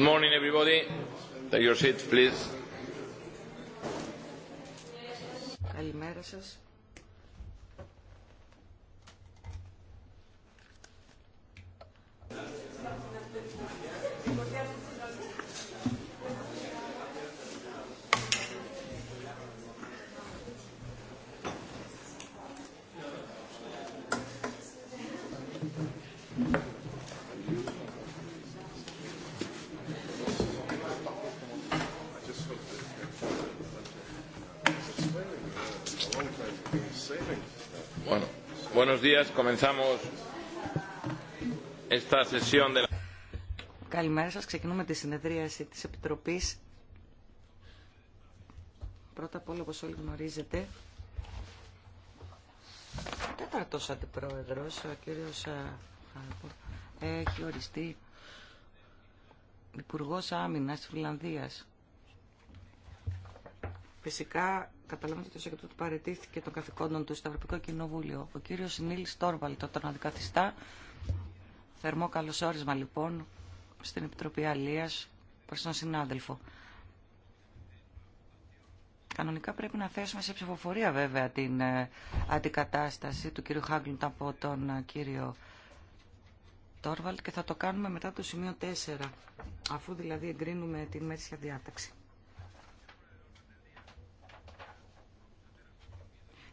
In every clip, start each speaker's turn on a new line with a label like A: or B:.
A: Good morning, everybody. Take your seats, please.
B: Καλημέρα σας. Καλημέρα σας. Ξεκινούμε τη συνεδρίαση της Επιτροπής. Πρώτα απ' όλα, όπως όλοι γνωρίζετε, ο τέταρτος αντιπρόεδρος, ο κύριος Χάρπορ, έχει οριστεί υπουργός άμυνας της Φιλανδίας. Φυσικά καταλαβαίνετε ότι το Σεκρετό του παρετήθηκε των καθηκόντων του στο Ευρωπαϊκό Κοινοβούλιο. Ο κύριο Νίλ Τόρβαλτ τον αντικαθιστά. Θερμό όρισμα, λοιπόν στην Επιτροπή Αλία προ τον συνάδελφο. Κανονικά πρέπει να θέσουμε σε ψηφοφορία βέβαια την ε, αντικατάσταση του κύριου Χάγκλουντ από τον ε, κύριο Τόρβαλτ και θα το κάνουμε μετά το σημείο 4, αφού δηλαδή εγκρίνουμε την μέτρια διάταξη.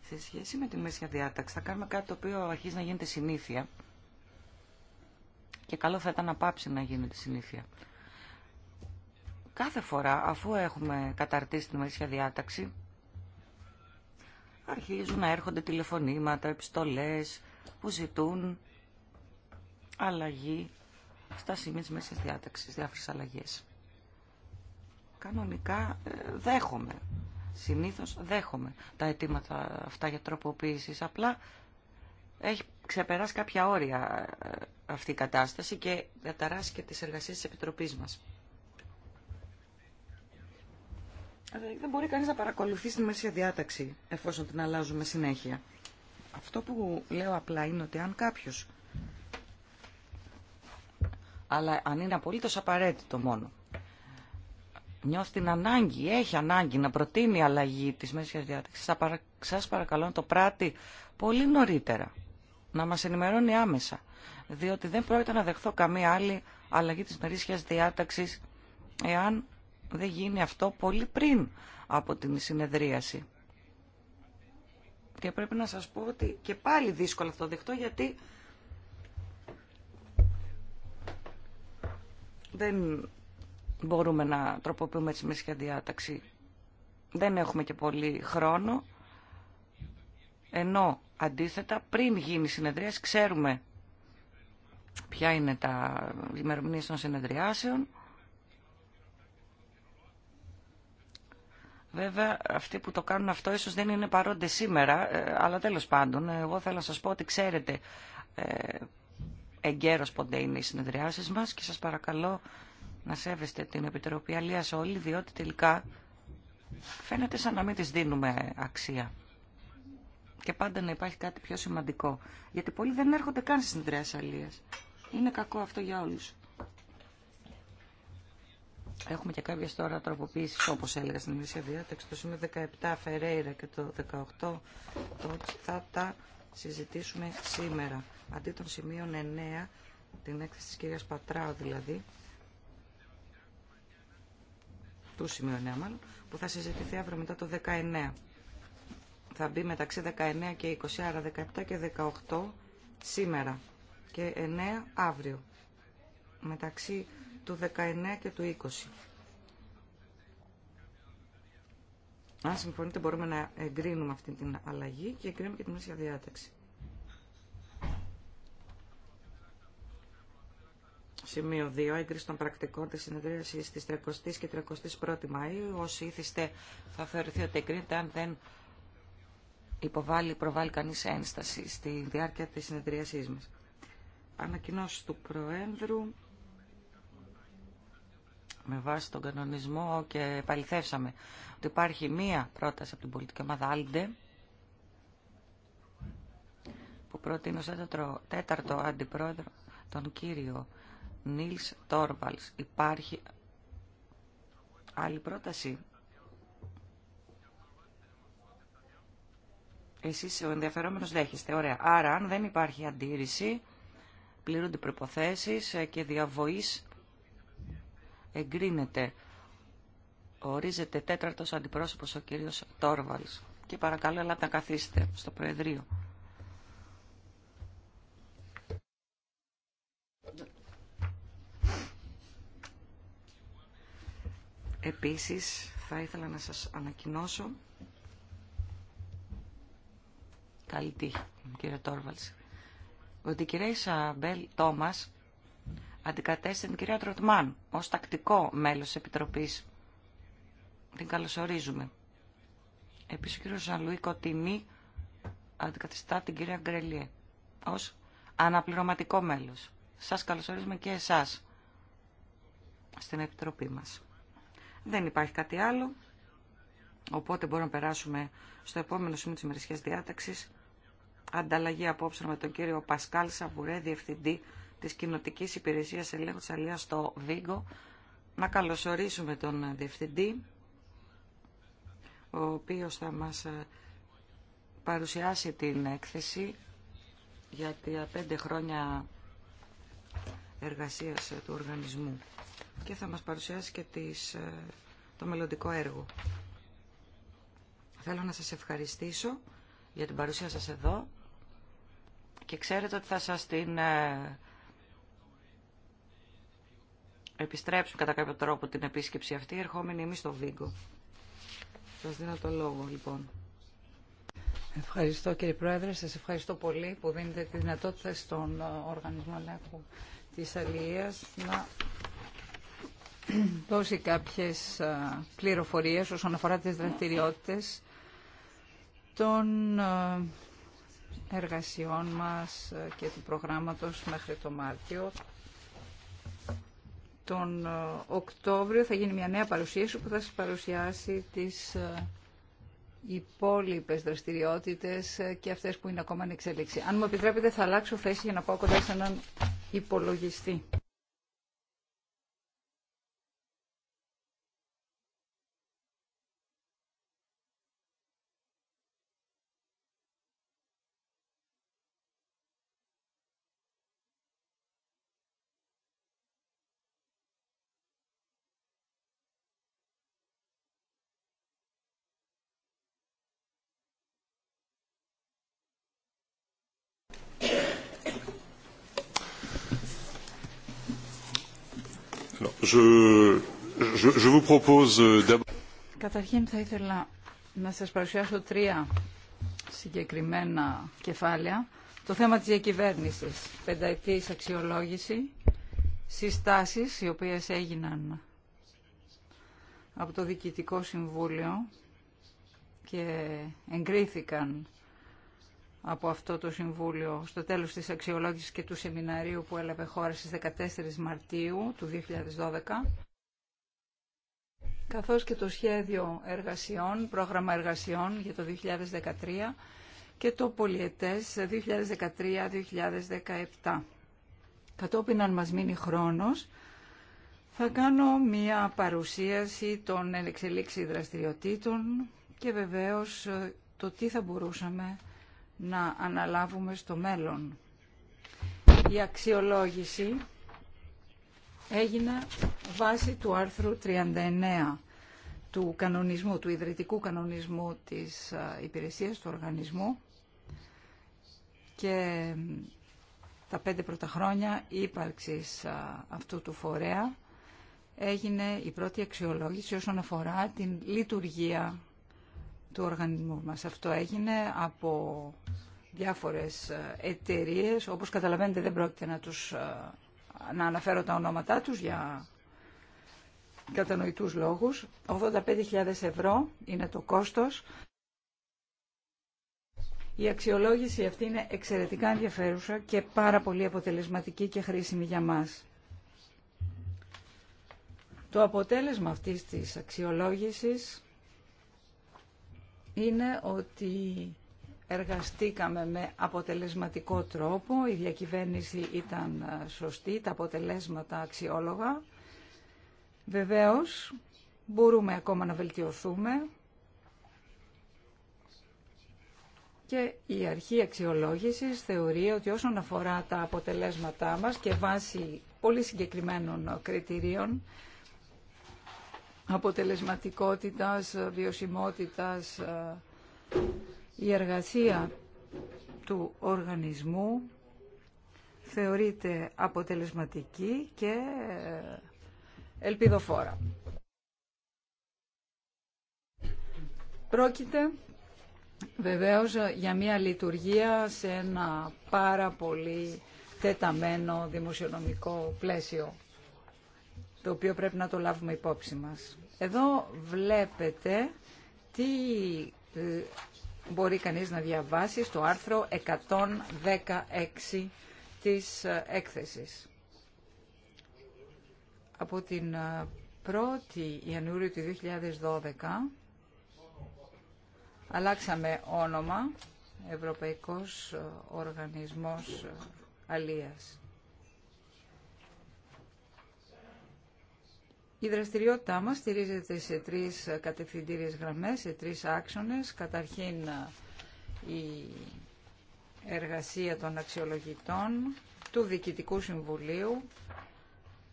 B: Σε σχέση με τη Μέσια Διάταξη θα κάνουμε κάτι το οποίο αρχίζει να γίνεται συνήθεια και καλό θα ήταν να πάψει να γίνεται συνήθεια. Κάθε φορά αφού έχουμε καταρτήσει τη Μέσια Διάταξη αρχίζουν να έρχονται τηλεφωνήματα, επιστολές που ζητούν αλλαγή στα σημεία της Μέσης Διάταξης, διάφορες αλλαγές. Κανονικά ε, δέχομαι Συνήθως δέχομαι τα αιτήματα αυτά για τροποποίηση. Απλά έχει ξεπεράσει κάποια όρια ε, αυτή η κατάσταση και διαταράσει και τις εργασίες της Επιτροπής μας. Δηλαδή, δεν μπορεί κανείς να παρακολουθεί στη μέση διάταξη εφόσον την αλλάζουμε συνέχεια. Αυτό που λέω απλά είναι ότι αν κάποιος αλλά αν είναι απολύτως απαραίτητο μόνο νιώθει την ανάγκη, έχει ανάγκη να προτείνει αλλαγή της μέσης διάταξης, σας παρακαλώ να το πράττει πολύ νωρίτερα, να μας ενημερώνει άμεσα, διότι δεν πρόκειται να δεχθώ καμία άλλη αλλαγή της μερίσια διάταξη εάν δεν γίνει αυτό πολύ πριν από την συνεδρίαση. Και πρέπει να σας πω ότι και πάλι δύσκολο αυτό δεχτώ γιατί δεν μπορούμε να τροποποιούμε τη μεσιά διάταξη. Δεν έχουμε και πολύ χρόνο, ενώ αντίθετα πριν γίνει η συνεδρία ξέρουμε ποια είναι τα ημερομηνία των συνεδριάσεων. Βέβαια, αυτοί που το κάνουν αυτό ίσως δεν είναι παρόντες σήμερα, ε, αλλά τέλος πάντων, ε, εγώ θέλω να σας πω ότι ξέρετε ε, εγκαίρως πότε είναι οι συνεδριάσεις μας και σας παρακαλώ να σέβεστε την Επιτροπή Αλίας όλοι, διότι τελικά φαίνεται σαν να μην της δίνουμε αξία. Και πάντα να υπάρχει κάτι πιο σημαντικό. Γιατί πολλοί δεν έρχονται καν στις συνδρέες Αλίας. Είναι κακό αυτό για όλους. Έχουμε και κάποιες τώρα τροποποίησεις, όπως έλεγα στην ημερήσια διάταξη, το σημείο 17 Φερέιρα και το 18, το θα τα συζητήσουμε σήμερα. Αντί των σημείων 9, την έκθεση της κυρίας Πατράου δηλαδή, του σημείου ναι, που θα συζητηθεί αύριο μετά το 19. Θα μπει μεταξύ 19 και 20, άρα 17 και 18 σήμερα και 9 αύριο, μεταξύ του 19 και του 20. Αν συμφωνείτε μπορούμε να εγκρίνουμε αυτή την αλλαγή και εγκρίνουμε και την ίδια διάταξη. Σημείο 2. Έγκριση των πρακτικών τη συνεδρίασης τη 30η και 31η Μαου. Όσοι ήθιστε θα θεωρηθεί ότι εγκρίνεται αν δεν υποβάλλει ή προβάλλει κανεί ένσταση στη διάρκεια τη συνεδρίασή μα. Ανακοινώσει του Προέδρου. Με βάση τον κανονισμό και επαληθεύσαμε ότι υπάρχει μία πρόταση από την πολιτική ομάδα Άλντε που προτείνω σαν τέταρτο αντιπρόεδρο τον κύριο Νίλς Τόρβαλς. Υπάρχει άλλη πρόταση. Εσείς ο ενδιαφερόμενος δέχεστε. Ωραία. Άρα αν δεν υπάρχει αντίρρηση, πληρούνται προϋποθέσεις ε, και διαβοής εγκρίνεται. Ορίζεται τέταρτος αντιπρόσωπος ο κύριος Τόρβαλς. Και παρακαλώ, ελάτε να καθίσετε στο Προεδρείο. Επίσης, θα ήθελα να σας ανακοινώσω καλή τύχη, κύριε Τόρβαλς, ότι η κυρία Ισαμπέλ Τόμας αντικατέστησε την κυρία Τροτμάν ως τακτικό μέλος της Επιτροπής. Την καλωσορίζουμε. Επίσης ο κύριος Ζανλουί Κοτινή αντικατεστά την κυρία Γκρελιέ ως αναπληρωματικό μέλος. Σας καλωσορίζουμε και εσάς στην Επιτροπή μας. Δεν υπάρχει κάτι άλλο. Οπότε μπορούμε να περάσουμε στο επόμενο σημείο της ημερησίας διάταξης. Ανταλλαγή απόψε με τον κύριο Πασκάλ Σαμπουρέ, Διευθυντή της Κοινοτικής Υπηρεσίας Ελέγχου της Αλίας στο Βίγκο. Να καλωσορίσουμε τον Διευθυντή, ο οποίος θα μας ε, παρουσιάσει την έκθεση για τα πέντε χρόνια εργασίας ε, του οργανισμού και θα μας παρουσιάσει και τις, ε, το μελλοντικό έργο. Θέλω να σας ευχαριστήσω για την παρουσία σας εδώ και ξέρετε ότι θα σας την ε, επιστρέψουμε κατά κάποιο τρόπο την επίσκεψη αυτή ερχόμενη εμείς στο Βίγκο. Σας δίνω το λόγο λοιπόν.
C: Ευχαριστώ κύριε Πρόεδρε, σας ευχαριστώ πολύ που δίνετε τη δυνατότητα στον ε, Οργανισμό Ελέγχου της Αλληλείας να δώσει κάποιες πληροφορίες όσον αφορά τις δραστηριότητες των εργασιών μας και του προγράμματος μέχρι το Μάρτιο. Τον Οκτώβριο θα γίνει μια νέα παρουσίαση που θα σας παρουσιάσει τις υπόλοιπε δραστηριότητες και αυτές που είναι ακόμα ανεξέλιξη. Αν μου επιτρέπετε θα αλλάξω θέση για να πάω κοντά σε έναν υπολογιστή.
B: Euh,
C: Καταρχήν θα ήθελα να σας παρουσιάσω τρία συγκεκριμένα κεφάλαια. Το θέμα της διακυβέρνησης, πενταετής αξιολόγηση, συστάσεις οι οποίες έγιναν από το Διοικητικό Συμβούλιο και εγκρίθηκαν από αυτό το Συμβούλιο στο τέλος της αξιολόγησης και του σεμιναρίου που έλαβε χώρα στις 14 Μαρτίου του 2012, καθώς και το σχέδιο εργασιών, πρόγραμμα εργασιών για το 2013 και το πολιετές 2013-2017. Κατόπιν αν μας μείνει χρόνος, θα κάνω μία παρουσίαση των ενεξελίξη δραστηριοτήτων και βεβαίως το τι θα μπορούσαμε να αναλάβουμε στο μέλλον. Η αξιολόγηση έγινε βάσει του άρθρου 39 του κανονισμού, του ιδρυτικού κανονισμού της ε, υπηρεσίας του οργανισμού και τα πέντε πρώτα χρόνια ύπαρξης ε, αυτού του φορέα έγινε η πρώτη αξιολόγηση όσον αφορά την λειτουργία του οργανισμού μας. Αυτό έγινε από διάφορες ε, εταιρείες. Όπως καταλαβαίνετε δεν πρόκειται να, τους, ε, να αναφέρω τα ονόματά τους για κατανοητούς λόγους. 85.000 ευρώ είναι το κόστος. Η αξιολόγηση αυτή είναι εξαιρετικά ενδιαφέρουσα και πάρα πολύ αποτελεσματική και χρήσιμη για μας. Το αποτέλεσμα αυτής της αξιολόγησης είναι ότι εργαστήκαμε με αποτελεσματικό τρόπο, η διακυβέρνηση ήταν ε, σωστή, τα αποτελέσματα αξιόλογα. Βεβαίως, μπορούμε ακόμα να βελτιωθούμε και η αρχή αξιολόγησης θεωρεί ότι όσον αφορά τα αποτελέσματά μας και βάσει πολύ συγκεκριμένων κριτηρίων, αποτελεσματικότητας, βιωσιμότητας, ε, η εργασία του οργανισμού θεωρείται αποτελεσματική και ε, ελπιδοφόρα. Πρόκειται βεβαίως για μια λειτουργία σε ένα πάρα πολύ τεταμένο δημοσιονομικό πλαίσιο το οποίο πρέπει να το λάβουμε υπόψη μας. Εδώ βλέπετε τι ε, μπορεί κανείς να διαβάσει στο άρθρο 116 της ε, έκθεσης. Από την 1η ε, Ιανουαρίου του 2012 αλλάξαμε όνομα Ευρωπαϊκός Οργανισμός Αλίας. Η δραστηριότητά μας στηρίζεται σε τρεις κατευθυντήριες γραμμές, σε τρεις άξονες. Καταρχήν η εργασία των αξιολογητών, του Διοικητικού Συμβουλίου,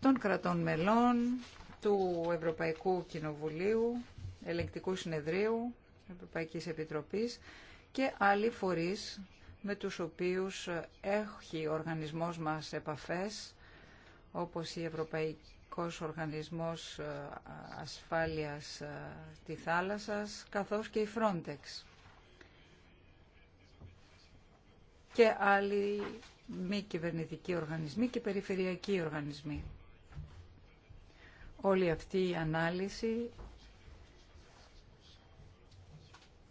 C: των κρατών μελών, του Ευρωπαϊκού Κοινοβουλίου, Ελεγκτικού Συνεδρίου, Ευρωπαϊκής Επιτροπής και άλλοι φορείς με τους οποίους έχει ο οργανισμός μας επαφές, όπως η Ευρωπαϊκή Ευρωπαϊκός Οργανισμός ε, Ασφάλειας ε, τη Θάλασσα, καθώς και η Frontex. Και άλλοι μη κυβερνητικοί οργανισμοί και περιφερειακοί οργανισμοί. Όλη αυτή η ανάλυση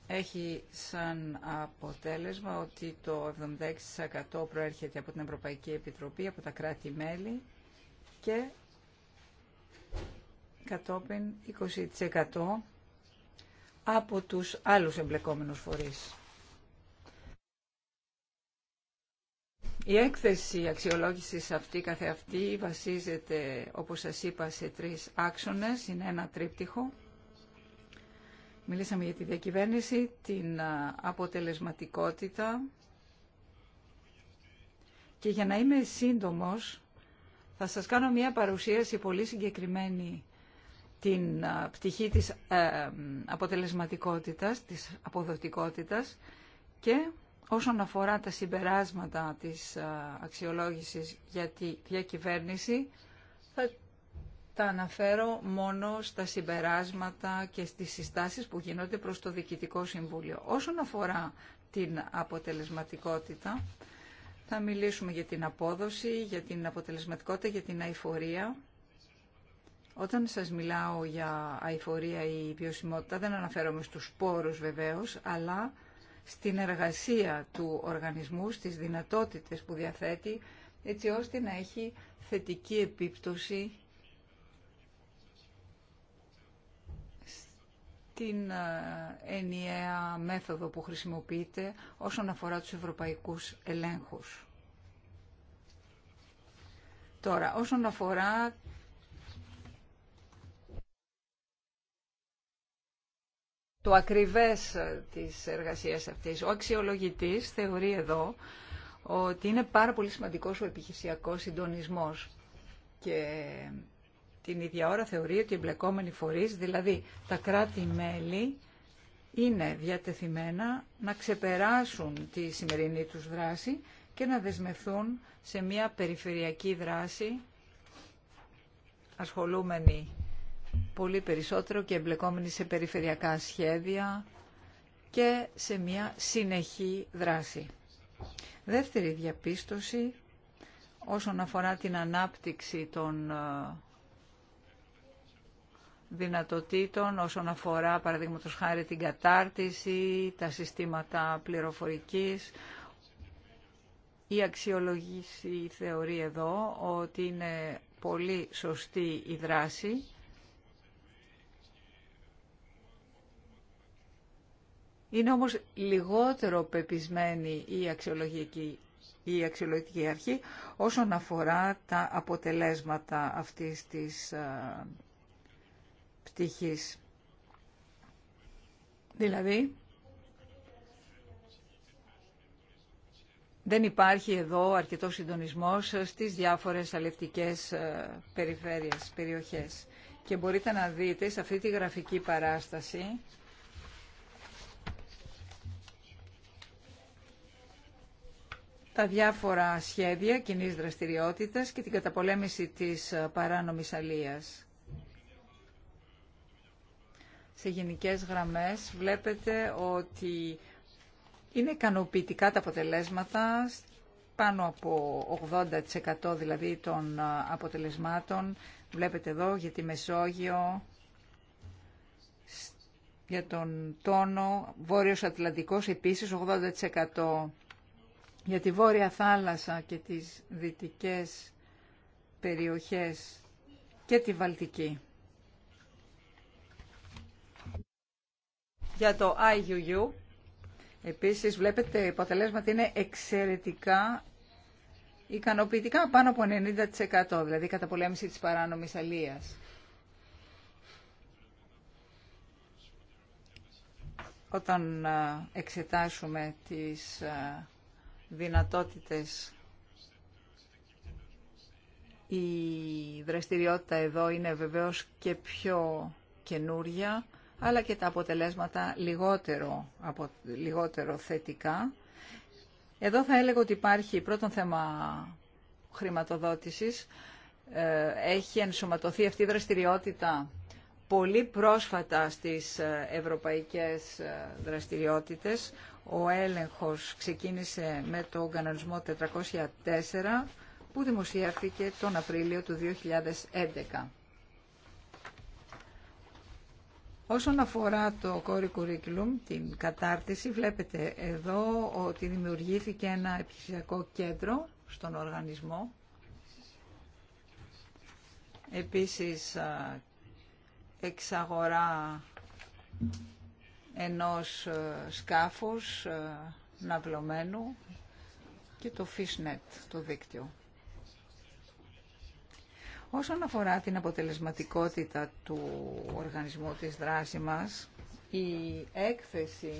C: έχει σαν αποτέλεσμα ότι το 76% προέρχεται από την Ευρωπαϊκή Επιτροπή, από τα κράτη-μέλη και κατόπιν 20% από τους άλλους εμπλεκόμενους φορείς. Η έκθεση αξιολόγησης αυτή καθεαυτή βασίζεται, όπως σας είπα, σε τρεις άξονες. Είναι ένα τρίπτυχο. Μιλήσαμε για τη διακυβέρνηση, την αποτελεσματικότητα και για να είμαι σύντομος θα σας κάνω μια παρουσίαση πολύ συγκεκριμένη την πτυχή της ε, ε, αποτελεσματικότητας, της αποδοτικότητας και όσον αφορά τα συμπεράσματα της αξιολόγησης για τη διακυβέρνηση θα τα αναφέρω μόνο στα συμπεράσματα και στις συστάσεις που γίνονται προς το Διοικητικό Συμβούλιο. Όσον αφορά την αποτελεσματικότητα, θα μιλήσουμε για την απόδοση, για την αποτελεσματικότητα, για την αηφορία. Όταν σας μιλάω για αηφορία ή βιωσιμότητα, δεν αναφέρομαι στους πόρους βεβαίως, αλλά στην εργασία του οργανισμού, στις δυνατότητες που διαθέτει, έτσι ώστε να έχει θετική επίπτωση την ε, ενιαία μέθοδο που χρησιμοποιείται όσον αφορά τους ευρωπαϊκούς ελέγχους. Τώρα, όσον αφορά το ακριβές ε, της εργασίας αυτής, ο αξιολογητής θεωρεί εδώ ότι είναι πάρα πολύ σημαντικός ο επιχειρησιακός συντονισμός και την ίδια ώρα θεωρεί ότι οι εμπλεκόμενοι φορείς, δηλαδή τα κράτη-μέλη, είναι διατεθειμένα να ξεπεράσουν τη σημερινή τους δράση και να δεσμευθούν σε μια περιφερειακή δράση ασχολούμενη πολύ περισσότερο και εμπλεκόμενη σε περιφερειακά σχέδια και σε μια συνεχή δράση. Δεύτερη διαπίστωση όσον αφορά την ανάπτυξη των ε, δυνατοτήτων όσον αφορά παραδείγματο χάρη την κατάρτιση, τα συστήματα πληροφορικής. Η αξιολογήση θεωρεί εδώ ότι είναι πολύ σωστή η δράση Είναι όμως λιγότερο πεπισμένη η αξιολογική, η αξιολογική αρχή όσον αφορά τα αποτελέσματα αυτής της ε, πτυχής. Δηλαδή, δεν υπάρχει εδώ αρκετό συντονισμός στις διάφορες αλευτικές ε, περιφέρειες, περιοχές. Και μπορείτε να δείτε σε αυτή τη γραφική παράσταση τα διάφορα σχέδια κοινή δραστηριότητας και την καταπολέμηση της παράνομης αλίας σε γενικές γραμμές βλέπετε ότι είναι ικανοποιητικά τα αποτελέσματα πάνω από 80% δηλαδή των αποτελεσμάτων. Βλέπετε εδώ για τη Μεσόγειο, για τον τόνο, Βόρειος Ατλαντικός επίσης 80%. Για τη Βόρεια Θάλασσα και τις δυτικές περιοχές και τη Βαλτική. Για το IUU, επίσης βλέπετε, αποτελέσματα είναι εξαιρετικά ικανοποιητικά πάνω από 90%, δηλαδή κατά πολέμηση της παράνομης αλίας. Όταν εξετάσουμε τις δυνατότητες, η δραστηριότητα εδώ είναι βεβαίως και πιο καινούρια αλλά και τα αποτελέσματα λιγότερο, απο, λιγότερο θετικά. Εδώ θα έλεγα ότι υπάρχει πρώτον θέμα χρηματοδότησης. Ε, έχει ενσωματωθεί αυτή η δραστηριότητα πολύ πρόσφατα στις ε, ευρωπαϊκές ε, δραστηριότητες. Ο έλεγχος ξεκίνησε με τον κανονισμό 404 που δημοσιεύτηκε τον Απρίλιο του 2011. Όσον αφορά το Core την κατάρτιση, βλέπετε εδώ ότι δημιουργήθηκε ένα επιχειρησιακό κέντρο στον οργανισμό. Επίσης, εξαγορά ενός σκάφους ναυλωμένου και το fishnet, το δίκτυο. Όσον αφορά την αποτελεσματικότητα του οργανισμού της δράσης μας, η έκθεση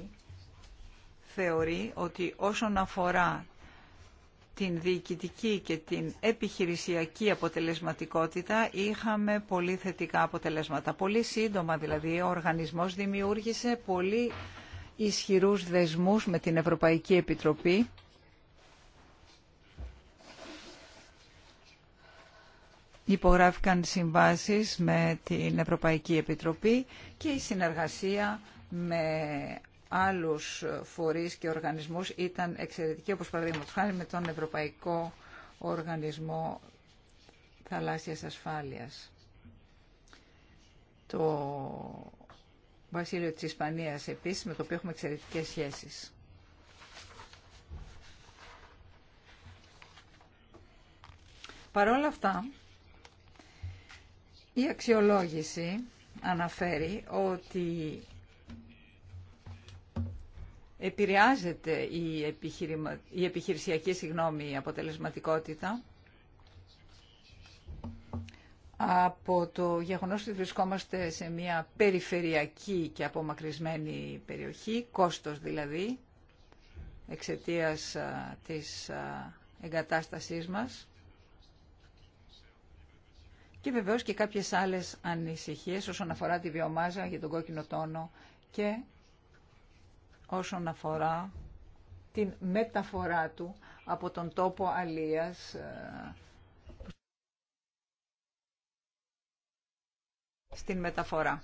C: θεωρεί ότι όσον αφορά την διοικητική και την επιχειρησιακή αποτελεσματικότητα είχαμε πολύ θετικά αποτελέσματα. Πολύ σύντομα δηλαδή ο οργανισμός δημιούργησε πολύ ισχυρούς δεσμούς με την Ευρωπαϊκή Επιτροπή υπογράφηκαν συμβάσεις με την Ευρωπαϊκή Επιτροπή και η συνεργασία με άλλους φορείς και οργανισμούς ήταν εξαιρετική, όπως παραδείγματο χάρη με τον Ευρωπαϊκό Οργανισμό Θαλάσσιας Ασφάλειας. Το Βασίλειο της Ισπανίας επίσης, με το οποίο έχουμε εξαιρετικές σχέσεις. Παρ' όλα αυτά, η αξιολόγηση αναφέρει ότι επηρεάζεται η, επιχειρησιακή συγγνώμη, αποτελεσματικότητα από το γεγονός ότι βρισκόμαστε σε μια περιφερειακή και απομακρυσμένη περιοχή, κόστος δηλαδή, εξαιτίας ε, της ε, εγκατάστασής μας και βεβαίως και κάποιες άλλε ανησυχίε όσον αφορά τη βιομάζα για τον κόκκινο τόνο και όσον αφορά την μεταφορά του από τον τόπο αλίας ε, στην μεταφορά.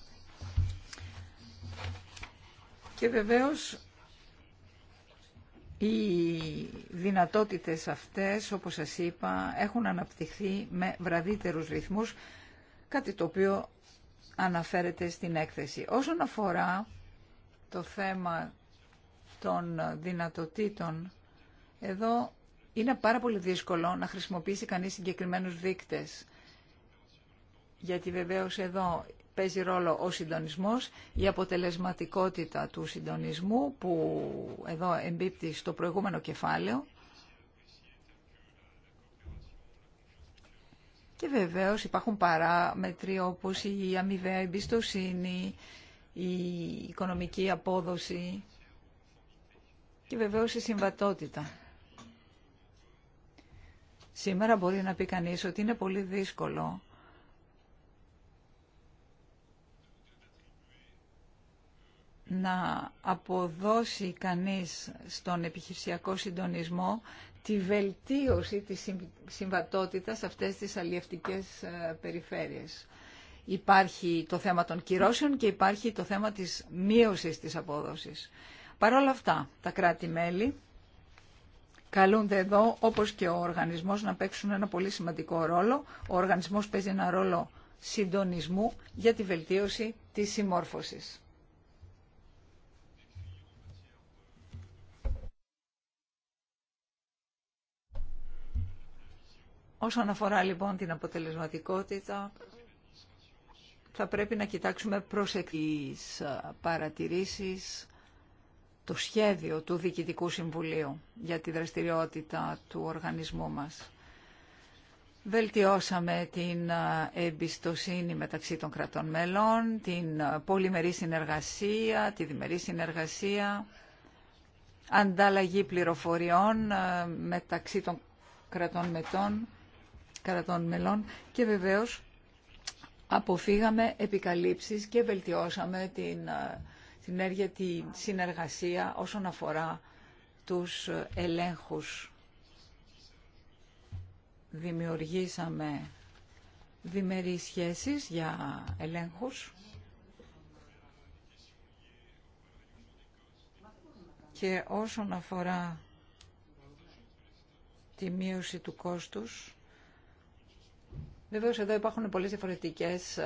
C: Και βεβαίως οι δυνατότητες αυτές, όπως σας είπα, έχουν αναπτυχθεί με βραδύτερους ρυθμούς, κάτι το οποίο αναφέρεται στην έκθεση. Όσον αφορά το θέμα των δυνατοτήτων, εδώ είναι πάρα πολύ δύσκολο να χρησιμοποιήσει κανείς συγκεκριμένους δείκτες. Γιατί βεβαίως εδώ παίζει ρόλο ο συντονισμός, η αποτελεσματικότητα του συντονισμού που εδώ εμπίπτει στο προηγούμενο κεφάλαιο και βεβαίως υπάρχουν παράμετροι όπως η αμοιβαία εμπιστοσύνη, η οικονομική απόδοση και βεβαίως η συμβατότητα. Σήμερα μπορεί να πει κανείς ότι είναι πολύ δύσκολο να αποδώσει κανείς στον επιχειρησιακό συντονισμό τη βελτίωση της συμβατότητας αυτές τις αλλιευτικές ε, περιφέρειες. Υπάρχει το θέμα των κυρώσεων και υπάρχει το θέμα της μείωσης της απόδοσης. Παρ' όλα αυτά, τα κράτη-μέλη καλούνται εδώ, όπως και ο οργανισμός, να παίξουν ένα πολύ σημαντικό ρόλο. Ο οργανισμός παίζει ένα ρόλο συντονισμού για τη βελτίωση της συμμόρφωσης. Όσον αφορά λοιπόν την αποτελεσματικότητα, θα πρέπει να κοιτάξουμε προσεκτικές παρατηρήσεις το σχέδιο του Διοικητικού Συμβουλίου για τη δραστηριότητα του οργανισμού μας. Βελτιώσαμε την εμπιστοσύνη μεταξύ των κρατών μελών, την πολυμερή συνεργασία, τη διμερή συνεργασία, ανταλλαγή πληροφοριών ε, μεταξύ των κρατών μετών μελών και βεβαίως αποφύγαμε επικαλύψεις και βελτιώσαμε την συνέργεια, ε, τη συνεργασία όσον αφορά τους ελέγχους. Δημιουργήσαμε διμερείς σχέσεις για ελέγχους και όσον αφορά τη μείωση του κόστους Βεβαίω, εδώ υπάρχουν πολλέ διαφορετικέ ε,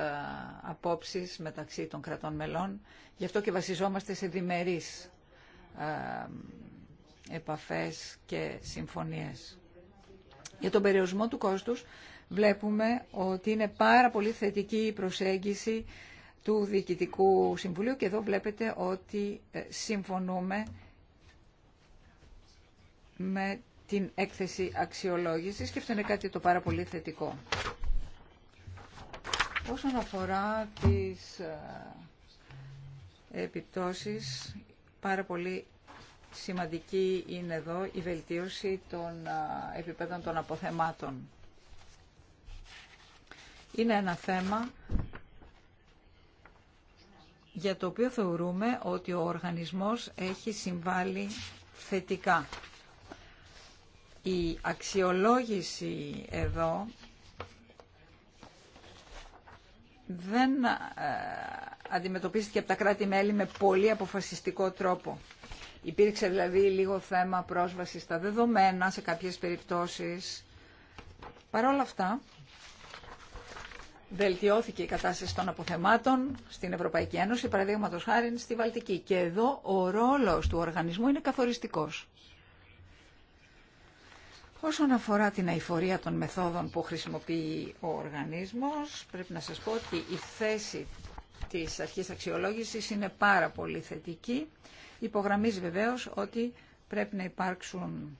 C: απόψεις μεταξύ των κρατών μελών, γι' αυτό και βασιζόμαστε σε διμερείς ε, επαφές και συμφωνίες. Για τον περιορισμό του κόστους βλέπουμε ότι είναι πάρα πολύ θετική η προσέγγιση του Διοικητικού Συμβουλίου και εδώ βλέπετε ότι ε, συμφωνούμε με την έκθεση αξιολόγησης και αυτό είναι κάτι το πάρα πολύ θετικό. Όσον αφορά τις ε, επιπτώσεις, πάρα πολύ σημαντική είναι εδώ η βελτίωση των ε, επιπέδων των αποθεμάτων. Είναι ένα θέμα για το οποίο θεωρούμε ότι ο οργανισμός έχει συμβάλει θετικά. Η αξιολόγηση εδώ δεν ε, αντιμετωπίστηκε από τα κράτη-μέλη με πολύ αποφασιστικό τρόπο. Υπήρξε δηλαδή λίγο θέμα πρόσβαση στα δεδομένα σε κάποιες περιπτώσεις. Παρ' όλα αυτά, βελτιώθηκε η κατάσταση των αποθεμάτων στην Ευρωπαϊκή Ένωση, παραδείγματο χάρη στη Βαλτική. Και εδώ ο ρόλος του οργανισμού είναι καθοριστικός. Όσον αφορά την αηφορία των μεθόδων που χρησιμοποιεί ο οργανισμός, πρέπει να σας πω ότι η θέση της αρχής αξιολόγησης είναι πάρα πολύ θετική. Υπογραμμίζει βεβαίως ότι πρέπει να υπάρξουν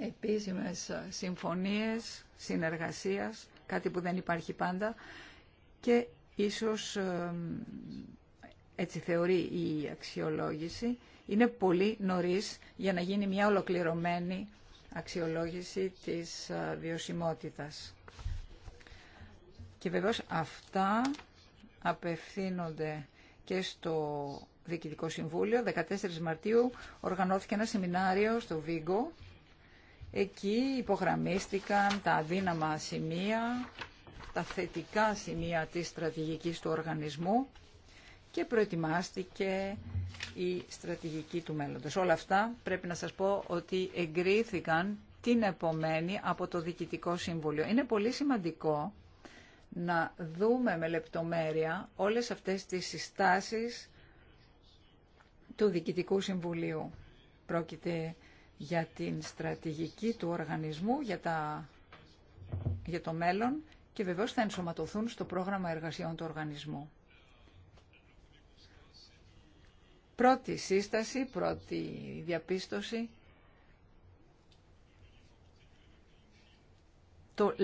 C: επίσημες συμφωνίες, συνεργασίας, κάτι που δεν υπάρχει πάντα και ίσως έτσι θεωρεί η αξιολόγηση, είναι πολύ νωρίς για να γίνει μια ολοκληρωμένη αξιολόγηση της ε, βιωσιμότητας. Και βεβαίως αυτά απευθύνονται και στο Διοικητικό Συμβούλιο. 14 Μαρτίου οργανώθηκε ένα σεμινάριο στο Βίγκο. Εκεί υπογραμμίστηκαν τα αδύναμα σημεία, τα θετικά σημεία της στρατηγικής του οργανισμού και προετοιμάστηκε η στρατηγική του μέλλοντος. Όλα αυτά πρέπει να σας πω ότι εγκρίθηκαν την επομένη από το Διοικητικό Συμβούλιο. Είναι πολύ σημαντικό να δούμε με λεπτομέρεια όλες αυτές τις συστάσεις του Διοικητικού Συμβουλίου. Πρόκειται για την στρατηγική του οργανισμού, για, τα, για το μέλλον και βεβαίως θα ενσωματωθούν στο πρόγραμμα εργασιών του οργανισμού. Πρώτη σύσταση, πρώτη διαπίστωση. Το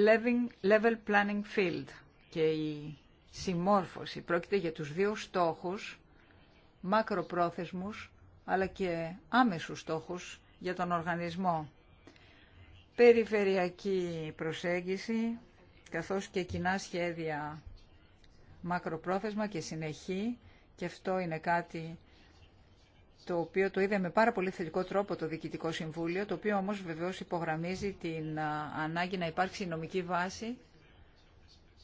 C: Level Planning Field και η συμμόρφωση πρόκειται για τους δύο στόχους, μακροπρόθεσμους αλλά και άμεσους στόχους για τον οργανισμό. Περιφερειακή προσέγγιση, καθώς και κοινά σχέδια μακροπρόθεσμα και συνεχή, και αυτό είναι κάτι το οποίο το είδε με πάρα πολύ θετικό τρόπο το Διοικητικό Συμβούλιο, το οποίο όμως βεβαίως υπογραμμίζει την ανάγκη να υπάρξει νομική βάση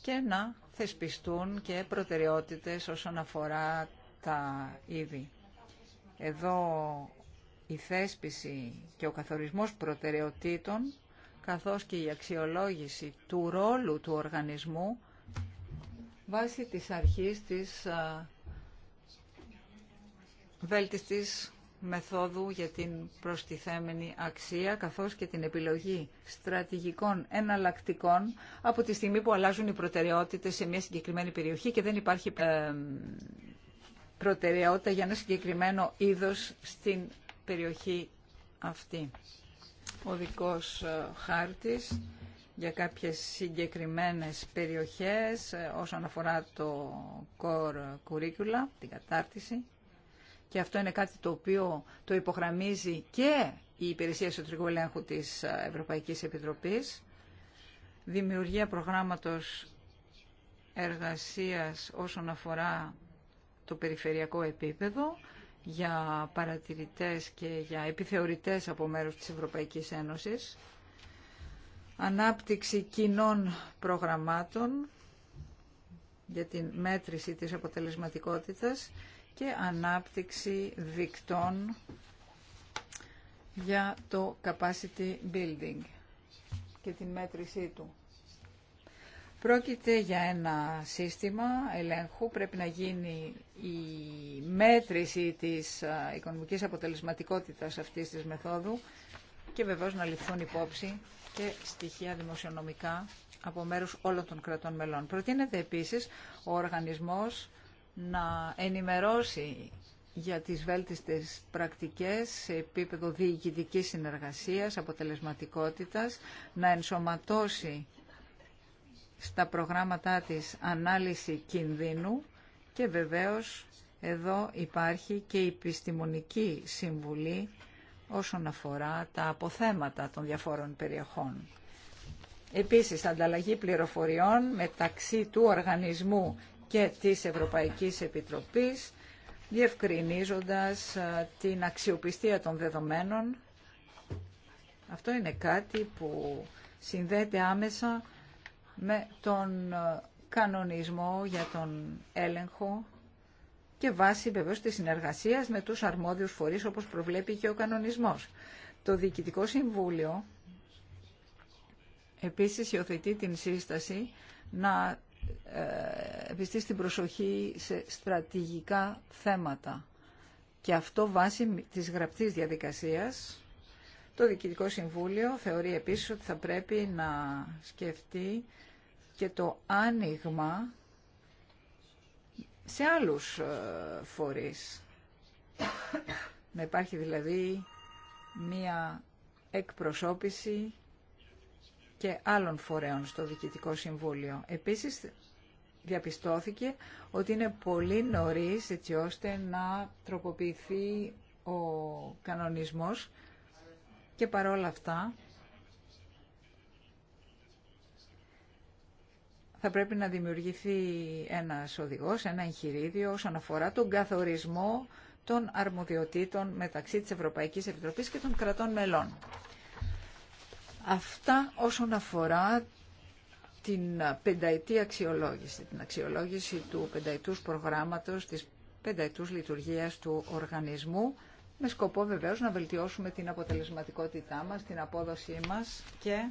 C: και να θεσπιστούν και προτεραιότητες όσον αφορά τα είδη. Εδώ η θέσπιση και ο καθορισμός προτεραιοτήτων, καθώς και η αξιολόγηση του ρόλου του οργανισμού βάσει της αρχής της βέλτιστης μεθόδου για την προστιθέμενη αξία καθώς και την επιλογή στρατηγικών εναλλακτικών από τη στιγμή που αλλάζουν οι προτεραιότητες σε μια συγκεκριμένη περιοχή και δεν υπάρχει ε, προτεραιότητα για ένα συγκεκριμένο είδος στην περιοχή αυτή. Ο δικός ε, χάρτης για κάποιες συγκεκριμένες περιοχές ε, όσον αφορά το core curricula, την κατάρτιση και αυτό είναι κάτι το οποίο το υπογραμμίζει και η Υπηρεσία Εσωτερικού Ελέγχου της Ευρωπαϊκής Επιτροπής, δημιουργία προγράμματος εργασίας όσον αφορά το περιφερειακό επίπεδο για παρατηρητές και για επιθεωρητές από μέρους της Ευρωπαϊκής Ένωσης, ανάπτυξη κοινών προγραμμάτων για την μέτρηση της αποτελεσματικότητας και ανάπτυξη δικτών για το capacity building και την μέτρησή του. Πρόκειται για ένα σύστημα ελέγχου, πρέπει να γίνει η μέτρηση της οικονομικής αποτελεσματικότητας αυτής της μεθόδου και βεβαίως να ληφθούν υπόψη και στοιχεία δημοσιονομικά από μέρους όλων των κρατών μελών. Προτείνεται επίσης ο οργανισμός να ενημερώσει για τις βέλτιστες πρακτικές σε επίπεδο διοικητικής συνεργασίας, αποτελεσματικότητας, να ενσωματώσει στα προγράμματά της ανάλυση κινδύνου και βεβαίως εδώ υπάρχει και η επιστημονική συμβουλή όσον αφορά τα αποθέματα των διαφόρων περιοχών. Επίσης, ανταλλαγή πληροφοριών μεταξύ του οργανισμού και της Ευρωπαϊκής Επιτροπής, διευκρινίζοντας την αξιοπιστία των δεδομένων. Αυτό είναι κάτι που συνδέεται άμεσα με τον κανονισμό για τον έλεγχο και βάση βεβαίως της συνεργασίας με τους αρμόδιους φορείς όπως προβλέπει και ο κανονισμός. Το Διοικητικό Συμβούλιο επίσης υιοθετεί την σύσταση να ε, επιστήσει στην προσοχή σε στρατηγικά θέματα. Και αυτό βάσει της γραπτής διαδικασίας. Το Διοικητικό Συμβούλιο θεωρεί επίσης ότι θα πρέπει να σκεφτεί και το άνοιγμα σε άλλους ε, φορείς. Να υπάρχει δηλαδή μία εκπροσώπηση και άλλων φορέων στο Διοικητικό Συμβούλιο. Επίσης, διαπιστώθηκε ότι είναι πολύ νωρίς έτσι ώστε να τροποποιηθεί ο κανονισμός και παρόλα αυτά θα πρέπει να δημιουργηθεί ένα οδηγός, ένα εγχειρίδιο όσον αφορά τον καθορισμό των αρμοδιοτήτων μεταξύ της Ευρωπαϊκής Επιτροπής και των κρατών μελών. Αυτά όσον αφορά την πενταετή αξιολόγηση, την αξιολόγηση του πενταετούς προγράμματος, της πενταετούς λειτουργίας του οργανισμού, με σκοπό βεβαίως να βελτιώσουμε την αποτελεσματικότητά μας, την απόδοσή μας και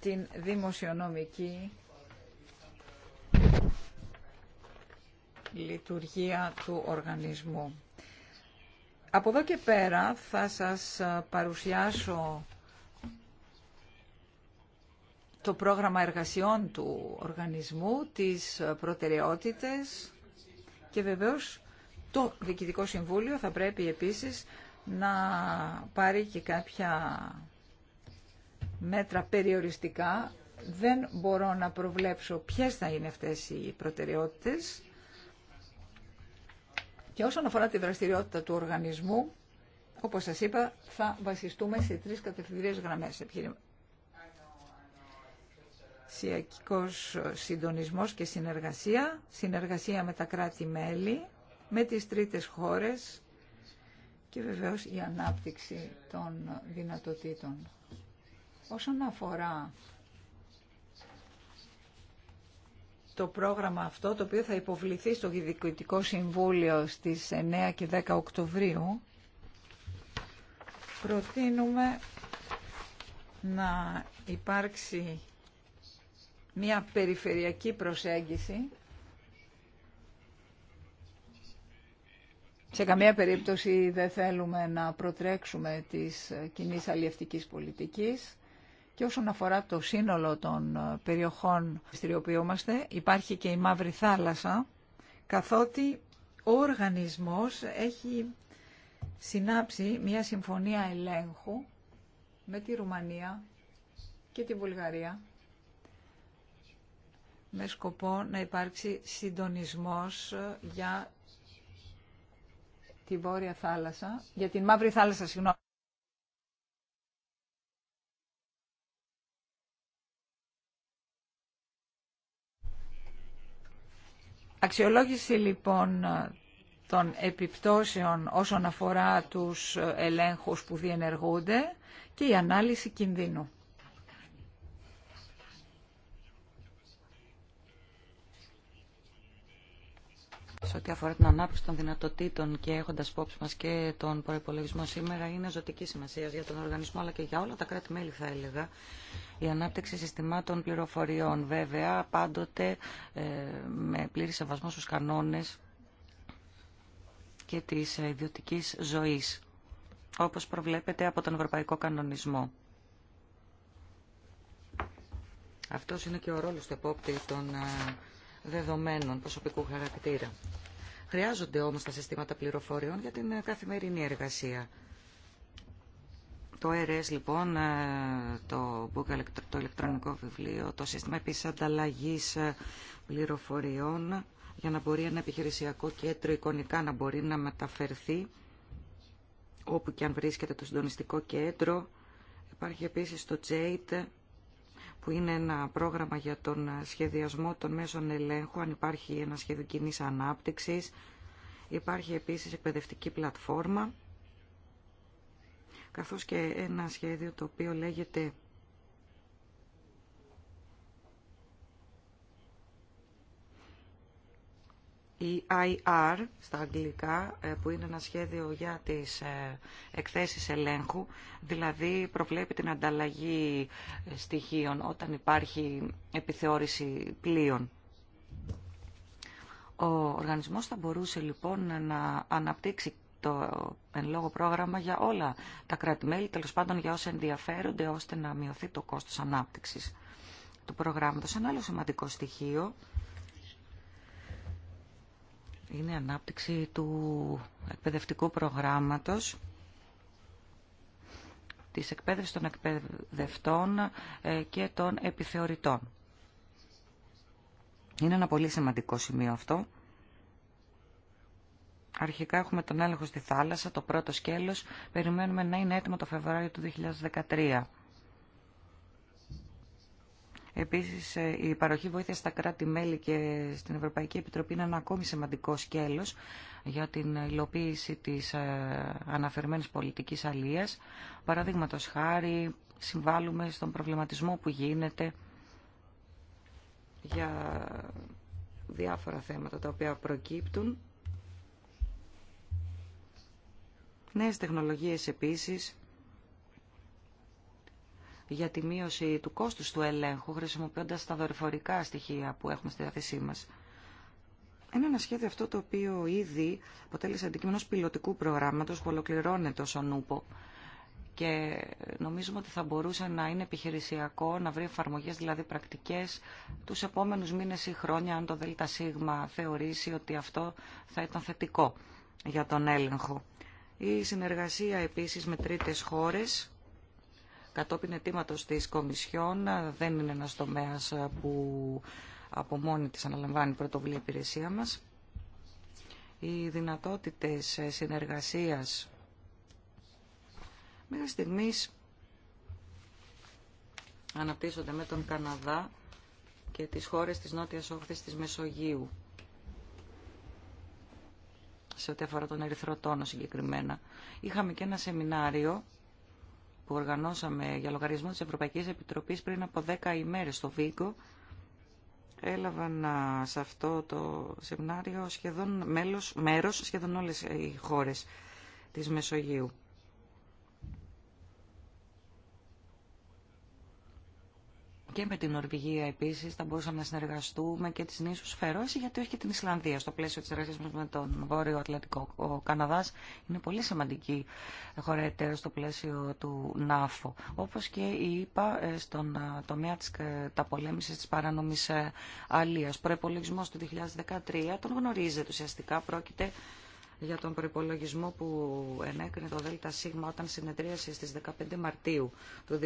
C: την δημοσιονομική λειτουργία του οργανισμού. Από εδώ και πέρα θα σας ε, παρουσιάσω το πρόγραμμα εργασιών του οργανισμού, τις ε, προτεραιότητες και βεβαίως το Διοικητικό Συμβούλιο θα πρέπει επίσης να πάρει και κάποια μέτρα περιοριστικά. Δεν μπορώ να προβλέψω ποιες θα είναι αυτές οι προτεραιότητες. Και όσον αφορά τη δραστηριότητα του οργανισμού, όπως σας είπα, θα βασιστούμε σε τρεις κατευθυντήριες γραμμές Σιακικός συντονισμός και συνεργασία, συνεργασία με τα κράτη-μέλη, με τις τρίτες χώρες και βεβαίως η ανάπτυξη των δυνατοτήτων. Όσον αφορά Το πρόγραμμα αυτό, το οποίο θα υποβληθεί στο Διοικητικό Συμβούλιο στις 9 και 10 Οκτωβρίου, προτείνουμε να υπάρξει μια περιφερειακή προσέγγιση. Σε καμία περίπτωση δεν θέλουμε να προτρέξουμε της κοινή αλλιευτικής πολιτικής. Και όσον αφορά το σύνολο των ε, περιοχών στηριοποιούμαστε, υπάρχει και η Μαύρη Θάλασσα, καθότι ο οργανισμός έχει συνάψει μια συμφωνία ελέγχου με τη Ρουμανία και τη Βουλγαρία με σκοπό να υπάρξει συντονισμός ε, για τη Βόρεια Θάλασσα, για την Μαύρη Θάλασσα, συγγνώμη. Αξιολόγηση λοιπόν των επιπτώσεων όσον αφορά τους ελέγχους που διενεργούνται και η ανάλυση κινδύνου.
B: σε ό,τι αφορά την ανάπτυξη των δυνατοτήτων και έχοντα υπόψη μα και τον προπολογισμό σήμερα, είναι ζωτική σημασία για τον οργανισμό αλλά και για όλα τα κράτη-μέλη, θα έλεγα. Η ανάπτυξη συστημάτων πληροφοριών, βέβαια, πάντοτε ε, με πλήρη σεβασμό στου κανόνε και τη ε, ιδιωτική ζωή, όπω προβλέπεται από τον Ευρωπαϊκό Κανονισμό. Αυτό είναι και ο ρόλο του επόπτη των ε, δεδομένων προσωπικού χαρακτήρα. Χρειάζονται όμως τα συστήματα πληροφοριών για την ε, καθημερινή εργασία. Το ΕΡΕΣ λοιπόν, ε, το, book, το ηλεκτρονικό βιβλίο, το σύστημα επίσης ανταλλαγής ε, πληροφοριών για να μπορεί ένα επιχειρησιακό κέντρο εικονικά να μπορεί να μεταφερθεί όπου και αν βρίσκεται το συντονιστικό κέντρο. Υπάρχει επίσης το JATE, που είναι ένα πρόγραμμα για τον σχεδιασμό των μέσων ελέγχου, αν υπάρχει ένα σχέδιο κοινή ανάπτυξης. Υπάρχει επίσης εκπαιδευτική πλατφόρμα, καθώς και ένα σχέδιο το οποίο λέγεται η IR στα αγγλικά, ε, που είναι ένα σχέδιο για τις ε, εκθέσεις ελέγχου, δηλαδή προβλέπει την ανταλλαγή ε, στοιχείων όταν υπάρχει επιθεώρηση πλοίων. Ο οργανισμός θα μπορούσε λοιπόν να αναπτύξει το εν λόγω πρόγραμμα για όλα τα κράτη-μέλη, τέλος πάντων για όσοι ενδιαφέρονται, ώστε να μειωθεί το κόστος ανάπτυξης του προγράμματος. Ένα άλλο σημαντικό στοιχείο είναι η ανάπτυξη του εκπαιδευτικού προγράμματος της εκπαίδευσης των εκπαιδευτών ε, και των επιθεωρητών. Είναι ένα πολύ σημαντικό σημείο αυτό. Αρχικά έχουμε τον έλεγχο στη θάλασσα, το πρώτο σκέλος. Περιμένουμε να είναι έτοιμο το Φεβρουάριο του 2013. Επίσης, ε, η παροχή βοήθεια στα κράτη-μέλη και στην Ευρωπαϊκή Επιτροπή είναι ένα ακόμη σημαντικό σκέλο για την υλοποίηση της ε, αναφερμένη πολιτικής αλίας. Παραδείγματο χάρη, συμβάλλουμε στον προβληματισμό που γίνεται για διάφορα θέματα τα οποία προκύπτουν. Νέες τεχνολογίες επίσης για τη μείωση του κόστους του ελέγχου χρησιμοποιώντας τα δορυφορικά στοιχεία που έχουμε στη διάθεσή μας. Είναι ένα σχέδιο αυτό το οποίο ήδη αποτέλεσε αντικείμενο πιλωτικού προγράμματος που ολοκληρώνεται ως ονούπο και νομίζουμε ότι θα μπορούσε να είναι επιχειρησιακό, να βρει εφαρμογές δηλαδή πρακτικές τους επόμενους μήνες ή χρόνια αν το ΔΣ θεωρήσει ότι αυτό θα ήταν θετικό για τον έλεγχο. Η συνεργασία επίσης με τρίτες χώρες κατόπιν αιτήματος της Κομισιόν ε, δεν είναι ένας τομέας ε, που από μόνη της αναλαμβάνει πρωτοβουλία υπηρεσία μας. Οι δυνατότητες ε, συνεργασίας μέχρι στιγμής αναπτύσσονται με τον Καναδά και τις χώρες της νότιας όχθης της Μεσογείου σε ό,τι αφορά τον ερυθρό τόνο συγκεκριμένα. Είχαμε και ένα σεμινάριο που οργανώσαμε για λογαριασμό της Ευρωπαϊκής Επιτροπής πριν από 10 ημέρες στο Βίγκο έλαβαν σε αυτό το σεμινάριο σχεδόν μέλος, μέρος σχεδόν όλες οι χώρες της Μεσογείου. και με την Νορβηγία επίση θα μπορούσαμε να συνεργαστούμε και τι νήσου Φερόση γιατί όχι και την Ισλανδία στο πλαίσιο τη εργασία μα με τον Βόρειο Ατλαντικό. Ο Καναδά είναι πολύ σημαντική χώρα εταίρο στο πλαίσιο του ΝΑΦΟ. Όπω και η ΙΠΑ ε, στον ε, τομέα τη καταπολέμηση ε, τη παράνομη αλία. Προπολογισμό του 2013 τον γνωρίζετε ουσιαστικά πρόκειται για τον προπολογισμό που ενέκρινε το ΔΣ όταν συνεδρίασε στις 15 Μαρτίου του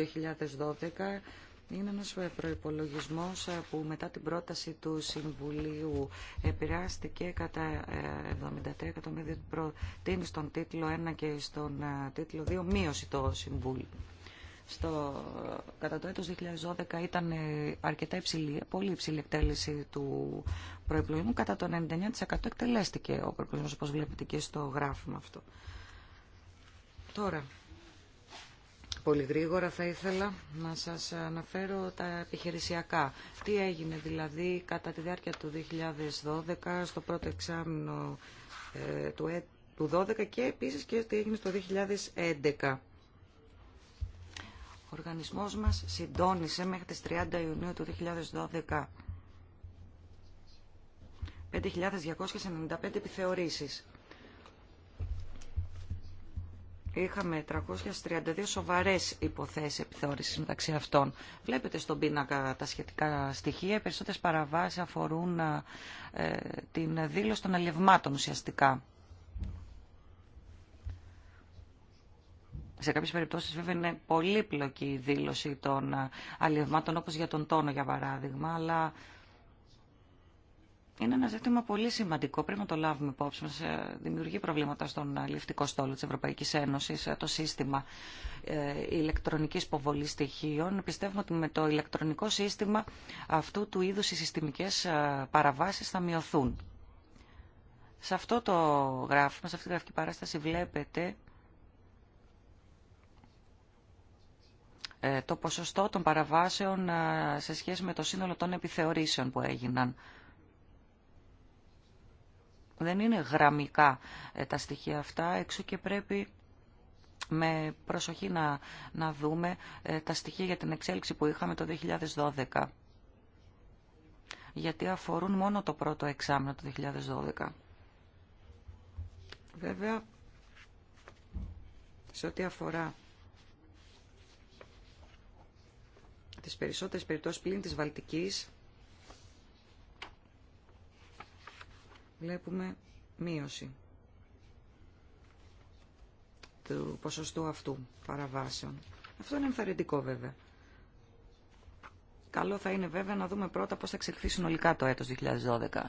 B: 2012 είναι ένας προϋπολογισμός ε, που μετά την πρόταση του Συμβουλίου επηρεάστηκε κατά 73 ε, εκατομμύρια προτείνει στον τίτλο 1 και στον ε, τίτλο 2 μείωση το Συμβούλιο. Στο, κατά το έτος 2012 ήταν αρκετά υψηλή, πολύ υψηλή εκτέλεση του προϋπολογισμού. Κατά το 99% εκτελέστηκε ο προϋπολογισμός, όπως βλέπετε και στο γράφημα αυτό. Τώρα, πολύ γρήγορα θα ήθελα να σας αναφέρω τα επιχειρησιακά. Τι έγινε δηλαδή κατά τη διάρκεια του 2012 στο πρώτο εξάμεινο ε, του, του 12 και επίσης και τι έγινε στο 2011. Ο οργανισμός μας συντόνισε μέχρι τις 30 Ιουνίου του 2012 5.295 επιθεωρήσεις Είχαμε 332 σοβαρές υποθέσεις επιθεώρησης μεταξύ αυτών. Βλέπετε στον πίνακα τα σχετικά στοιχεία. Οι περισσότερες παραβάσεις αφορούν ε, την δήλωση των αλευμάτων ουσιαστικά. Σε κάποιες περιπτώσεις βέβαια είναι πολύπλοκη η δήλωση των ε, αλευμάτων, όπως για τον τόνο για παράδειγμα, αλλά είναι ένα ζήτημα πολύ σημαντικό, πρέπει να το λάβουμε υπόψη μας. Ε, δημιουργεί προβλήματα στον ε, ληφτικό στόλο της Ευρωπαϊκής Ένωσης, ε, το σύστημα ηλεκτρονικής υποβολή στοιχείων. Πιστεύουμε ότι με το ηλεκτρονικό σύστημα αυτού του είδους οι συστημικές παραβάσεις θα μειωθούν. Σε αυτό το γράφημα, σε αυτή τη γραφική παράσταση βλέπετε το ποσοστό των παραβάσεων σε σχέση με το σύνολο των επιθεωρήσεων που έγιναν. Δεν είναι γραμμικά ε, τα στοιχεία αυτά, έξω και πρέπει με προσοχή να, να δούμε ε, τα στοιχεία για την εξέλιξη που είχαμε το 2012 γιατί αφορούν μόνο το πρώτο εξάμεινο το 2012. Βέβαια, σε ό,τι αφορά τις περισσότερες περιπτώσεις πλήν της Βαλτικής, βλέπουμε μείωση του ποσοστού αυτού παραβάσεων. Αυτό είναι ενθαρρυντικό βέβαια. Καλό θα είναι βέβαια να δούμε πρώτα πώς θα εξελιχθεί συνολικά το έτος 2012.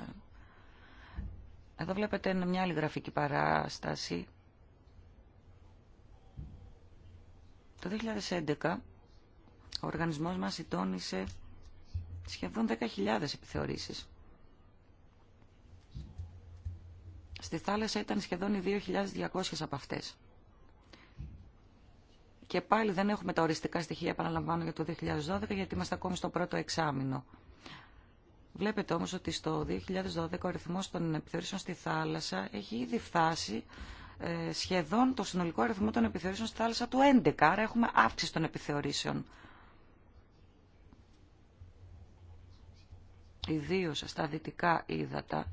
B: Εδώ βλέπετε μια άλλη γραφική παράσταση. Το 2011 ο οργανισμός μας ειτώνησε σχεδόν 10.000 επιθεωρήσεις. Στη θάλασσα ήταν σχεδόν οι 2.200 από αυτές. Και πάλι δεν έχουμε τα οριστικά στοιχεία, επαναλαμβάνω, για το 2012, γιατί είμαστε ακόμη στο πρώτο εξάμεινο. Βλέπετε όμως ότι στο 2012 ο αριθμός των επιθεωρήσεων στη θάλασσα έχει ήδη φτάσει ε, σχεδόν το συνολικό αριθμό των επιθεωρήσεων στη θάλασσα του 11, άρα έχουμε αύξηση των επιθεωρήσεων. Ιδίως στα δυτικά ύδατα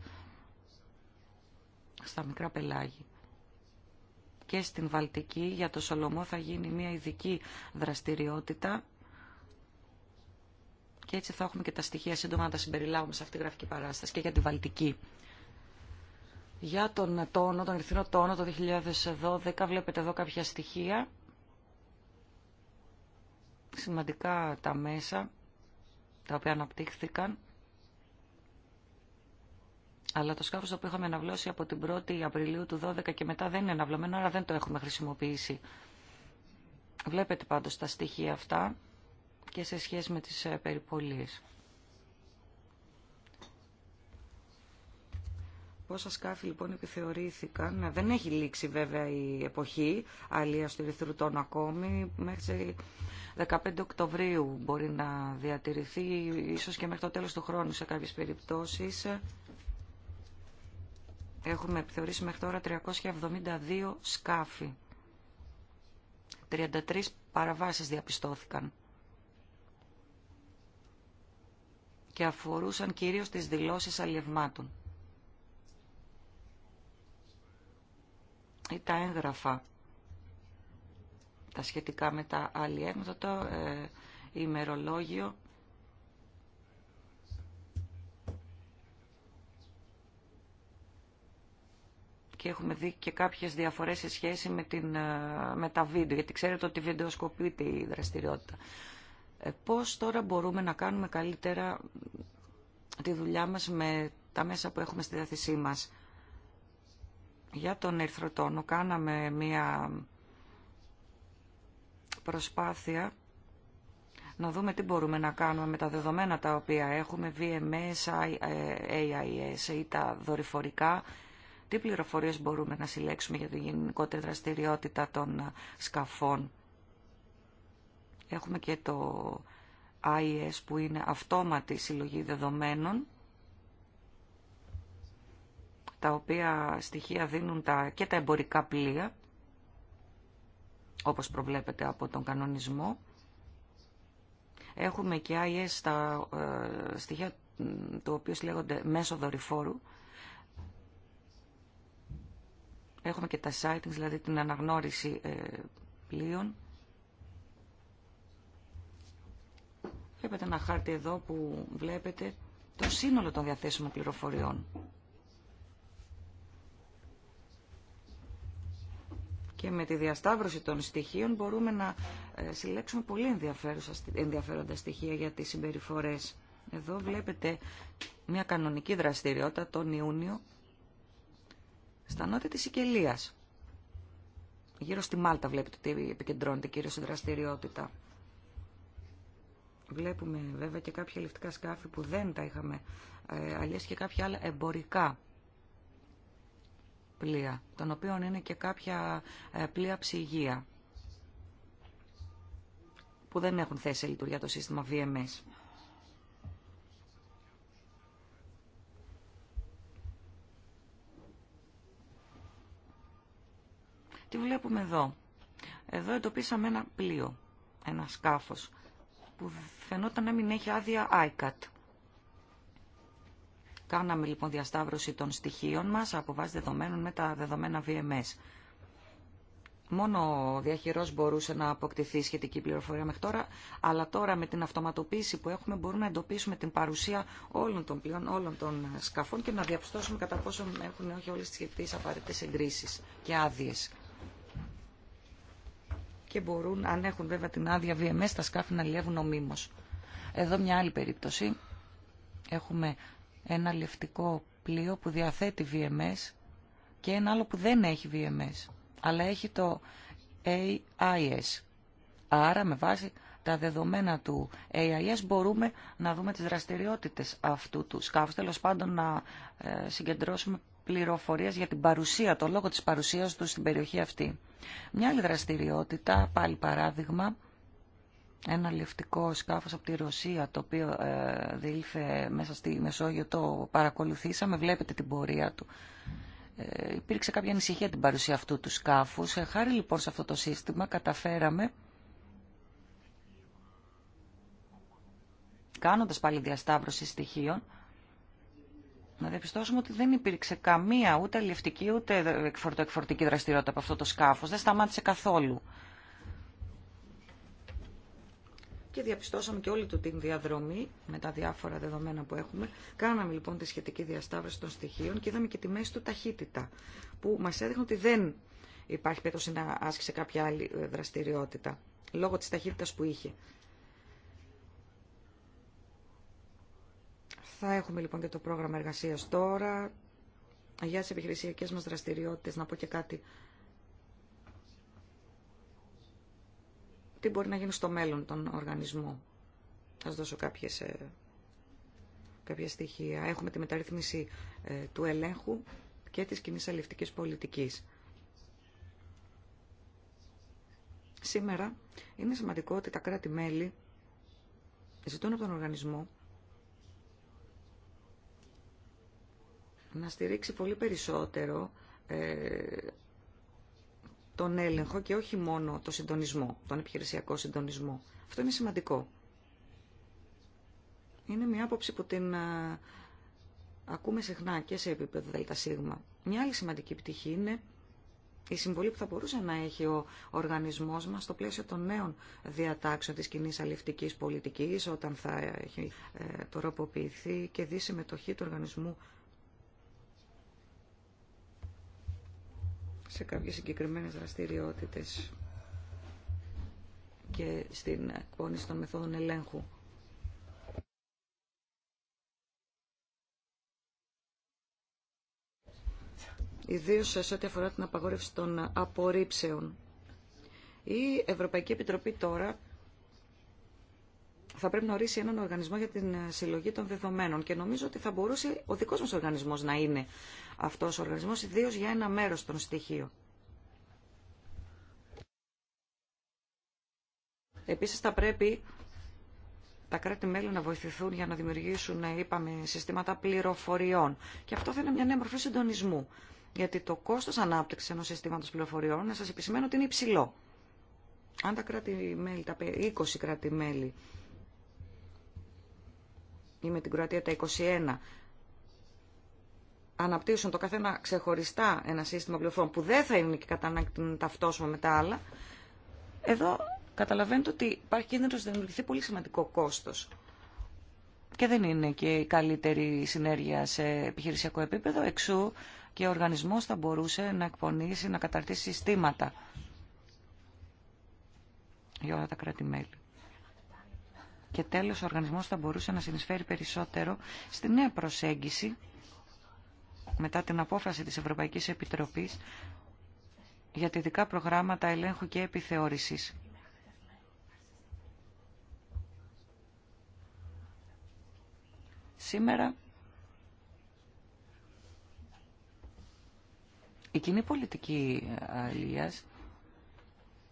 B: στα μικρά πελάγια και στην Βαλτική για το Σολομό θα γίνει μια ειδική δραστηριότητα και έτσι θα έχουμε και τα στοιχεία σύντομα να τα συμπεριλάβουμε σε αυτή τη γραφική παράσταση και για τη Βαλτική. Για τον τόνο, τον ερθινό τόνο το 2012 βλέπετε εδώ κάποια στοιχεία. Σημαντικά τα μέσα τα οποία αναπτύχθηκαν αλλά το σκάφος το οποίο είχαμε αναβλώσει από την 1η Απριλίου του 12 και μετά δεν είναι αναβλωμένο, άρα δεν το έχουμε χρησιμοποιήσει. Βλέπετε πάντως τα στοιχεία αυτά και σε σχέση με τις ε, περιπολίες. Πόσα σκάφη λοιπόν επιθεωρήθηκαν. Δεν έχει λήξει βέβαια η εποχή αλλία του Ριθρουτών ακόμη. Μέχρι 15 Οκτωβρίου μπορεί να διατηρηθεί, ίσως και μέχρι το τέλος του χρόνου σε κάποιες περιπτώσεις. Έχουμε επιθεωρήσει μέχρι τώρα 372 σκάφη. 33 παραβάσεις διαπιστώθηκαν. Και αφορούσαν κυρίως τις δηλώσεις αλλιευμάτων. Ή τα έγγραφα, τα σχετικά με τα αλλιεύματα, το ε, ημερολόγιο και έχουμε δει και κάποιες διαφορές σε σχέση με, την, ε, με τα βίντεο, γιατί ξέρετε ότι βιντεοσκοπείται η δραστηριότητα. Ε, πώς τώρα μπορούμε να κάνουμε καλύτερα τη δουλειά μας με τα μέσα που έχουμε στη διάθεσή μας. Για τον ερθροτόνο κάναμε μία προσπάθεια να δούμε τι μπορούμε να κάνουμε με τα δεδομένα τα οποία έχουμε, VMS, ε, AIS ή τα δορυφορικά, τι πληροφορίες μπορούμε να συλλέξουμε για την γενικότερη δραστηριότητα των σκαφών. Έχουμε και το IES που είναι αυτόματη συλλογή δεδομένων, τα οποία στοιχεία δίνουν τα, και τα εμπορικά πλοία, όπως προβλέπεται από τον κανονισμό. Έχουμε και IS τα ε, στοιχεία του οποίου λέγονται μέσω δορυφόρου, Έχουμε και τα sightings, δηλαδή την αναγνώριση ε, πλοίων. Βλέπετε ένα χάρτη εδώ που βλέπετε το σύνολο των διαθέσιμων πληροφοριών. Και με τη διασταύρωση των στοιχείων μπορούμε να ε, συλλέξουμε πολύ ενδιαφέροντα στοιχεία για τις συμπεριφορές. Εδώ βλέπετε μια κανονική δραστηριότητα τον Ιούνιο στα νότια της Σικελίας. Γύρω στη Μάλτα βλέπετε ότι επικεντρώνεται κυρίως η δραστηριότητα. Βλέπουμε βέβαια και κάποια λεφτικά σκάφη που δεν τα είχαμε ε, αλλιές και κάποια άλλα εμπορικά πλοία, των οποίων είναι και κάποια ε, πλοία ψυγεία που δεν έχουν θέση σε λειτουργία το σύστημα VMS. Τι βλέπουμε εδώ. Εδώ εντοπίσαμε ένα πλοίο, ένα σκάφος, που φαινόταν να μην έχει άδεια ICAT. Κάναμε λοιπόν διασταύρωση των στοιχείων μας από βάση δεδομένων με τα δεδομένα VMS. Μόνο ο διαχειρός μπορούσε να αποκτηθεί σχετική πληροφορία μέχρι τώρα, αλλά τώρα με την αυτοματοποίηση που έχουμε μπορούμε να εντοπίσουμε την παρουσία όλων των πλοίων, όλων των σκαφών και να διαπιστώσουμε κατά πόσο έχουν όχι όλες τις σχετικές απαραίτητες εγκρίσεις και άδειες και μπορούν, αν έχουν βέβαια την άδεια VMS, τα σκάφη να λιεύουν ομίμω. Εδώ μια άλλη περίπτωση. Έχουμε ένα λευτικό πλοίο που διαθέτει VMS και ένα άλλο που δεν έχει VMS, αλλά έχει το AIS. Άρα με βάση τα δεδομένα του AIS μπορούμε να δούμε τις δραστηριότητες αυτού του σκάφους, τέλος πάντων να ε, συγκεντρώσουμε πληροφορίες για την παρουσία, το λόγο της παρουσίας του στην περιοχή αυτή. Μια άλλη δραστηριότητα, πάλι παράδειγμα, ένα λευτικό σκάφος από τη Ρωσία το οποίο ε, μέσα στη Μεσόγειο το παρακολουθήσαμε, βλέπετε την πορεία του. Ε, υπήρξε κάποια ανησυχία την παρουσία αυτού του σκάφους. Ε, χάρη λοιπόν σε αυτό το σύστημα καταφέραμε κάνοντας πάλι διασταύρωση στοιχείων να διαπιστώσουμε ότι δεν υπήρξε καμία ούτε αλληλευτική ούτε εκφορτική δραστηριότητα από αυτό το σκάφος. Δεν σταμάτησε καθόλου. Και διαπιστώσαμε και όλη του την διαδρομή με τα διάφορα δεδομένα που έχουμε. Κάναμε λοιπόν τη σχετική διασταύρωση των στοιχείων και είδαμε και τη μέση του ταχύτητα που μας έδειχνε ότι δεν υπάρχει περίπτωση να άσκησε κάποια άλλη ε, δραστηριότητα λόγω της ταχύτητας που είχε. Θα έχουμε λοιπόν και το πρόγραμμα εργασίας τώρα. Για τι επιχειρησιακές μα δραστηριότητε, να πω και κάτι. Τι μπορεί να γίνει στο μέλλον τον οργανισμό. Θα σας δώσω κάποιες, ε, κάποια στοιχεία. Έχουμε τη μεταρρύθμιση ε, του ελέγχου και της κοινή αλληλευτική πολιτική. Σήμερα είναι σημαντικό ότι τα κράτη-μέλη ζητούν από τον οργανισμό να στηρίξει πολύ περισσότερο ε, τον έλεγχο και όχι μόνο το συντονισμό, τον επιχειρησιακό συντονισμό. Αυτό είναι σημαντικό. Είναι μια άποψη που την ε, ακούμε συχνά και σε επίπεδο ΔΣ. Μια άλλη σημαντική πτυχή είναι η συμβολή που θα μπορούσε να έχει ο οργανισμός μας στο πλαίσιο των νέων διατάξεων της κοινή αλληλευτικής πολιτικής όταν θα έχει ε, τροποποιηθεί και δει συμμετοχή του οργανισμού σε κάποιες συγκεκριμένες δραστηριότητες και στην εκπόνηση των μεθόδων ελέγχου. Ιδίως σε ό,τι αφορά την απαγόρευση των απορρίψεων. Η Ευρωπαϊκή Επιτροπή τώρα θα πρέπει να ορίσει έναν οργανισμό για την ε, συλλογή των δεδομένων και νομίζω ότι θα μπορούσε ο δικό μα οργανισμό να είναι αυτό ο οργανισμό ιδίω για ένα μέρο των στοιχείων. Επίση θα πρέπει τα κράτη-μέλη να βοηθηθούν για να δημιουργήσουν, ε, είπαμε, συστήματα πληροφοριών. Και αυτό θα είναι μια νέα μορφή συντονισμού. Γιατί το κόστο ανάπτυξη ενό συστήματο πληροφοριών, να σα επισημαίνω ότι είναι υψηλό. Αν τα κράτη-μέλη, τα 20 κράτη-μέλη ή με την Κροατία τα 21 αναπτύσσουν το καθένα ξεχωριστά ένα σύστημα πληροφόρων που δεν θα είναι και κατά ανάγκη ταυτόσουμε με τα άλλα, εδώ καταλαβαίνετε ότι υπάρχει κίνδυνο να δημιουργηθεί πολύ σημαντικό κόστο. Και δεν είναι και η καλύτερη συνέργεια σε επιχειρησιακό επίπεδο. Εξού και ο οργανισμό θα μπορούσε να εκπονήσει, να καταρτήσει συστήματα για όλα τα κράτη-μέλη. Και τέλος, ο οργανισμός θα μπορούσε να συνεισφέρει περισσότερο στη νέα προσέγγιση μετά την απόφαση της Ευρωπαϊκής Επιτροπής για τα ειδικά προγράμματα ελέγχου και επιθεώρησης. Σήμερα η κοινή πολιτική ε, αλληλίας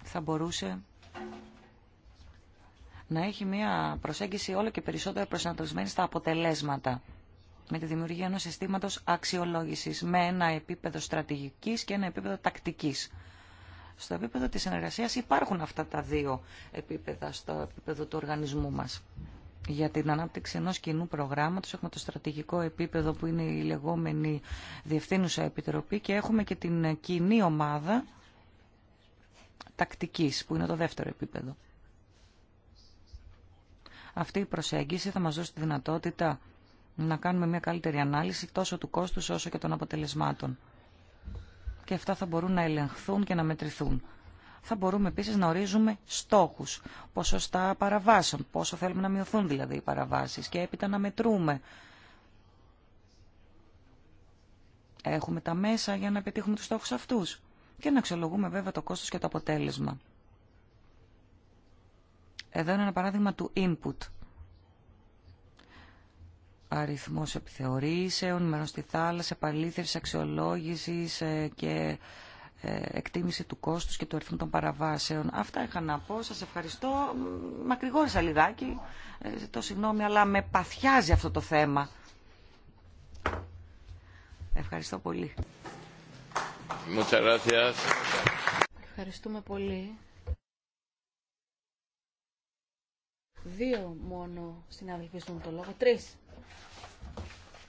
B: θα μπορούσε να έχει μια προσέγγιση όλο και περισσότερο προσανατολισμένη στα αποτελέσματα με τη δημιουργία ενός συστήματος αξιολόγησης με ένα επίπεδο στρατηγικής και ένα επίπεδο τακτικής. Στο επίπεδο της συνεργασίας υπάρχουν αυτά τα δύο επίπεδα στο επίπεδο του οργανισμού μας. Για την ανάπτυξη ενός κοινού προγράμματος έχουμε το στρατηγικό επίπεδο που είναι η λεγόμενη Διευθύνουσα Επιτροπή και έχουμε και την κοινή ομάδα τακτικής που είναι το δεύτερο επίπεδο. Αυτή η προσέγγιση θα μας δώσει τη δυνατότητα να κάνουμε μια καλύτερη ανάλυση τόσο του κόστους όσο και των αποτελεσμάτων. Και αυτά θα μπορούν να ελεγχθούν και να μετρηθούν. Θα μπορούμε επίσης να ορίζουμε στόχους, ποσοστά παραβάσεων, πόσο θέλουμε να μειωθούν δηλαδή οι παραβάσεις και έπειτα να μετρούμε. Έχουμε τα μέσα για να πετύχουμε τους στόχους αυτούς και να αξιολογούμε βέβαια το κόστος και το αποτέλεσμα. Εδώ είναι ένα παράδειγμα του input. Αριθμός επιθεωρήσεων, μέρο στη θάλασσα, επαλήθευση αξιολόγησης ε, και ε, εκτίμηση του κόστους και του αριθμού των παραβάσεων. Αυτά είχα να πω. Σας ευχαριστώ. Μακρηγόρησα λιγάκι. Ε, ζητώ συγγνώμη, αλλά με παθιάζει αυτό το θέμα. Ευχαριστώ πολύ.
D: Ευχαριστούμε πολύ. Δύο μόνο συνάδελφοι ζουν το λόγο. Τρεις.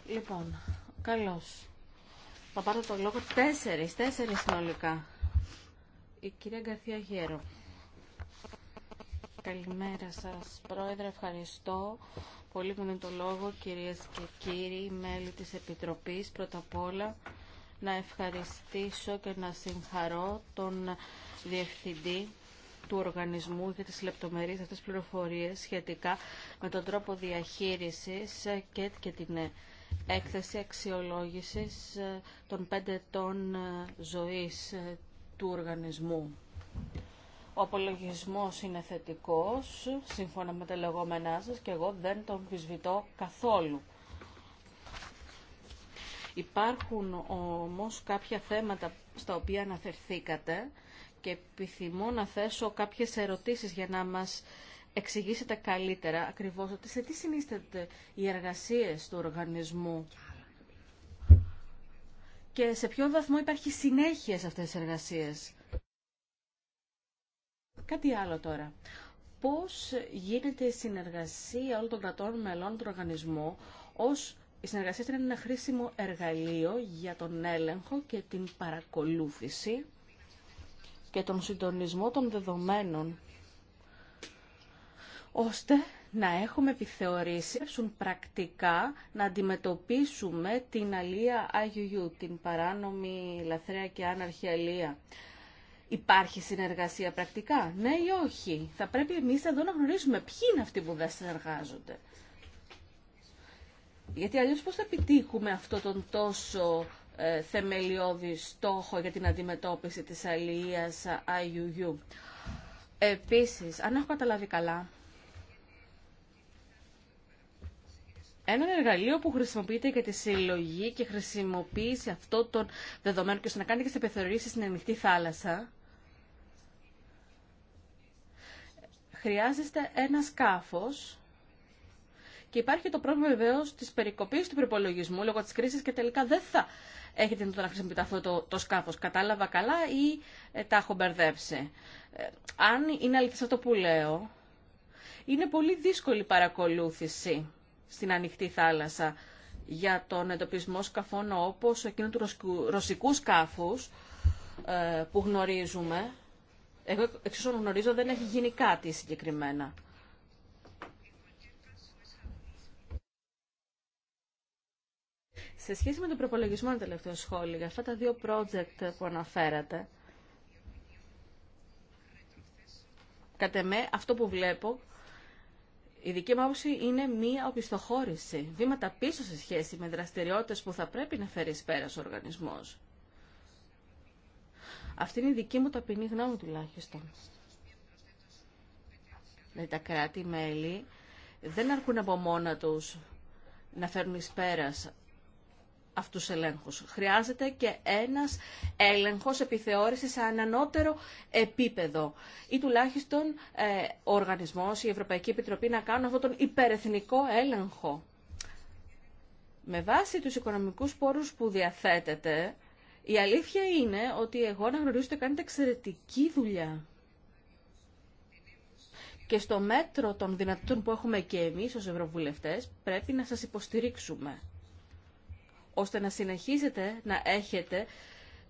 D: Λοιπόν, καλώς. Θα πάρω το λόγο τέσσερις, τέσσερις συνολικά. Η κυρία Γκαρθία Γέρο. Καλημέρα σας, Πρόεδρε. Ευχαριστώ πολύ που είναι το λόγο, κυρίες και κύριοι, μέλη της Επιτροπής. Πρώτα απ' όλα, να ευχαριστήσω και να συγχαρώ τον Διευθυντή του οργανισμού για τις λεπτομερείς αυτές τις πληροφορίες σχετικά με τον τρόπο διαχείρισης και, και την έκθεση αξιολόγησης των πέντε ετών ζωής του οργανισμού. Ο απολογισμός είναι θετικός, σύμφωνα με τα λεγόμενά σας, και εγώ δεν τον πισβητώ καθόλου. Υπάρχουν όμως κάποια θέματα στα οποία αναφερθήκατε, και επιθυμώ να θέσω κάποιες ερωτήσεις για να μας εξηγήσετε καλύτερα ακριβώς ότι σε τι συνίσταται οι εργασίες του οργανισμού και σε ποιο βαθμό υπάρχει συνέχεια σε αυτές τις εργασίες. Κάτι άλλο τώρα. Πώς γίνεται η συνεργασία όλων των κρατών μελών του οργανισμού ως η συνεργασία είναι ένα χρήσιμο εργαλείο για τον έλεγχο και την παρακολούθηση και τον συντονισμό των δεδομένων, ώστε να έχουμε επιθεωρήσει πρακτικά να αντιμετωπίσουμε την αλία IUU, την παράνομη λαθρέα και άναρχη αλία. Υπάρχει συνεργασία πρακτικά, ναι ή όχι. Θα πρέπει εμείς εδώ να γνωρίζουμε ποιοι είναι αυτοί που δεν συνεργάζονται. Γιατί αλλιώς πώς θα επιτύχουμε αυτό τον τόσο ε, θεμελιώδη στόχο για την αντιμετώπιση της αλληλείας IUU. Επίσης, αν έχω καταλάβει καλά, ένα εργαλείο που χρησιμοποιείται για τη συλλογή και χρησιμοποίηση αυτών των δεδομένων και ώστε να κάνει και επιθεωρήσεις στην ανοιχτή θάλασσα, χρειάζεστε ένα σκάφος και υπάρχει το πρόβλημα βεβαίω τη περικοπή του προπολογισμού λόγω τη κρίση και τελικά δεν θα έχετε την να χρησιμοποιείτε αυτό το, το σκάφο. Κατάλαβα καλά ή ε, τα έχω μπερδέψει. Ε, αν είναι αλήθεια αυτό που λέω, είναι πολύ δύσκολη παρακολούθηση στην ανοιχτή θάλασσα για τον εντοπισμό σκαφών όπως εκείνου του ρωσικού σκάφους ε, που γνωρίζουμε. Εγώ εξ όσων γνωρίζω δεν έχει γίνει κάτι συγκεκριμένα. Σε σχέση με τον προπολογισμό, είναι τελευταίο σχόλιο για αυτά τα δύο project που αναφέρατε. Κατ' εμέ, αυτό που βλέπω, η δική μου άποψη είναι μία οπισθοχώρηση. Βήματα πίσω σε σχέση με δραστηριότητες που θα πρέπει να φέρει πέρα ο οργανισμός. Αυτή είναι η δική μου ταπεινή γνώμη τουλάχιστον. Δηλαδή τα κράτη-μέλη δεν αρκούν από μόνα τους να φέρουν εις πέρας αυτούς τους ελέγχους. Χρειάζεται και ένας έλεγχος επιθεώρησης σε ανανότερο επίπεδο ή τουλάχιστον ε, ο οργανισμός, η Ευρωπαϊκή Επιτροπή να κάνουν αυτόν τον υπερεθνικό έλεγχο. Με βάση τους οικονομικούς πόρους που διαθέτεται, η αλήθεια είναι ότι εγώ γνωρίζω ότι κάνετε εξαιρετική δουλειά. Και στο μέτρο των δυνατών που έχουμε και εμείς ως Ευρωβουλευτές πρέπει να σας υποστηρίξουμε ώστε να συνεχίζετε να έχετε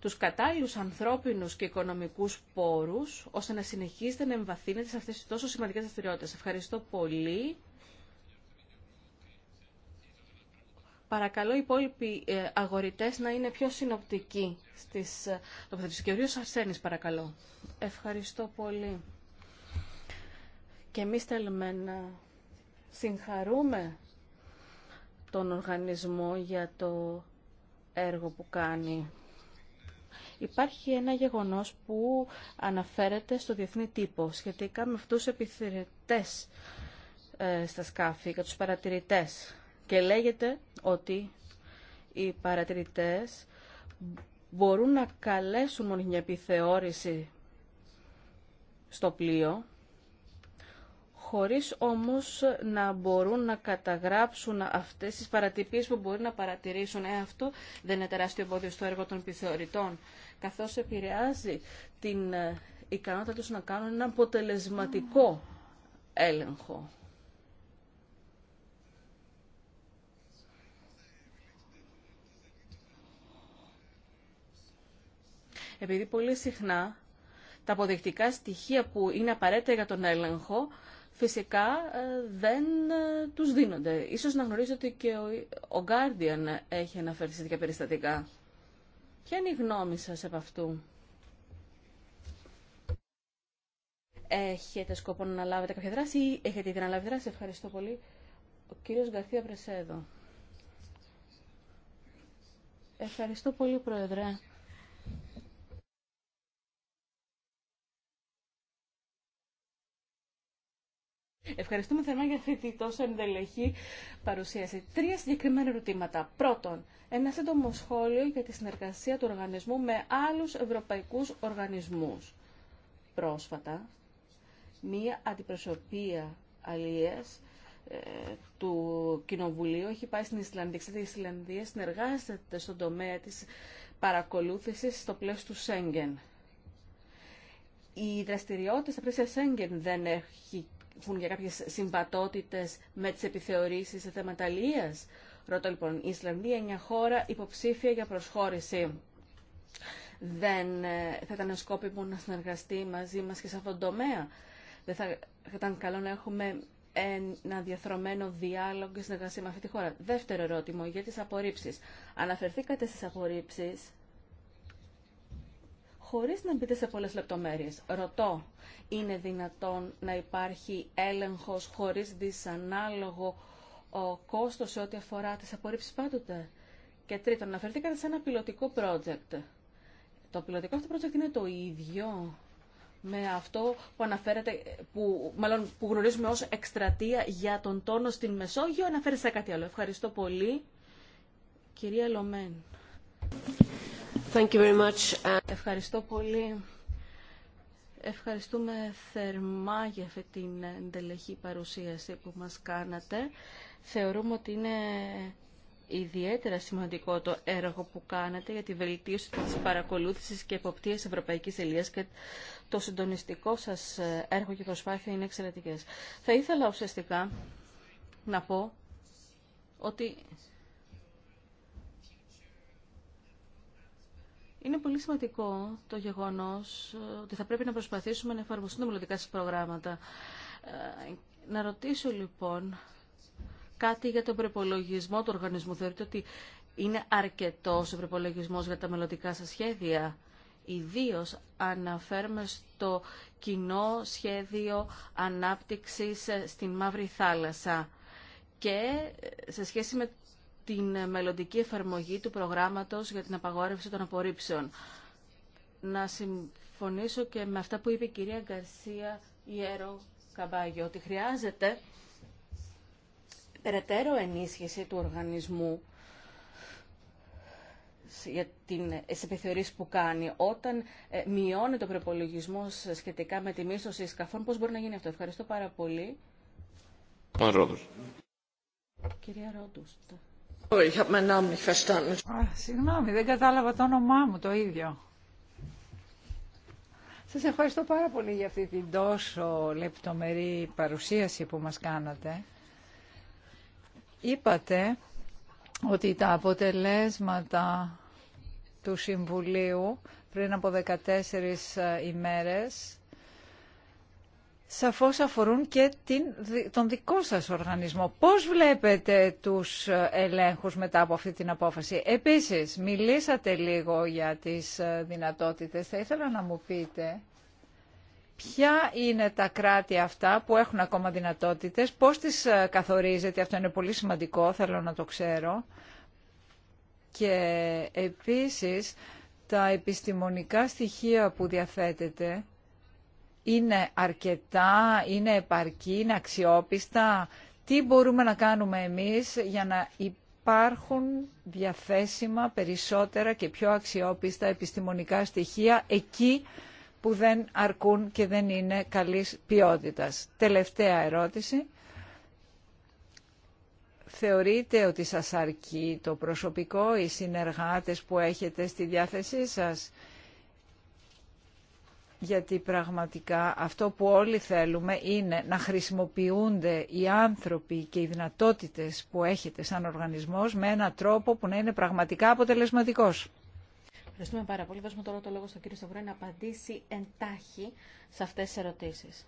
D: τους κατάλληλους ανθρώπινους και οικονομικούς πόρους, ώστε να συνεχίζετε να εμβαθύνετε σε αυτές τις τόσο σημαντικές δραστηριότητε. Ευχαριστώ πολύ. Παρακαλώ οι υπόλοιποι ε, αγορητές να είναι πιο συνοπτικοί στις ε, τοποθετήσεις. Και ο Αρσένης, παρακαλώ. Ευχαριστώ πολύ. Και εμείς θέλουμε να συγχαρούμε τον οργανισμό για το έργο που κάνει. Υπάρχει ένα γεγονός που αναφέρεται στο διεθνή τύπο σχετικά με αυτούς τους ε, στα σκάφη και τους παρατηρητές και λέγεται ότι οι παρατηρητές μπορούν να καλέσουν μια επιθεώρηση στο πλοίο χωρίς όμως να μπορούν να καταγράψουν αυτές τις παρατυπίες που μπορεί να παρατηρήσουν. Ε, αυτό δεν είναι τεράστιο εμπόδιο στο έργο των επιθεωρητών, καθώς επηρεάζει την ε, ικανότητα τους να κάνουν ένα αποτελεσματικό έλεγχο. Επειδή πολύ συχνά τα αποδεικτικά στοιχεία που είναι απαραίτητα για τον έλεγχο φυσικά ε, δεν ε, τους δίνονται. Ίσως να γνωρίζετε ότι και ο Guardian έχει αναφέρει σε τέτοια περιστατικά. Ποια είναι η γνώμη σας από αυτού. Έχετε σκοπό να λάβετε κάποια δράση ή έχετε ήδη λάβετε δράση. Ευχαριστώ πολύ. Ο κύριος Γκαρθία Πρεσέδο. Ευχαριστώ πολύ, Πρόεδρε. Ευχαριστούμε θερμά για αυτή τη τόσο ενδελεχή παρουσίαση. Τρία συγκεκριμένα ερωτήματα. Πρώτον, ένα σύντομο σχόλιο για τη συνεργασία του οργανισμού με άλλους ευρωπαϊκούς οργανισμούς. Πρόσφατα, μία αντιπροσωπεία αλίας ε, του Κοινοβουλίου έχει πάει στην Ισλανδία. Ξέρετε, η Ισλανδία συνεργάζεται στον τομέα της παρακολούθησης στο πλαίσιο του Σέγγεν. Η δραστηριότητα στα πλαίσια Σέγγεν δεν έχει έχουν για κάποιες συμβατότητες με τις επιθεωρήσεις σε θέματα αλληλείας. Ρώτα λοιπόν, η Ισλανδία είναι μια χώρα υποψήφια για προσχώρηση. Δεν ε, θα ήταν σκόπιμο να συνεργαστεί μαζί μας και σε αυτόν τον τομέα. Δεν θα ήταν καλό να έχουμε ένα διαθρωμένο διάλογο και συνεργασία με αυτή τη χώρα. Δεύτερο ερώτημα για τις απορρίψεις. Αναφερθήκατε στις απορρίψεις χωρίς να μπείτε σε πολλές λεπτομέρειες. Ρωτώ, είναι δυνατόν να υπάρχει έλεγχος χωρίς δυσανάλογο ο κόστος σε ό,τι αφορά τις απορρίψεις πάντοτε. Και τρίτον, αναφερθήκατε σε ένα πιλωτικό project. Το πιλωτικό αυτό project είναι το ίδιο με αυτό που αναφέρεται, που, μάλλον που γνωρίζουμε ως εκστρατεία για τον τόνο στην Μεσόγειο, αναφέρεται σε κάτι άλλο. Ευχαριστώ πολύ. Κυρία Λομέν. Ευχαριστώ πολύ. Ευχαριστούμε θερμά για αυτή την εντελεχή παρουσίαση που μας κάνατε. Θεωρούμε ότι είναι ιδιαίτερα σημαντικό το έργο που κάνατε για τη βελτίωση της παρακολούθησης και εποπτείας Ευρωπαϊκής Ελίας και το συντονιστικό σας έργο και προσπάθεια είναι εξαιρετικές. Θα ήθελα ουσιαστικά να πω ότι Είναι πολύ σημαντικό το γεγονός ε, ότι θα πρέπει να προσπαθήσουμε να εφαρμοστούν τα μελλοντικά σας προγράμματα. Ε, να ρωτήσω λοιπόν κάτι για τον προπολογισμό του οργανισμού. Θεωρείτε ότι είναι αρκετός ο προπολογισμό για τα μελλοντικά σας σχέδια. Ιδίω αναφέρουμε στο κοινό σχέδιο ανάπτυξης ε, στην Μαύρη Θάλασσα και σε σχέση με την μελλοντική εφαρμογή του προγράμματος για την απαγόρευση των απορρίψεων. Να συμφωνήσω και με αυτά που είπε η κυρία Γκαρσία Ιέρο Καμπάγιο, ότι χρειάζεται περαιτέρω ενίσχυση του οργανισμού για τις επιθεωρήσεις που κάνει, όταν ε, μειώνει το προπολογισμό σχετικά με τη μίσθωση σκαφών, πώς μπορεί να γίνει αυτό. Ευχαριστώ πάρα πολύ. Κυρία Ρόντους
C: συγγνώμη, δεν κατάλαβα το όνομά μου το ίδιο. Σας ευχαριστώ πάρα πολύ για αυτή την τόσο λεπτομερή παρουσίαση που μας κάνατε. Είπατε ότι τα αποτελέσματα του Συμβουλίου πριν από 14 ημέρες σαφώς αφορούν και την, τον δικό σας οργανισμό. Πώς βλέπετε τους ελέγχους μετά από αυτή την απόφαση. Επίσης, μιλήσατε λίγο για τις ε, δυνατότητες. Θα ήθελα να μου πείτε ποια είναι τα κράτη αυτά που έχουν ακόμα δυνατότητες, πώς τις ε, καθορίζετε, αυτό είναι πολύ σημαντικό, θέλω να το ξέρω. Και επίσης, τα επιστημονικά στοιχεία που διαθέτεται είναι αρκετά, είναι επαρκή, είναι αξιόπιστα. Τι μπορούμε να κάνουμε εμείς για να υπάρχουν διαθέσιμα περισσότερα και πιο αξιόπιστα επιστημονικά στοιχεία εκεί που δεν αρκούν και δεν είναι καλής ποιότητας. Τελευταία ερώτηση. Θεωρείτε ότι σας αρκεί το προσωπικό, οι συνεργάτες που έχετε στη διάθεσή σας γιατί πραγματικά αυτό που όλοι θέλουμε είναι να χρησιμοποιούνται οι άνθρωποι και οι δυνατότητες που έχετε σαν οργανισμός με έναν τρόπο που να είναι πραγματικά αποτελεσματικός.
D: Ευχαριστούμε πάρα πολύ. Δώσουμε τώρα το λόγο στον κύριο Σταυρό να απαντήσει εντάχει σε αυτές τις ερωτήσεις.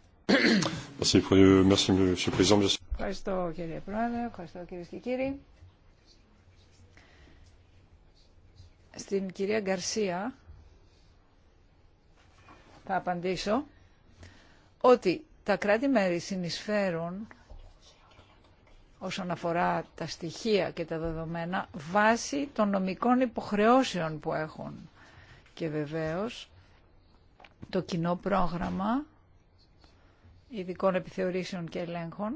D: Ευχαριστώ κύριε Πρόεδρε, ευχαριστώ κύριε και κύριοι.
C: Στην κυρία Γκαρσία θα απαντήσω ότι τα κράτη-μέρη συνεισφέρουν όσον αφορά τα στοιχεία και τα δεδομένα βάσει των νομικών υποχρεώσεων που έχουν. Και βεβαίως το κοινό πρόγραμμα ειδικών επιθεωρήσεων και ελέγχων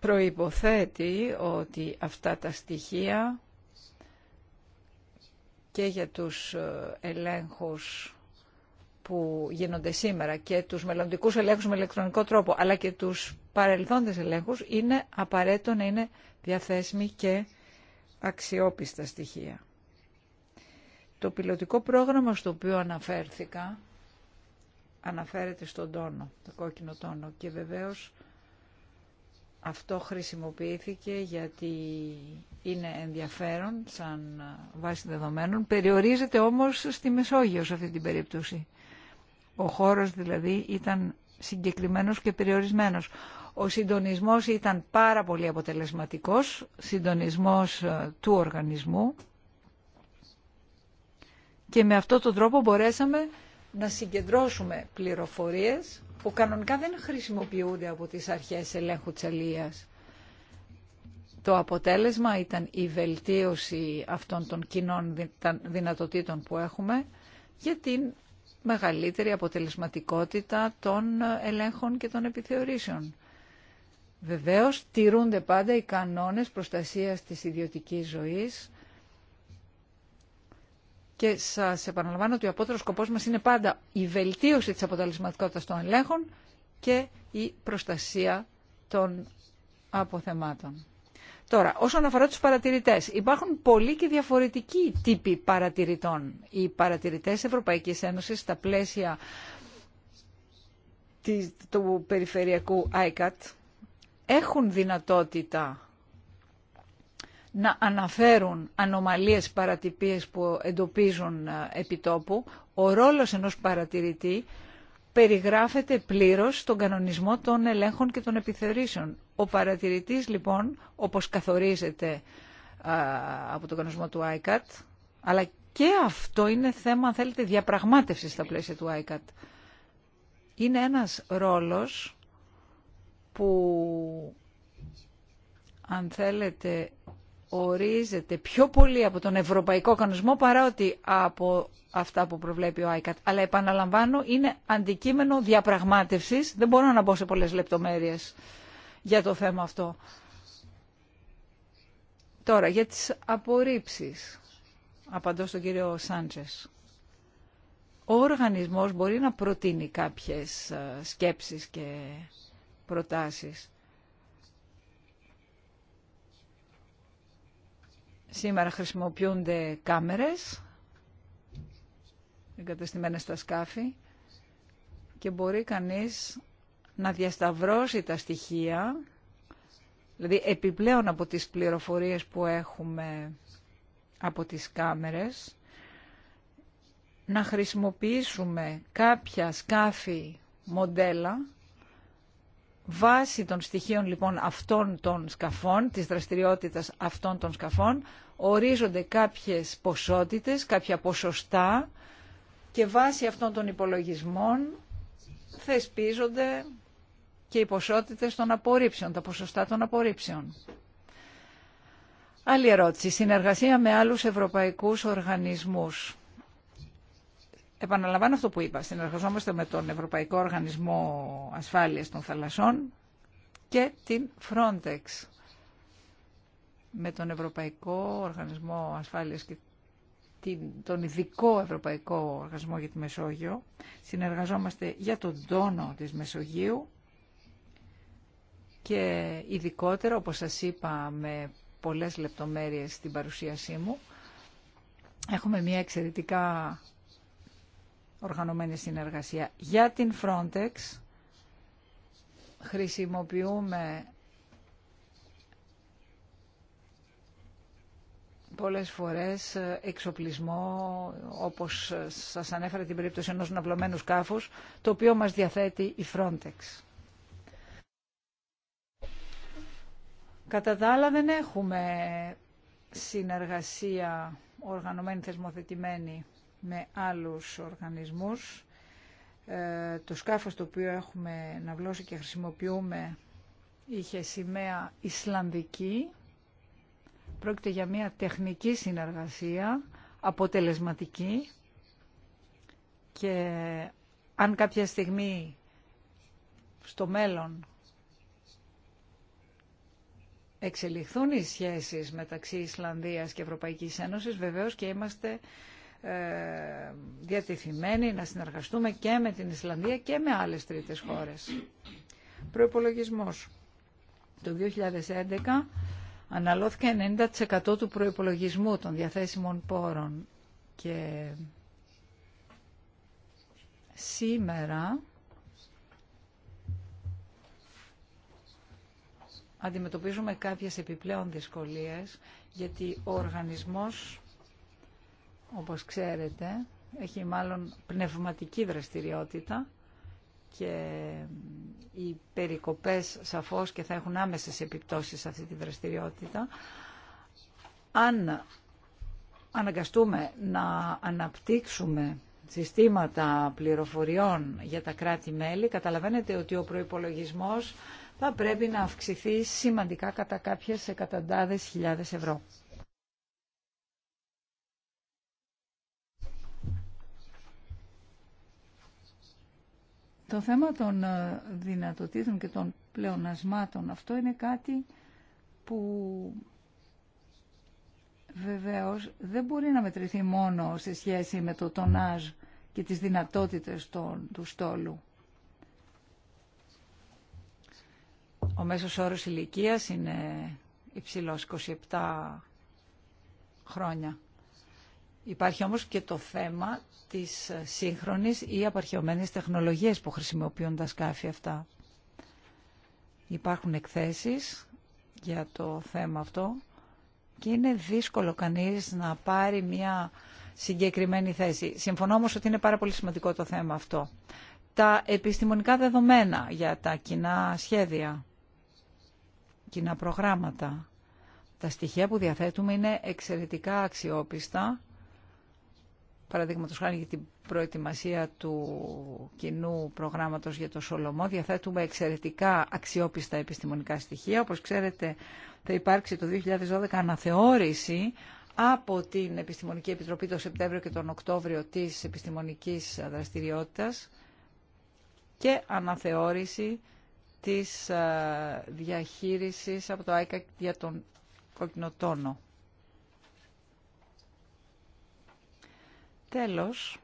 C: προϋποθέτει ότι αυτά τα στοιχεία και για τους ε, ελέγχους που γίνονται σήμερα και τους μελλοντικούς ελέγχους με ηλεκτρονικό τρόπο, αλλά και τους παρελθόντες ελέγχους, είναι απαραίτητο να είναι διαθέσιμοι και αξιόπιστα στοιχεία. Το πιλωτικό πρόγραμμα στο οποίο αναφέρθηκα, αναφέρεται στον τόνο, το κόκκινο τόνο και βεβαίως αυτό χρησιμοποιήθηκε γιατί είναι ενδιαφέρον σαν ε, βάση δεδομένων, περιορίζεται όμως στη Μεσόγειο σε αυτή την περίπτωση. Ο χώρος δηλαδή ήταν συγκεκριμένος και περιορισμένος. Ο συντονισμός ήταν πάρα πολύ αποτελεσματικός, συντονισμός ε, του οργανισμού και με αυτόν τον τρόπο μπορέσαμε να συγκεντρώσουμε πληροφορίες που κανονικά δεν χρησιμοποιούνται από τις αρχές ελέγχου της αλίας. Το αποτέλεσμα ήταν η βελτίωση αυτών των κοινών δυνατοτήτων που έχουμε για την μεγαλύτερη αποτελεσματικότητα των ελέγχων και των επιθεωρήσεων. Βεβαίως, τηρούνται πάντα οι κανόνες προστασίας της ιδιωτικής ζωής και σας επαναλαμβάνω ότι ο απότερος σκοπός μας είναι πάντα η βελτίωση της αποτελεσματικότητας των ελέγχων και η προστασία των αποθεμάτων. Τώρα, όσον αφορά τους παρατηρητές, υπάρχουν πολλοί και διαφορετικοί τύποι παρατηρητών. Οι παρατηρητές Ευρωπαϊκής Ένωσης στα πλαίσια του περιφερειακού ICAT έχουν δυνατότητα να αναφέρουν ανομαλίες παρατυπίες που εντοπίζουν ε, επιτόπου. Ο ρόλος ενός παρατηρητή περιγράφεται πλήρως στον κανονισμό των ελέγχων και των επιθεωρήσεων. Ο παρατηρητής λοιπόν, όπως καθορίζεται από τον κανονισμό του ICAT, αλλά και αυτό είναι θέμα, αν θέλετε, διαπραγμάτευσης στα πλαίσια του ICAT. Είναι ένας ρόλος που, αν θέλετε, ορίζεται πιο πολύ από τον ευρωπαϊκό κανονισμό παρά ότι από αυτά που προβλέπει ο ICAT. Αλλά επαναλαμβάνω, είναι αντικείμενο διαπραγμάτευσης. Δεν μπορώ να μπω σε πολλές λεπτομέρειες για το θέμα αυτό. Τώρα, για τις απορρίψεις, απαντώ στον κύριο Σάντσες. Ο οργανισμός μπορεί να προτείνει κάποιες ε, σκέψεις και προτάσεις. Σήμερα χρησιμοποιούνται κάμερες εγκαταστημένες στα σκάφη και μπορεί κανείς να διασταυρώσει τα στοιχεία, δηλαδή επιπλέον από τις πληροφορίες που έχουμε από τις κάμερες, να χρησιμοποιήσουμε κάποια σκάφη μοντέλα Βάσει των στοιχείων λοιπόν αυτών των σκαφών, της δραστηριότητας αυτών των σκαφών, ορίζονται κάποιες ποσότητες, κάποια ποσοστά και βάσει αυτών των υπολογισμών θεσπίζονται και οι ποσότητες των απορρίψεων, τα ποσοστά των απορρίψεων. Άλλη ερώτηση. Συνεργασία με άλλους ευρωπαϊκούς οργανισμούς. Επαναλαμβάνω αυτό που είπα. Συνεργαζόμαστε με τον Ευρωπαϊκό Οργανισμό Ασφάλειας των Θαλασσών και την Frontex. Με τον Ευρωπαϊκό Οργανισμό Ασφάλειας και τον ειδικό Ευρωπαϊκό Οργανισμό για τη Μεσόγειο. Συνεργαζόμαστε για τον τόνο της Μεσογείου και ειδικότερα, όπως σας είπα με πολλές λεπτομέρειες στην παρουσίασή μου, έχουμε μια εξαιρετικά οργανωμένη συνεργασία. Για την Frontex χρησιμοποιούμε πολλές φορές εξοπλισμό, όπως σας ανέφερα την περίπτωση ενός ναυλωμένου σκάφους, το οποίο μας διαθέτει η Frontex. Κατά τα άλλα δεν έχουμε συνεργασία οργανωμένη θεσμοθετημένη με άλλους οργανισμούς. Ε, το σκάφος το οποίο έχουμε να ναυλώσει και χρησιμοποιούμε είχε σημαία Ισλανδική. Πρόκειται για μια τεχνική συνεργασία, αποτελεσματική και αν κάποια στιγμή στο μέλλον εξελιχθούν οι σχέσεις μεταξύ Ισλανδίας και Ευρωπαϊκής Ένωσης, βεβαίως και είμαστε ε, διατεθειμένοι να συνεργαστούμε και με την Ισλανδία και με άλλες τρίτες χώρες. Προϋπολογισμός. Το 2011 αναλώθηκε 90% του προϋπολογισμού των διαθέσιμων πόρων και σήμερα αντιμετωπίζουμε κάποιες επιπλέον δυσκολίες γιατί ο οργανισμός όπως ξέρετε, έχει μάλλον πνευματική δραστηριότητα και οι περικοπές σαφώς και θα έχουν άμεσες επιπτώσεις σε αυτή τη δραστηριότητα. Αν αναγκαστούμε να αναπτύξουμε συστήματα πληροφοριών για τα κράτη-μέλη, καταλαβαίνετε ότι ο προϋπολογισμός θα πρέπει να αυξηθεί σημαντικά κατά κάποιες εκατοντάδες χιλιάδες ευρώ. Το θέμα των ε, δυνατοτήτων και των πλεονασμάτων αυτό είναι κάτι που βεβαίως δεν μπορεί να μετρηθεί μόνο σε σχέση με το τονάζ και τις δυνατότητες του στόλου. Ο μέσος όρος ηλικίας είναι υψηλός 27 χρόνια. Υπάρχει όμως και το θέμα της σύγχρονης ή απαρχαιωμένης τεχνολογίας που χρησιμοποιούν τα σκάφη αυτά. Υπάρχουν εκθέσεις για το θέμα αυτό και είναι δύσκολο κανείς να πάρει μια συγκεκριμένη θέση. Συμφωνώ όμως ότι είναι πάρα πολύ σημαντικό το θέμα αυτό. Τα επιστημονικά δεδομένα για τα κοινά σχέδια, κοινά προγράμματα, τα στοιχεία που διαθέτουμε είναι εξαιρετικά αξιόπιστα παραδείγματο χάρη για την προετοιμασία του κοινού προγράμματος για το Σολομό. Διαθέτουμε εξαιρετικά αξιόπιστα επιστημονικά στοιχεία. Όπως ξέρετε θα υπάρξει το 2012 αναθεώρηση από την Επιστημονική Επιτροπή το Σεπτέμβριο και τον Οκτώβριο της επιστημονικής δραστηριότητας και αναθεώρηση της ε, διαχείρισης από το ΆΙΚΑ για τον κόκκινο τόνο. Τέλος,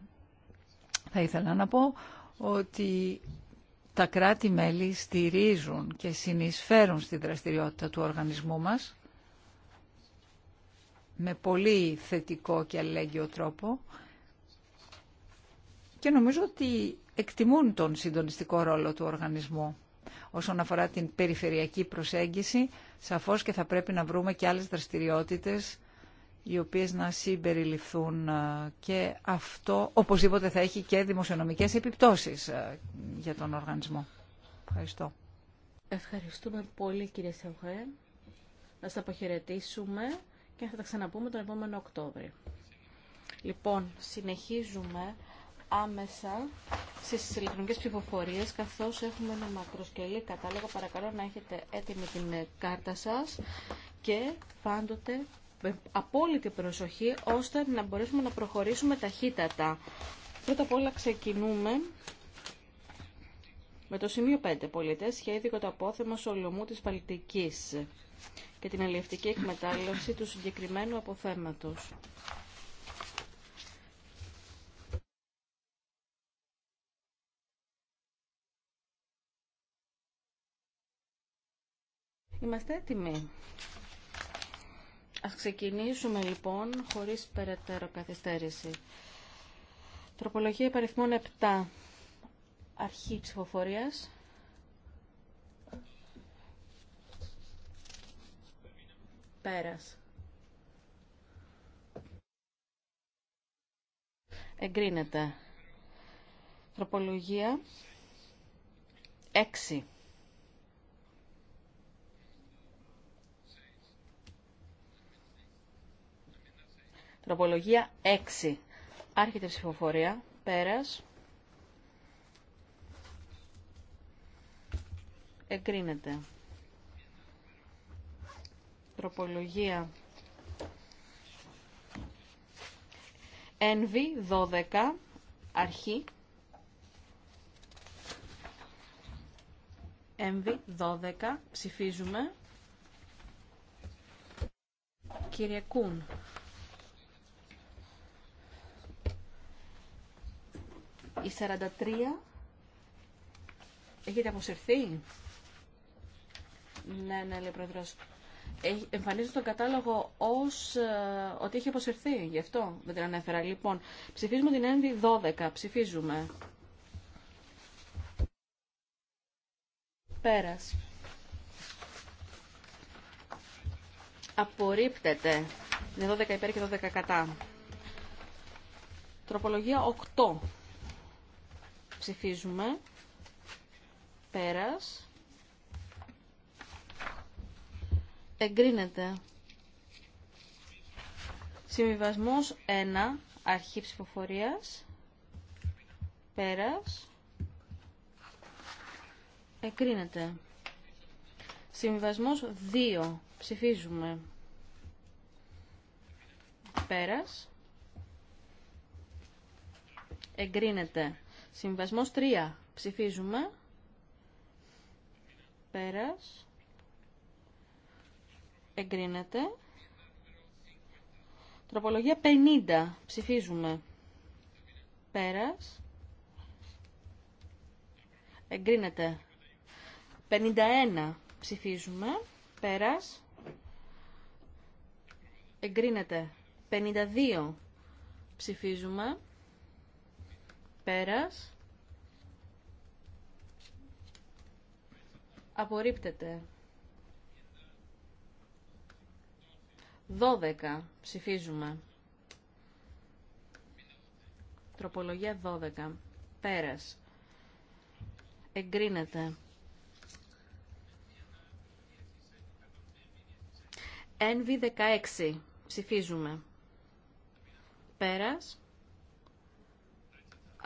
C: θα ήθελα να πω ότι τα κράτη-μέλη στηρίζουν και συνεισφέρουν στη δραστηριότητα του οργανισμού μας με πολύ θετικό και αλληλέγγυο τρόπο και νομίζω ότι εκτιμούν τον συντονιστικό ρόλο του οργανισμού. Όσον αφορά την περιφερειακή προσέγγιση, σαφώς και θα πρέπει να βρούμε και άλλες δραστηριότητες οι οποίες να συμπεριληφθούν ε, και αυτό οπωσδήποτε θα έχει και δημοσιονομικές επιπτώσεις ε, για τον οργανισμό. Ευχαριστώ.
D: Ευχαριστούμε πολύ κύριε Σεωχέ. να σας αποχαιρετήσουμε και θα τα ξαναπούμε τον επόμενο Οκτώβριο. Λοιπόν, συνεχίζουμε άμεσα στις ηλεκτρονικές ψηφοφορίε, καθώς έχουμε ένα μακροσκελή κατάλογο. Παρακαλώ να έχετε έτοιμη την κάρτα σας και πάντοτε απόλυτη προσοχή ώστε να μπορέσουμε να προχωρήσουμε ταχύτατα. Πρώτα απ' όλα ξεκινούμε με το σημείο 5 πολιτέ σχέδιο για το απόθεμα Σολομού της Παλτικής και την αλληλευτική εκμετάλλευση του συγκεκριμένου αποθέματος. Είμαστε έτοιμοι. Ας ξεκινήσουμε λοιπόν χωρίς περαιτέρω καθυστέρηση. Τροπολογία υπαριθμών 7. Αρχή ψηφοφορίας. Πέρας. Εγκρίνεται. Τροπολογία 6. Τροπολογία 6. Άρχεται ψηφοφορία. Πέρας. Εγκρίνεται. Τροπολογία NV 12. Αρχή. ΕΝΒΙ 12. Ψηφίζουμε. Κύριε Κούν. Η 43 έχετε αποσυρθεί. Ναι, ναι, λέει ο Πρόεδρος. Ε, Εμφανίζω τον κατάλογο ως ε, ότι έχει αποσυρθεί. Γι' αυτό δεν την ανέφερα. Λοιπόν, ψηφίζουμε την ένδυ 12. Ψηφίζουμε. Πέρας. Απορρίπτεται. Είναι 12 υπέρ και 12 κατά. Τροπολογία 8 ψηφίζουμε. Πέρας. Εγκρίνεται. Συμβιβασμός 1, αρχή ψηφοφορίας. Πέρας. Εγκρίνεται. Συμβιβασμός 2, ψηφίζουμε. Πέρας. Εγκρίνεται. Συμβασμός 3. Ψηφίζουμε. Πέρας. Εγκρίνεται. Τροπολογία 50. Ψηφίζουμε. Πέρας. Εγκρίνεται. 51. Ψηφίζουμε. Πέρας. Εγκρίνεται. 52. Ψηφίζουμε. Πέρας. Απορρίπτεται. 12. Ψηφίζουμε. Τροπολογία 12. Πέρας. Εγκρίνεται. NV16. Ψηφίζουμε. Πέρας.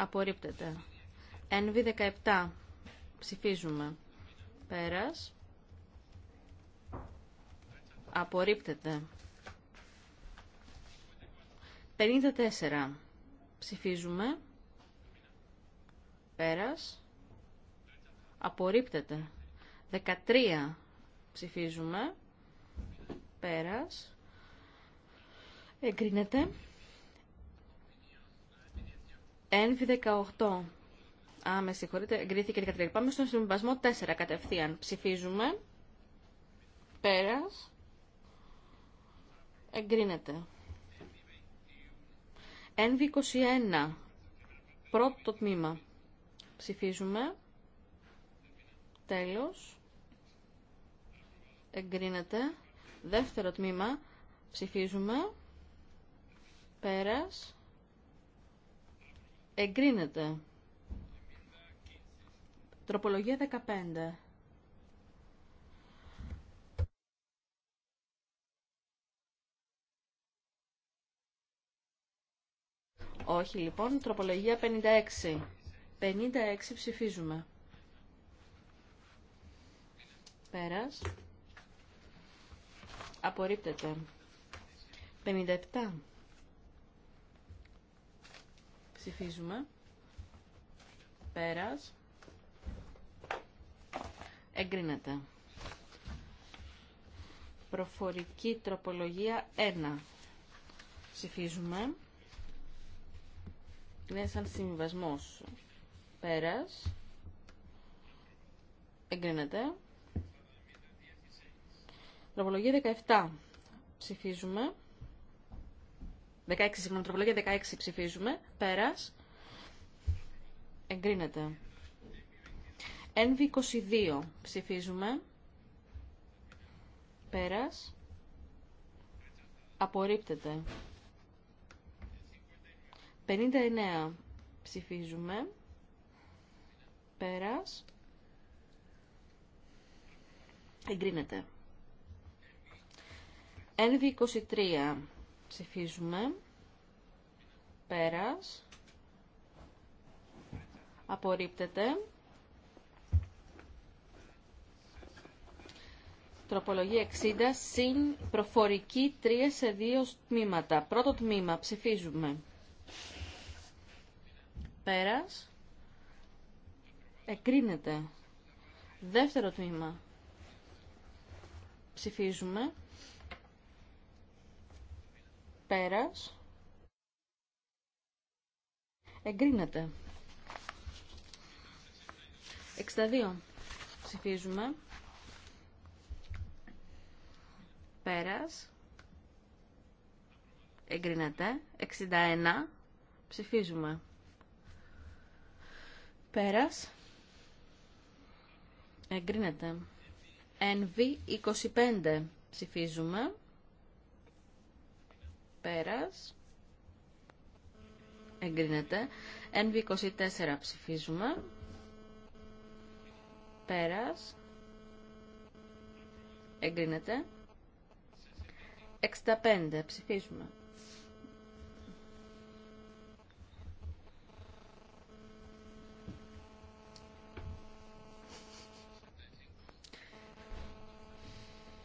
D: Απορρίπτεται. NV17. Ψηφίζουμε. Πέρας. Απορρίπτεται. 54. Ψηφίζουμε. Πέρας. Απορρίπτεται. 13. Ψηφίζουμε. Πέρας. Εγκρίνεται. ΕΝΒΙ 18 Α, με συγχωρείτε, εγκρίθηκε η Πάμε στον συμβασμό 4 κατευθείαν. Ψηφίζουμε. Πέρας. ΕΝΒΙ NV21. Πρώτο τμήμα. Ψηφίζουμε. Τέλος. Εγκρίνεται. Δεύτερο τμήμα. Ψηφίζουμε. Πέρας. Εγκρίνεται. Τροπολογία 15. Όχι λοιπόν, τροπολογία 56. 56 ψηφίζουμε. Πέρας. Απορρίπτεται. 57. Ψηφίζουμε. Πέρας. Εγκρίνεται. Προφορική τροπολογία 1. Ψηφίζουμε. Είναι σαν συμβασμός. Πέρας. Εγκρίνεται. Τροπολογία 17. Ψηφίζουμε. 16, συγγνώμη, τροπολογία 16 ψηφίζουμε. Πέρας. Εγκρίνεται. NV22 ψηφίζουμε. Πέρας. Απορρίπτεται. 59 ψηφίζουμε. Πέρας. Εγκρίνεται. NV23 Ψηφίζουμε. Πέρας. Απορρίπτεται. Τροπολογία 60, συν προφορική 3 σε 2 τμήματα. Πρώτο τμήμα, ψηφίζουμε. Πέρας. Εκρίνεται. Δεύτερο τμήμα. Ψηφίζουμε. Πέρας. Εγκρίνεται. 62. Ψηφίζουμε. Πέρας. Εγκρίνεται. 61. Ψηφίζουμε. Πέρας. Εγκρίνεται. NV25. Ψηφίζουμε. Πέρας. Εγκρίνεται. NV24 ψηφίζουμε. Πέρας. Εγκρίνεται. 65 ψηφίζουμε.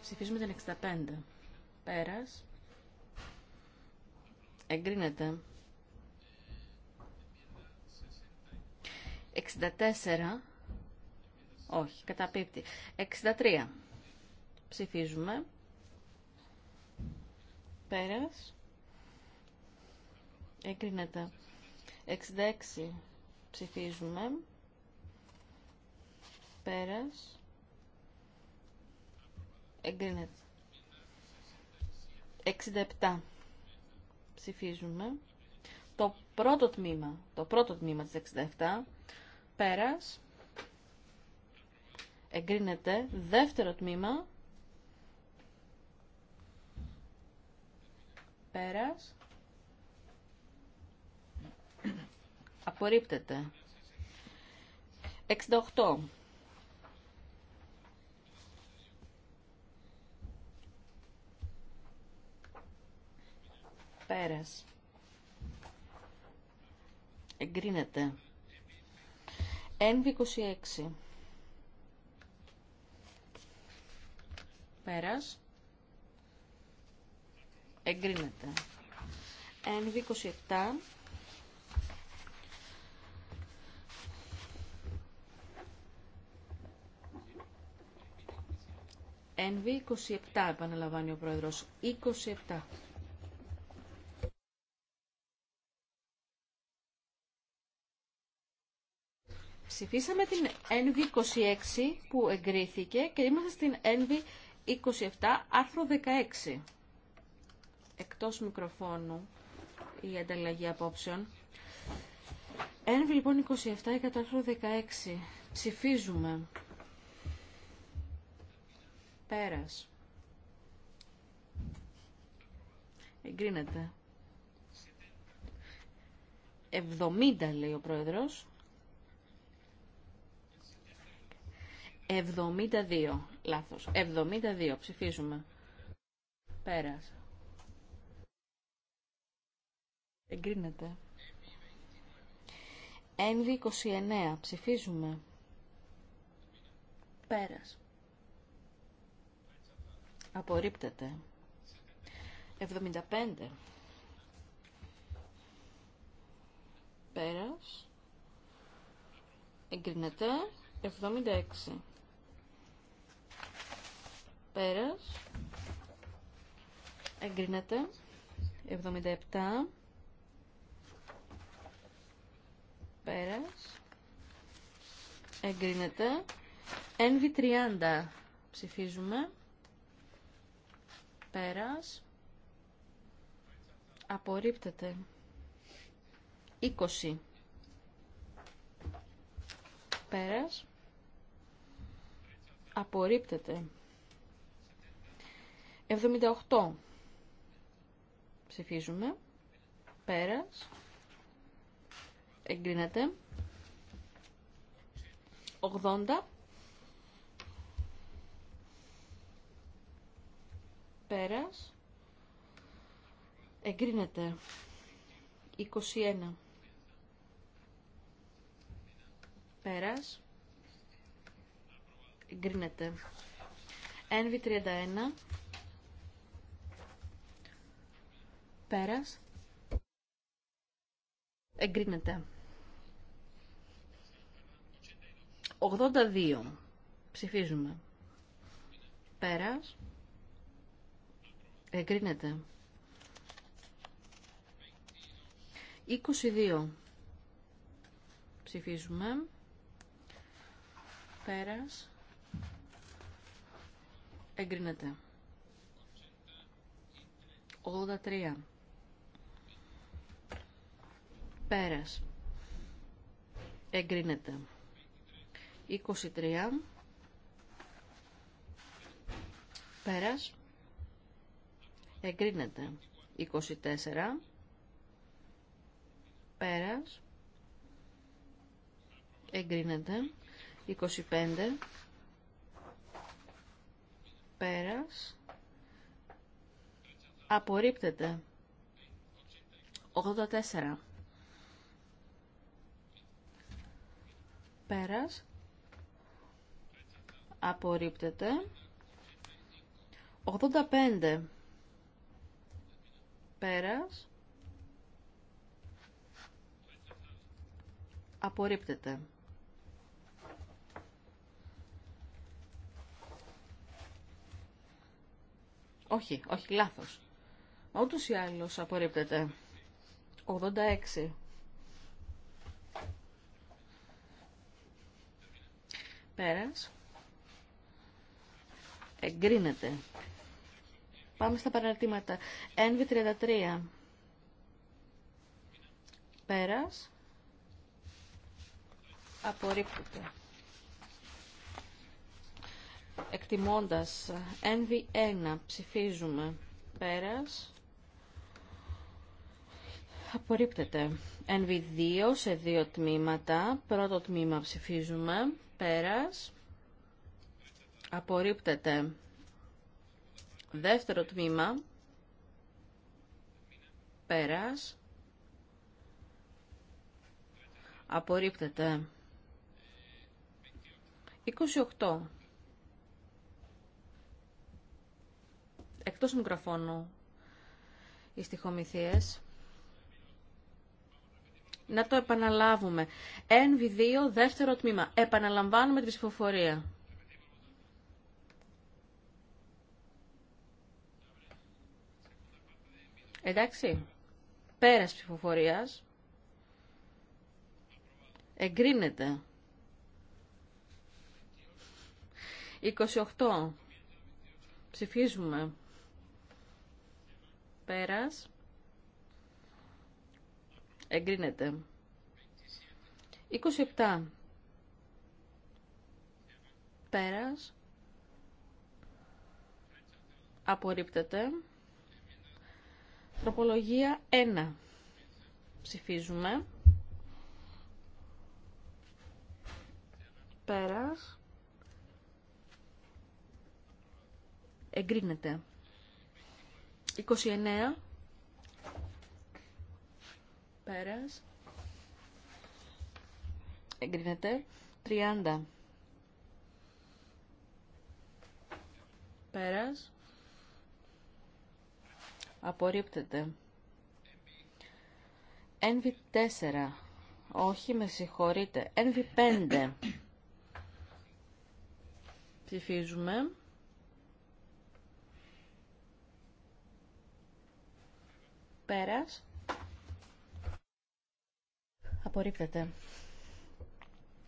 D: Ψηφίζουμε την 65. Πέρας. Εγκρίνεται. 64. Όχι, καταπίπτει. 63. Ψηφίζουμε. Πέρας. Εγκρίνεται. 66. Ψηφίζουμε. Πέρας. Εγκρίνεται. 67 ψηφίζουμε το πρώτο τμήμα, το πρώτο τμήμα της 67, πέρας, εγκρίνεται, δεύτερο τμήμα, πέρας, απορρίπτεται. 68. Πέρας. Εγκρίνεται. ΕΝΒΙ Εγκρίνεται. NV27. NV27 επαναλαμβάνει ΕΝΒΙ 27. Ψηφίσαμε την NV26 που εγκρίθηκε και είμαστε στην NV27 άρθρο 16. Εκτός μικροφώνου η ανταλλαγή απόψεων. NV λοιπόν 27 κατά άρθρο 16. Ψηφίζουμε. nv λοιπον 27 το αρθρο Εγκρίνεται. 70 λέει ο πρόεδρος. 72. Λάθος. 72. Ψηφίζουμε. Πέρας. Εγκρίνεται. Ένδυ 29. Ψηφίζουμε. Πέρας. Απορρίπτεται. 75. Πέρας. Εγκρίνεται. 76. Πέρας. Εγκρίνεται. 77. Πέρας. Εγκρίνεται. NV30 ψηφίζουμε. Πέρας. Απορρίπτεται. 20. Πέρας. Απορρίπτεται. 78. Ψηφίζουμε. Πέρας. Εγκρίνεται. 80. Πέρας. Εγκρίνεται. 21. Πέρας. Εγκρίνεται. NV31. Πέρας. Εγκρίνεται. 82. Ψηφίζουμε. Πέρας. Εγκρίνεται. 22. Ψηφίζουμε. Πέρας. Εγκρίνεται. 83. Πέρας. Εγκρίνεται. 23. Πέρας. Εγκρίνεται. 24. Πέρας. Εγκρίνεται. 25. Πέρας. Απορρίπτεται. 84. Πέρας. Απορρίπτεται. 85. Πέρας. Απορρίπτεται. Όχι, όχι, λάθος. Ούτως ή άλλως απορρίπτεται. 86. Πέρας. Εγκρίνεται. Πάμε στα παραρτήματα. NV33. Πέρας. Απορρίπτεται. Εκτιμώντας. NV1. Ψηφίζουμε. Πέρας. Απορρίπτεται. NV2 σε δύο τμήματα. Πρώτο τμήμα ψηφίζουμε. Πέρας. Απορρίπτεται. Δεύτερο τμήμα. Πέρας. Απορρίπτεται. 28. Εκτός μικροφώνου. Οι στοιχομηθίες να το επαναλάβουμε. NV2, δεύτερο τμήμα. Επαναλαμβάνουμε την ψηφοφορία. Εντάξει. Πέρας ψηφοφορίας. Εγκρίνεται. 28. Ψηφίζουμε. Πέρας. Εγκρίνεται. 27. Πέρας. Απορρίπτεται. Τροπολογία 1. Ψηφίζουμε. Πέρας. Εγκρίνεται. 29. Πέρας. Εγκρίνεται. 30. Πέρας. Απορρίπτεται. NV4. Όχι, με συγχωρείτε. NV5. Ψηφίζουμε. Πέρας. Απορρίπτεται.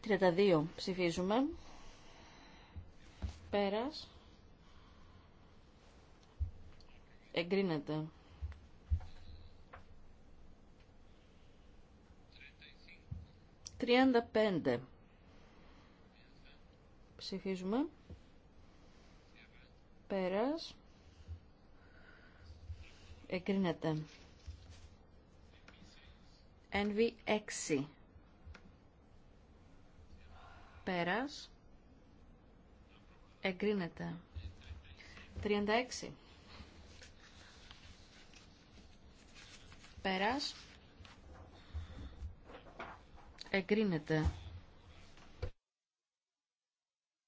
D: 32 ψηφίζουμε. Πέρας. Εγκρίνεται. 35. Ψηφίζουμε. Πέρας. Εγκρίνεται. NV6 πέρας εγκρίνεται 36 πέρας εγκρίνεται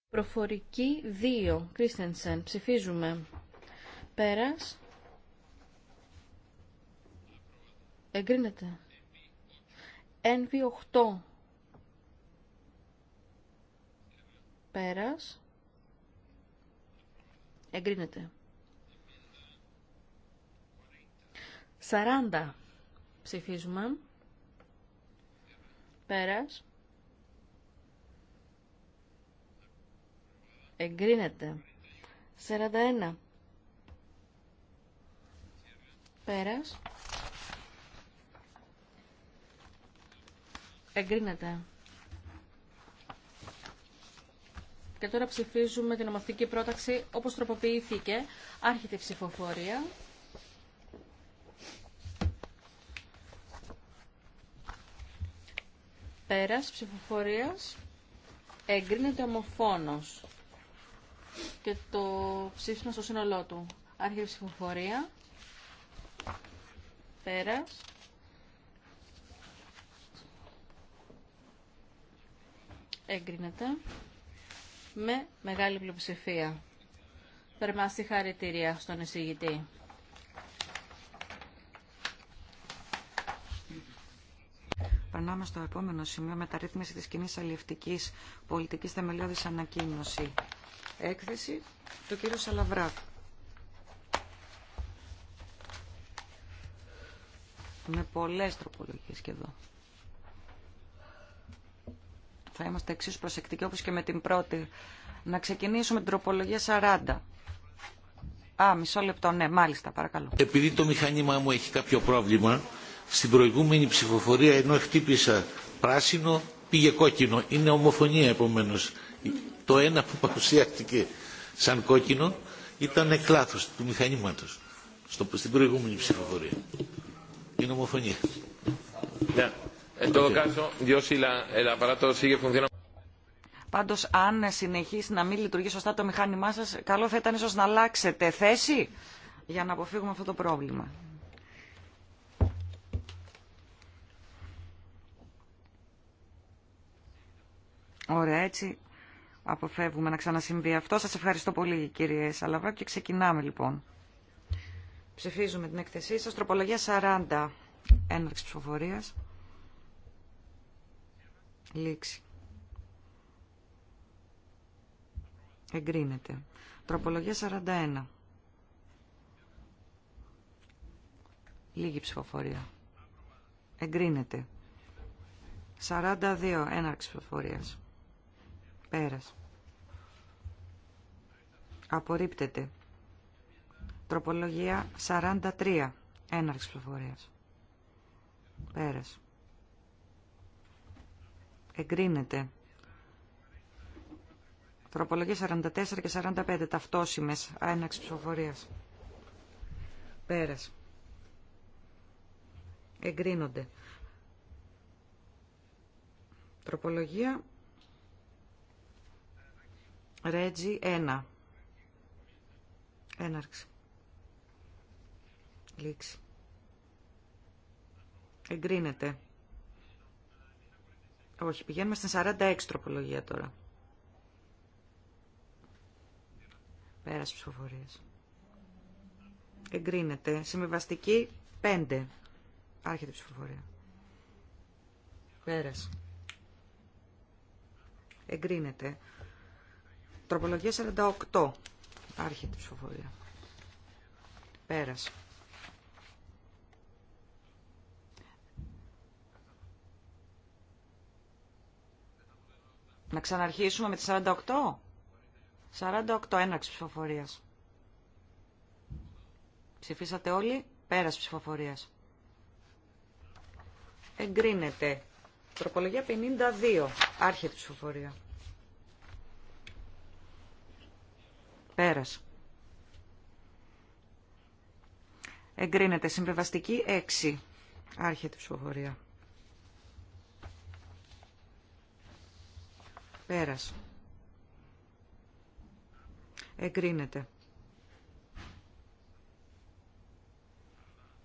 D: προφορική 2 Κρίστενσεν ψηφίζουμε πέρας εγκρίνεται NV8 πέρας εγκρίνεται 40 ψηφίζουμε πέρας εγκρίνεται 41 πέρας Εγκρίνεται. Και τώρα ψηφίζουμε την ομοθετική πρόταξη όπως τροποποιήθηκε. Άρχεται η ψηφοφορία. Πέρας ψηφοφορίας εγκρίνεται ομοφόνος και το ψήφισμα στο σύνολό του. Άρχεται η ψηφοφορία. Πέρας. Εγκρίνεται με μεγάλη πλειοψηφία. Θερμά συγχαρητήρια στον εισηγητή.
B: Περνάμε στο επόμενο σημείο μεταρρύθμιση της κοινή αλληλευτικής πολιτικής θεμελιώδης ανακοίνωση. Έκθεση του κύριου Σαλαβράκου. Με πολλές τροπολογίες και εδώ. Θα είμαστε εξίσου προσεκτικοί όπως και με την πρώτη. Να ξεκινήσουμε την τροπολογία 40. Α, μισό λεπτό, ναι, μάλιστα, παρακαλώ.
A: Επειδή το μηχανήμα μου έχει κάποιο πρόβλημα, στην προηγούμενη ψηφοφορία ενώ χτύπησα πράσινο, πήγε κόκκινο. Είναι ομοφωνία επομένως, Το ένα που παρουσιάστηκε σαν κόκκινο ήταν εκλάθος του μηχανήματος στην προηγούμενη ψηφοφορία. Είναι ομοφωνία. Ναι. En
B: Πάντω, αν συνεχίσει να μην λειτουργεί σωστά το μηχάνημά σα, καλό θα ήταν ίσω να αλλάξετε θέση για να αποφύγουμε αυτό το πρόβλημα. Ωραία, έτσι αποφεύγουμε να ξανασυμβεί αυτό. Σας ευχαριστώ πολύ κύριε Σαλαβά και ξεκινάμε λοιπόν. Ψηφίζουμε την έκθεσή σας. Τροπολογία 40. Έναρξη ψηφοφορίας. Λήξη. Εγκρίνεται. Τροπολογία 41. Λίγη ψηφοφορία. Εγκρίνεται. 42. Έναρξη ψηφοφορία. Πέρας. Απορρίπτεται. Τροπολογία 43. Έναρξη ψηφοφορία. Πέρας εγκρίνεται. τροπολογία 44 και 45 ταυτόσιμες άναξη ψηφοφορίας. Πέρας. Εγκρίνονται. Τροπολογία Ρέτζι 1. Έναρξη. Λήξη. Εγκρίνεται. Όχι, πηγαίνουμε στην 46 τροπολογία τώρα. Πέρας ψηφοφορίες. Εγκρίνεται. Συμβιβαστική 5. Άρχεται ψηφοφορία. Πέρας. Εγκρίνεται. Τροπολογία 48. Άρχεται ψηφοφορία. Πέρας. Να ξαναρχίσουμε με τη 48. 48 έναρξη ψηφοφορίας. Ψηφίσατε όλοι πέρας ψηφοφορίας. Εγκρίνεται. Τροπολογία 52. Άρχεται ψηφοφορία. Πέρας. Εγκρίνεται. Συμβεβαστική 6. Άρχεται ψηφοφορία. Πέρας. Εγκρίνεται.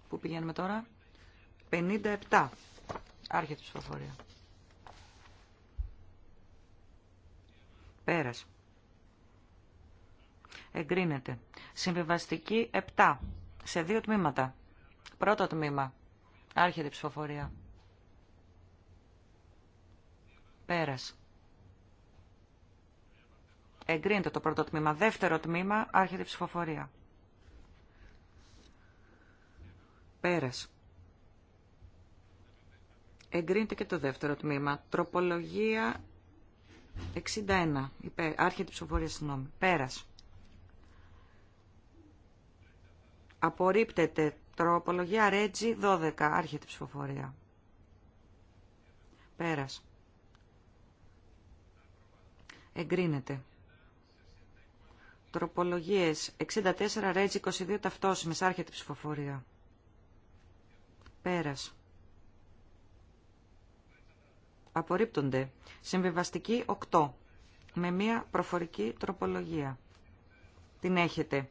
B: Πού πηγαίνουμε τώρα. 57. Άρχεται η ψηφοφορία. Πέρας. Εγκρίνεται. Συμβιβαστική 7. Σε δύο τμήματα. Πρώτο τμήμα. Άρχεται η ψηφοφορία. Πέρας. Εγκρίνεται το πρώτο τμήμα. Δεύτερο τμήμα, άρχεται η ψηφοφορία. Πέρας. Εγκρίνεται και το δεύτερο τμήμα. Τροπολογία 61. Υπέ, άρχεται η ψηφοφορία, συγγνώμη. Πέρας. Απορρίπτεται τροπολογία Ρέτζι 12. Άρχεται η ψηφοφορία. Πέρας. Εγκρίνεται. Τροπολογίες 64, Rage 22, ταυτόσημες. άρχεται η ψηφοφορία. Πέρας. Απορρίπτονται. Συμβιβαστική 8. Με μία προφορική τροπολογία. Την έχετε.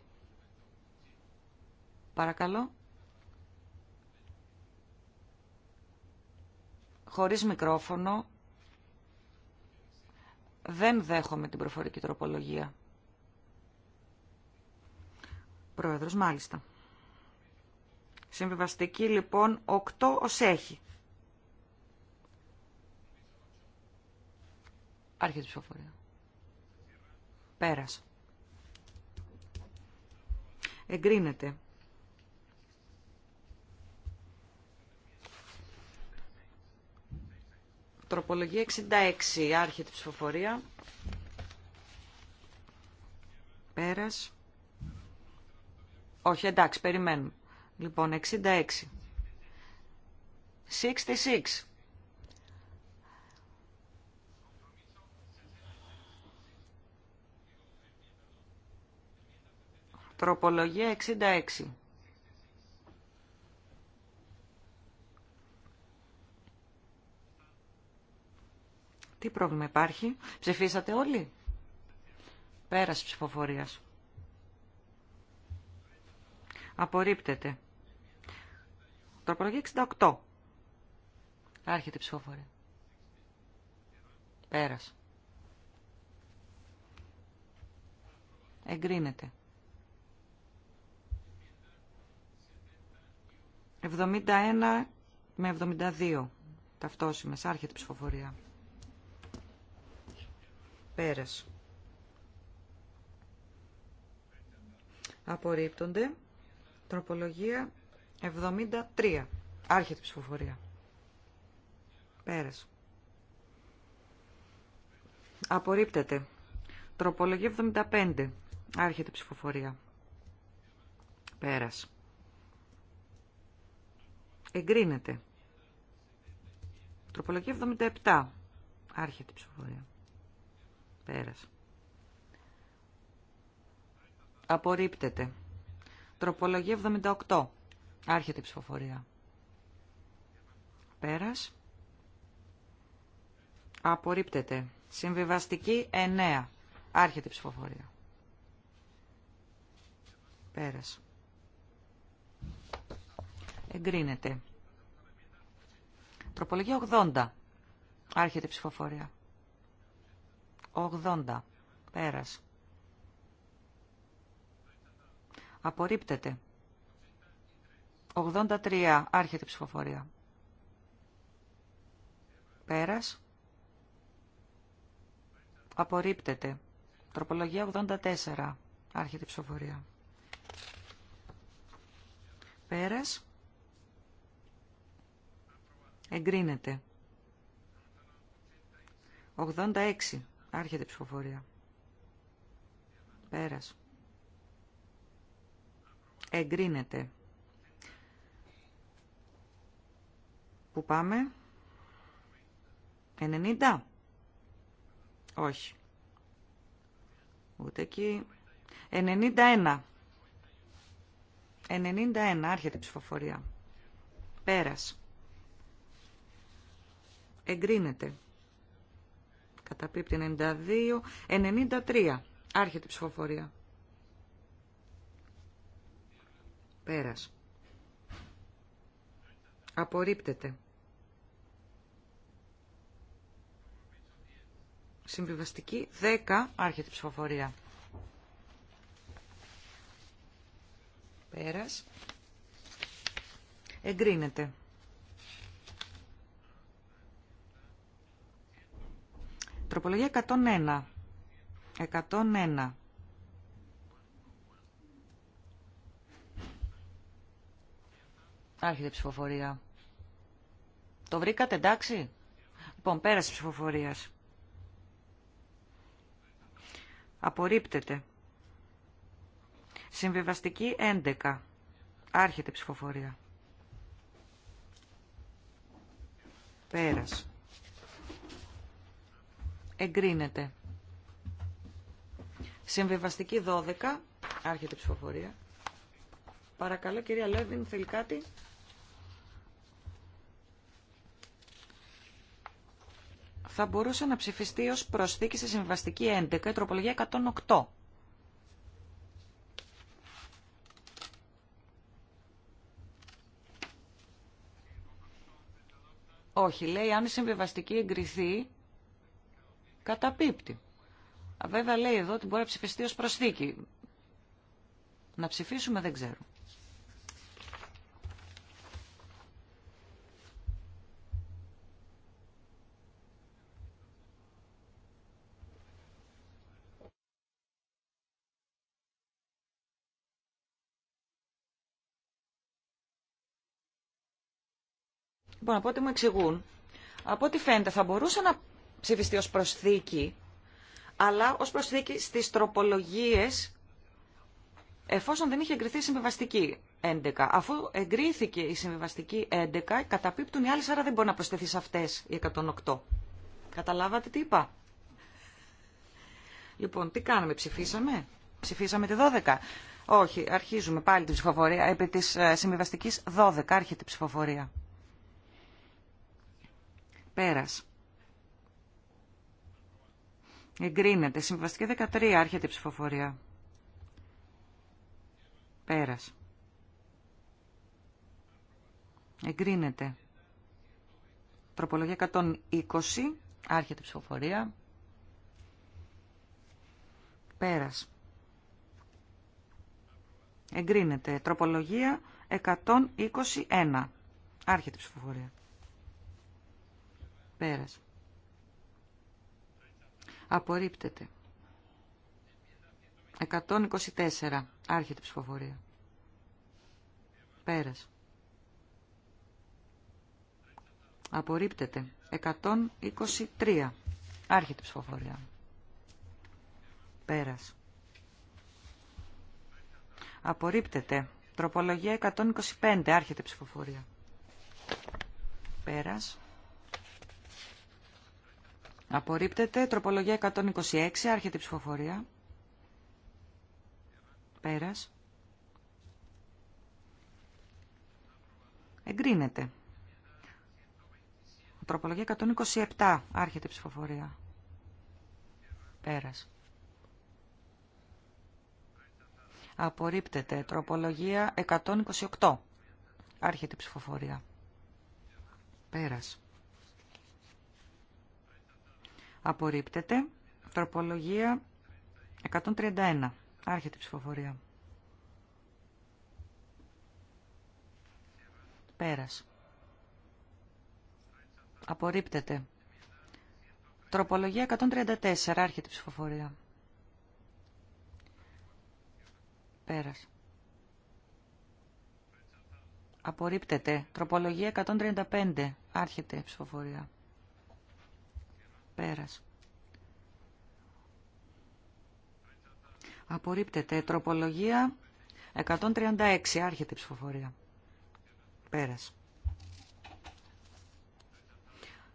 B: Παρακαλώ. Χωρίς μικρόφωνο. Δεν δέχομαι την προφορική τροπολογία. Πρόεδρος, μάλιστα. Συμβιβαστική λοιπόν 8 ως έχει. Άρχεται τη ψηφοφορία. Πέρας. Εγκρίνεται. Τροπολογία 66. Άρχεται τη ψηφοφορία. Πέρας. Όχι, εντάξει, περιμένουμε. Λοιπόν, 66. 66. Τροπολογία 66. Τι πρόβλημα υπάρχει. Ψηφίσατε όλοι. ψηφοφορία σου. Απορρίπτεται. Τροπολογία 68. Άρχεται η ψηφοφορία. Πέρας. Εγκρίνεται. 71 με 72 ταυτόσιμες. Άρχεται η ψηφοφορία. Πέρας. Απορρίπτονται. Τροπολογία 73. Άρχεται η ψηφοφορία. Πέρασε. Απορρίπτεται. Τροπολογία 75. Άρχεται η ψηφοφορία. Πέρας. Εγκρίνεται. Τροπολογία 77. Άρχεται η ψηφοφορία. Πέρας. Απορρίπτεται. Τροπολογία 78. Άρχεται η ψηφοφορία. Πέρας. Απορρίπτεται. Συμβιβαστική 9. Άρχεται η ψηφοφορία. Πέρας. Εγκρίνεται. Τροπολογία 80. Άρχεται η ψηφοφορία. 80. Πέρας. Απορρίπτεται. 83. Άρχεται ψηφοφορία. Πέρας. Απορρίπτεται. Τροπολογία 84. Άρχεται ψηφοφορία. Πέρας. Εγκρίνεται. 86. Άρχεται ψηφοφορία. Πέρας. Εγκρίνεται. Πού πάμε. 90. Όχι. Ούτε εκεί. 91. 91. Άρχεται η ψηφοφορία. Πέρας. Εγκρίνεται. Καταπίπτει 92. 93. Άρχεται η ψηφοφορία. Πέρας. Απορρίπτεται. Συμβιβαστική 10. Άρχεται η ψηφοφορία. Πέρας. Εγκρίνεται. Τροπολογία 101. 101. Άρχεται ψηφοφορία. Το βρήκατε, εντάξει. Λοιπόν, πέρασε ψηφοφορία. Απορρίπτεται. Συμβιβαστική 11. Άρχεται ψηφοφορία. Πέρας. Εγκρίνεται. Συμβιβαστική 12. Άρχεται ψηφοφορία. Παρακαλώ κυρία Λέβιν, θέλει κάτι. θα μπορούσε να ψηφιστεί ως προσθήκη σε συμβαστική 11, η τροπολογία 108. Όχι, λέει αν η συμβιβαστική εγκριθεί, καταπίπτει. Βέβαια λέει εδώ ότι μπορεί να ψηφιστεί ως προσθήκη. Να ψηφίσουμε δεν ξέρω. Λοιπόν, από ότι μου εξηγούν. Από ό,τι φαίνεται θα μπορούσε να ψηφιστεί ως προσθήκη, αλλά ως προσθήκη στις τροπολογίες, εφόσον δεν είχε εγκριθεί η συμβιβαστική 11. Αφού εγκρίθηκε η συμβιβαστική 11, καταπίπτουν οι άλλες, άρα δεν μπορεί να προσθεθεί σε αυτές οι 108. Καταλάβατε τι είπα. Λοιπόν, τι κάναμε, ψηφίσαμε. Ψηφίσαμε τη 12. Όχι, αρχίζουμε πάλι την ψηφοφορία επί της ε, συμβιβαστικής 12. Άρχεται η ψηφοφορία. Πέρας. Εγκρίνεται. Συμβαστική 13. Άρχεται η ψηφοφορία. Πέρας. Εγκρίνεται. Τροπολογία 120. Άρχεται η ψηφοφορία. Πέρας. Εγκρίνεται. Τροπολογία 121. Άρχεται η ψηφοφορία. Πέρας. Απορρίπτεται. 124. Άρχεται ψηφοφορία. Πέρας. Απορρίπτεται. 123. Άρχεται ψηφοφορία. Πέρας. Απορρίπτεται. Τροπολογία 125. Άρχεται ψηφοφορία. Πέρας. Απορρίπτεται. Τροπολογία 126. Άρχεται η ψηφοφορία. Πέρας. Εγκρίνεται. Τροπολογία 127. Άρχεται η ψηφοφορία. Πέρας. Απορρίπτεται. Τροπολογία 128. Άρχεται η ψηφοφορία. Πέρας. Απορρίπτεται. Τροπολογία 131. Άρχεται η ψηφοφορία. Πέρας. Απορρίπτεται. Τροπολογία 134. Άρχεται η ψηφοφορία. Πέρας. Απορρίπτεται. Τροπολογία 135. Άρχεται η ψηφοφορία. Πέρας. Απορρίπτεται. Τροπολογία 136. Άρχεται η ψηφοφορία. Πέρας.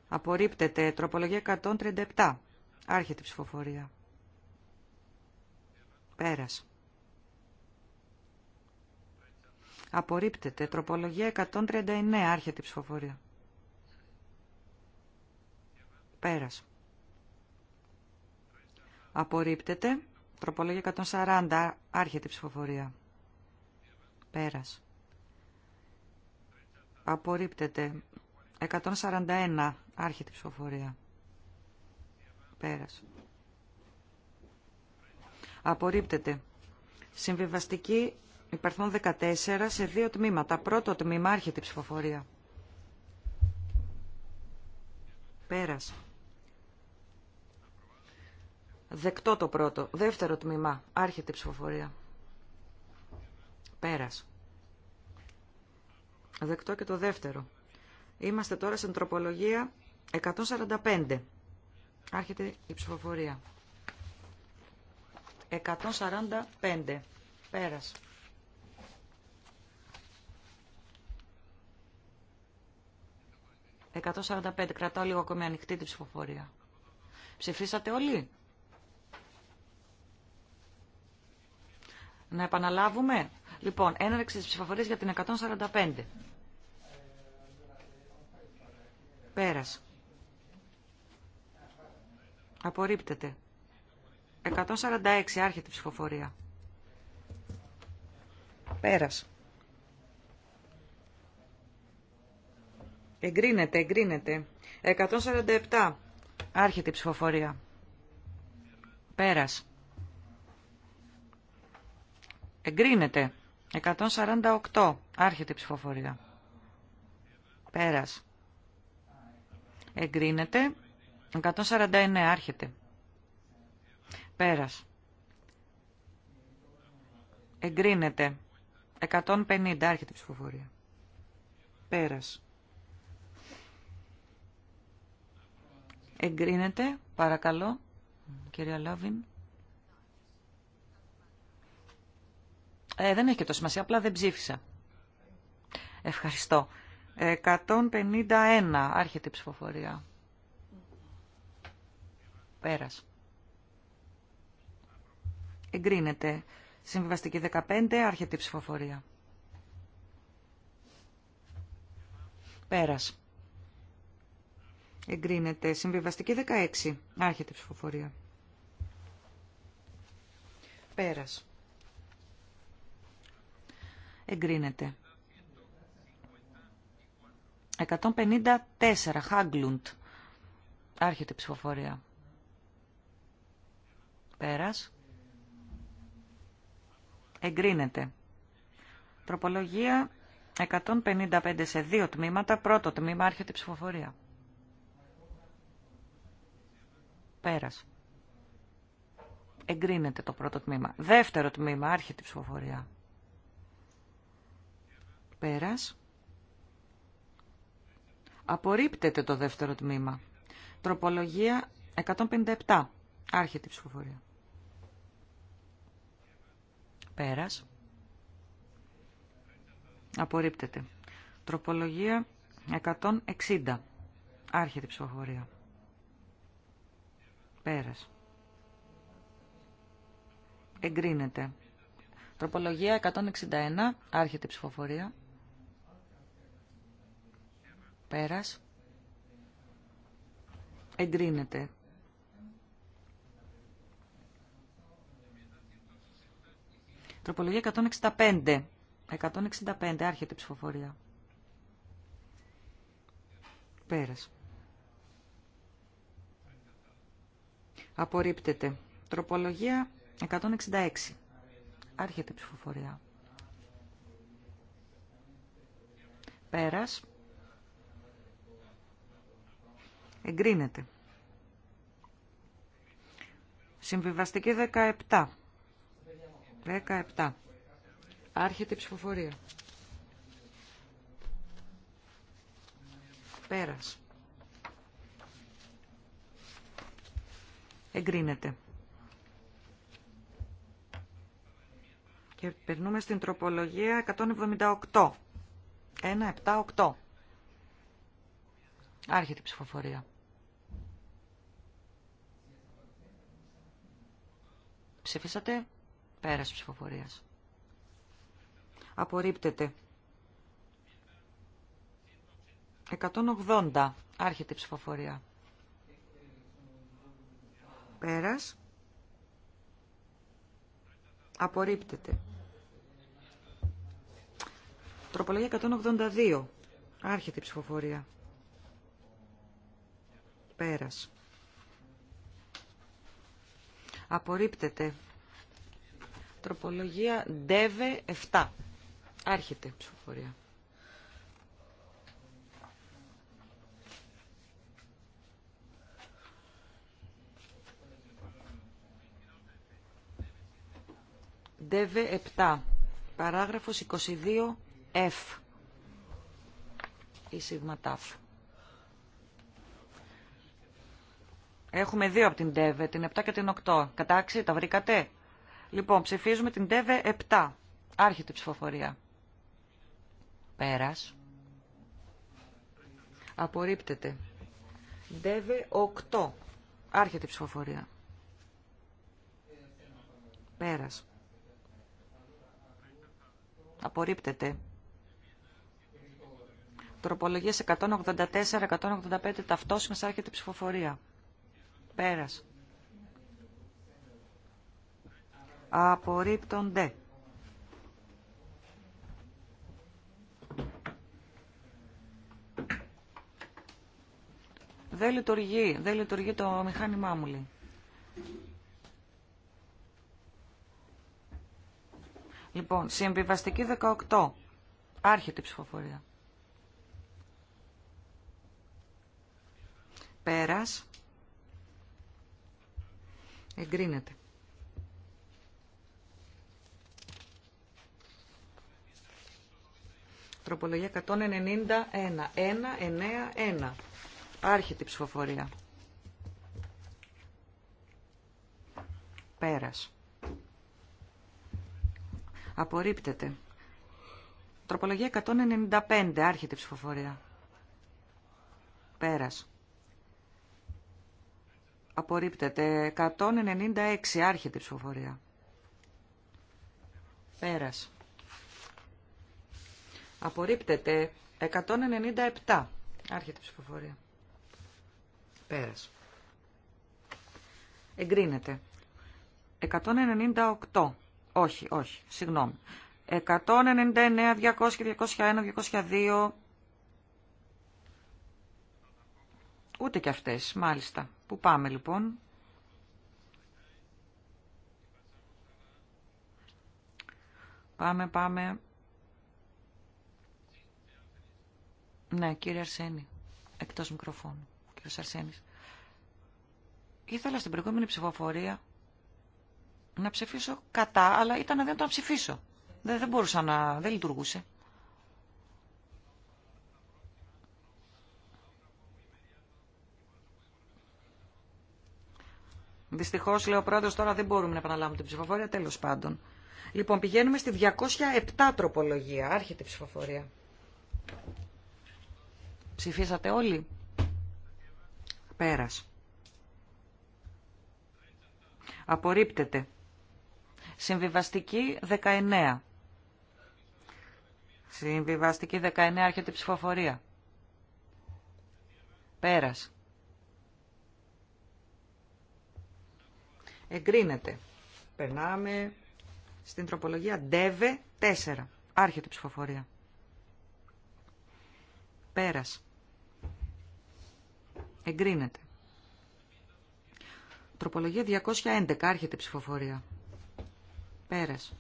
B: Απορρίπτεται. Τροπολογία 137. Άρχεται η ψηφοφορία. Πέρας. Απορρίπτεται. Τροπολογία 139. Άρχεται η ψηφοφορία. Πέρας. Απορρίπτεται. Τροπολόγια 140. Άρχεται η ψηφοφορία. Πέρας. Απορρίπτεται. 141. Άρχεται η ψηφοφορία. Πέρας. Απορρίπτεται. Συμβιβαστική υπερθών 14 σε δύο τμήματα. Πρώτο τμήμα. Άρχεται η ψηφοφορία. Πέρας. Δεκτό το πρώτο. Δεύτερο τμήμα. Άρχεται η ψηφοφορία. Πέρας. Δεκτό και το δεύτερο. Είμαστε τώρα στην τροπολογία 145. Άρχεται η ψηφοφορία. 145. Πέρας. «145. Κρατάω λίγο ακόμη ανοιχτή την ψηφοφορία. Ψηφίσατε όλοι. Να επαναλάβουμε. Λοιπόν, έναρξη της ψηφοφορίας για την 145. Πέρας. Απορρίπτεται. 146. Άρχεται η ψηφοφορία. Πέρας. Εγκρίνεται, εγκρίνεται. 147. Άρχεται η ψηφοφορία. Πέρας. Εγκρίνεται. 148. Άρχεται η ψηφοφορία. Πέρας. Εγκρίνεται. 149. Άρχεται. Πέρας. Εγκρίνεται. 150. Άρχεται η ψηφοφορία. Πέρας. Εγκρίνεται. Παρακαλώ. Κυρία Λάβιν. Ε, δεν έχει και τόσο σημασία, απλά δεν ψήφισα. Ευχαριστώ. 151 ε, άρχεται η ψηφοφορία. Πέρας. Εγκρίνεται. Συμβιβαστική 15 άρχεται η ψηφοφορία. Πέρας. Εγκρίνεται. Συμβιβαστική 16 άρχεται η ψηφοφορία. Πέρας εγκρίνεται. 154 Χάγκλουντ. Άρχεται η ψηφοφορία. Πέρας. Εγκρίνεται. Τροπολογία 155 σε δύο τμήματα. Πρώτο τμήμα άρχεται η ψηφοφορία. Πέρας. Εγκρίνεται το πρώτο τμήμα. Δεύτερο τμήμα άρχεται η ψηφοφορία. Πέρας. Απορρίπτεται το δεύτερο τμήμα. Τροπολογία 157. Άρχεται η ψηφοφορία. Πέρας. Απορρίπτεται. Τροπολογία 160. Άρχεται η ψηφοφορία. Πέρας. Εγκρίνεται. Τροπολογία 161. Άρχεται η ψηφοφορία. Πέρας. Εγκρίνεται. Τροπολογία 165. 165. Άρχεται η ψηφοφορία. Πέρας. Απορρίπτεται. Τροπολογία 166. Άρχεται η ψηφοφορία. Πέρας. Εγκρίνεται. Συμβιβαστική 17. 17. Άρχεται η ψηφοφορία. Πέρας. Εγκρίνεται. Και περνούμε στην τροπολογία 178. 178. Άρχεται η ψηφοφορία. Ψηφίσατε. Πέρας ψηφοφορίας. Απορρίπτεται. 180. Άρχεται η ψηφοφορία. Πέρας. Απορρίπτεται. Τροπολογία 182. Άρχεται η ψηφοφορία. Πέρας. Απορρίπτεται. Τροπολογία ΔΕΒΕ 7. Άρχεται η ψηφοφορία. ΔΕΒΕ 7. Παράγραφος 22F. Η ΣΥΓΜΑΤΑΦ. Έχουμε δύο από την ΤΕΒΕ, την 7 και την 8. Κατάξει, τα βρήκατε. Λοιπόν, ψηφίζουμε την ΤΕΒΕ 7. Άρχεται η ψηφοφορία. Πέρας. Απορρίπτεται. ΤΕΒΕ 8. Άρχεται η ψηφοφορία. Πέρας. Απορρίπτεται. Τροπολογίες 184-185 ταυτόσιμες άρχεται η ψηφοφορία. Πέρας. Απορρίπτονται. Δεν λειτουργεί, το μηχάνημά μου, λέει. Λοιπόν, συμβιβαστική 18. Άρχεται η ψηφοφορία. Πέρας. Εγκρίνεται. Τροπολογία 191. 1, 9, 1. Άρχεται η ψηφοφορία. Πέρας. Απορρίπτεται. Τροπολογία 195. Άρχεται η ψηφοφορία. Πέρας. Απορρίπτεται. 196. Άρχεται η ψηφοφορία. Πέρας. Απορρίπτεται. 197. Άρχεται η ψηφοφορία. Πέρας. Εγκρίνεται. 198. Όχι, όχι. Συγγνώμη. 199, 200, 201, 202 Ούτε και αυτές, μάλιστα. Πού πάμε λοιπόν. Πάμε, πάμε. Ναι, κύριε Αρσένη. Εκτός μικροφώνου. Κύριος Αρσένης. Ήθελα στην προηγούμενη ψηφοφορία να ψηφίσω κατά, αλλά ήταν αδύνατο να ψηφίσω. Δεν, δεν μπορούσα να... δεν λειτουργούσε. Δυστυχώ, ο πρόεδρο, τώρα δεν μπορούμε να επαναλάβουμε την ψηφοφορία, τέλο πάντων. Λοιπόν, πηγαίνουμε στη 207 τροπολογία. Άρχεται η ψηφοφορία. Ψηφίσατε όλοι. Πέρας. Απορρίπτεται. Συμβιβαστική 19. Συμβιβαστική 19 άρχεται η ψηφοφορία. Πέρας. Εγκρίνεται. Περνάμε στην τροπολογία ΔΕΒΕ 4. Άρχεται η ψηφοφορία. Πέρας. Εγκρίνεται. Τροπολογία 211. Άρχεται η ψηφοφορία. Πέρας.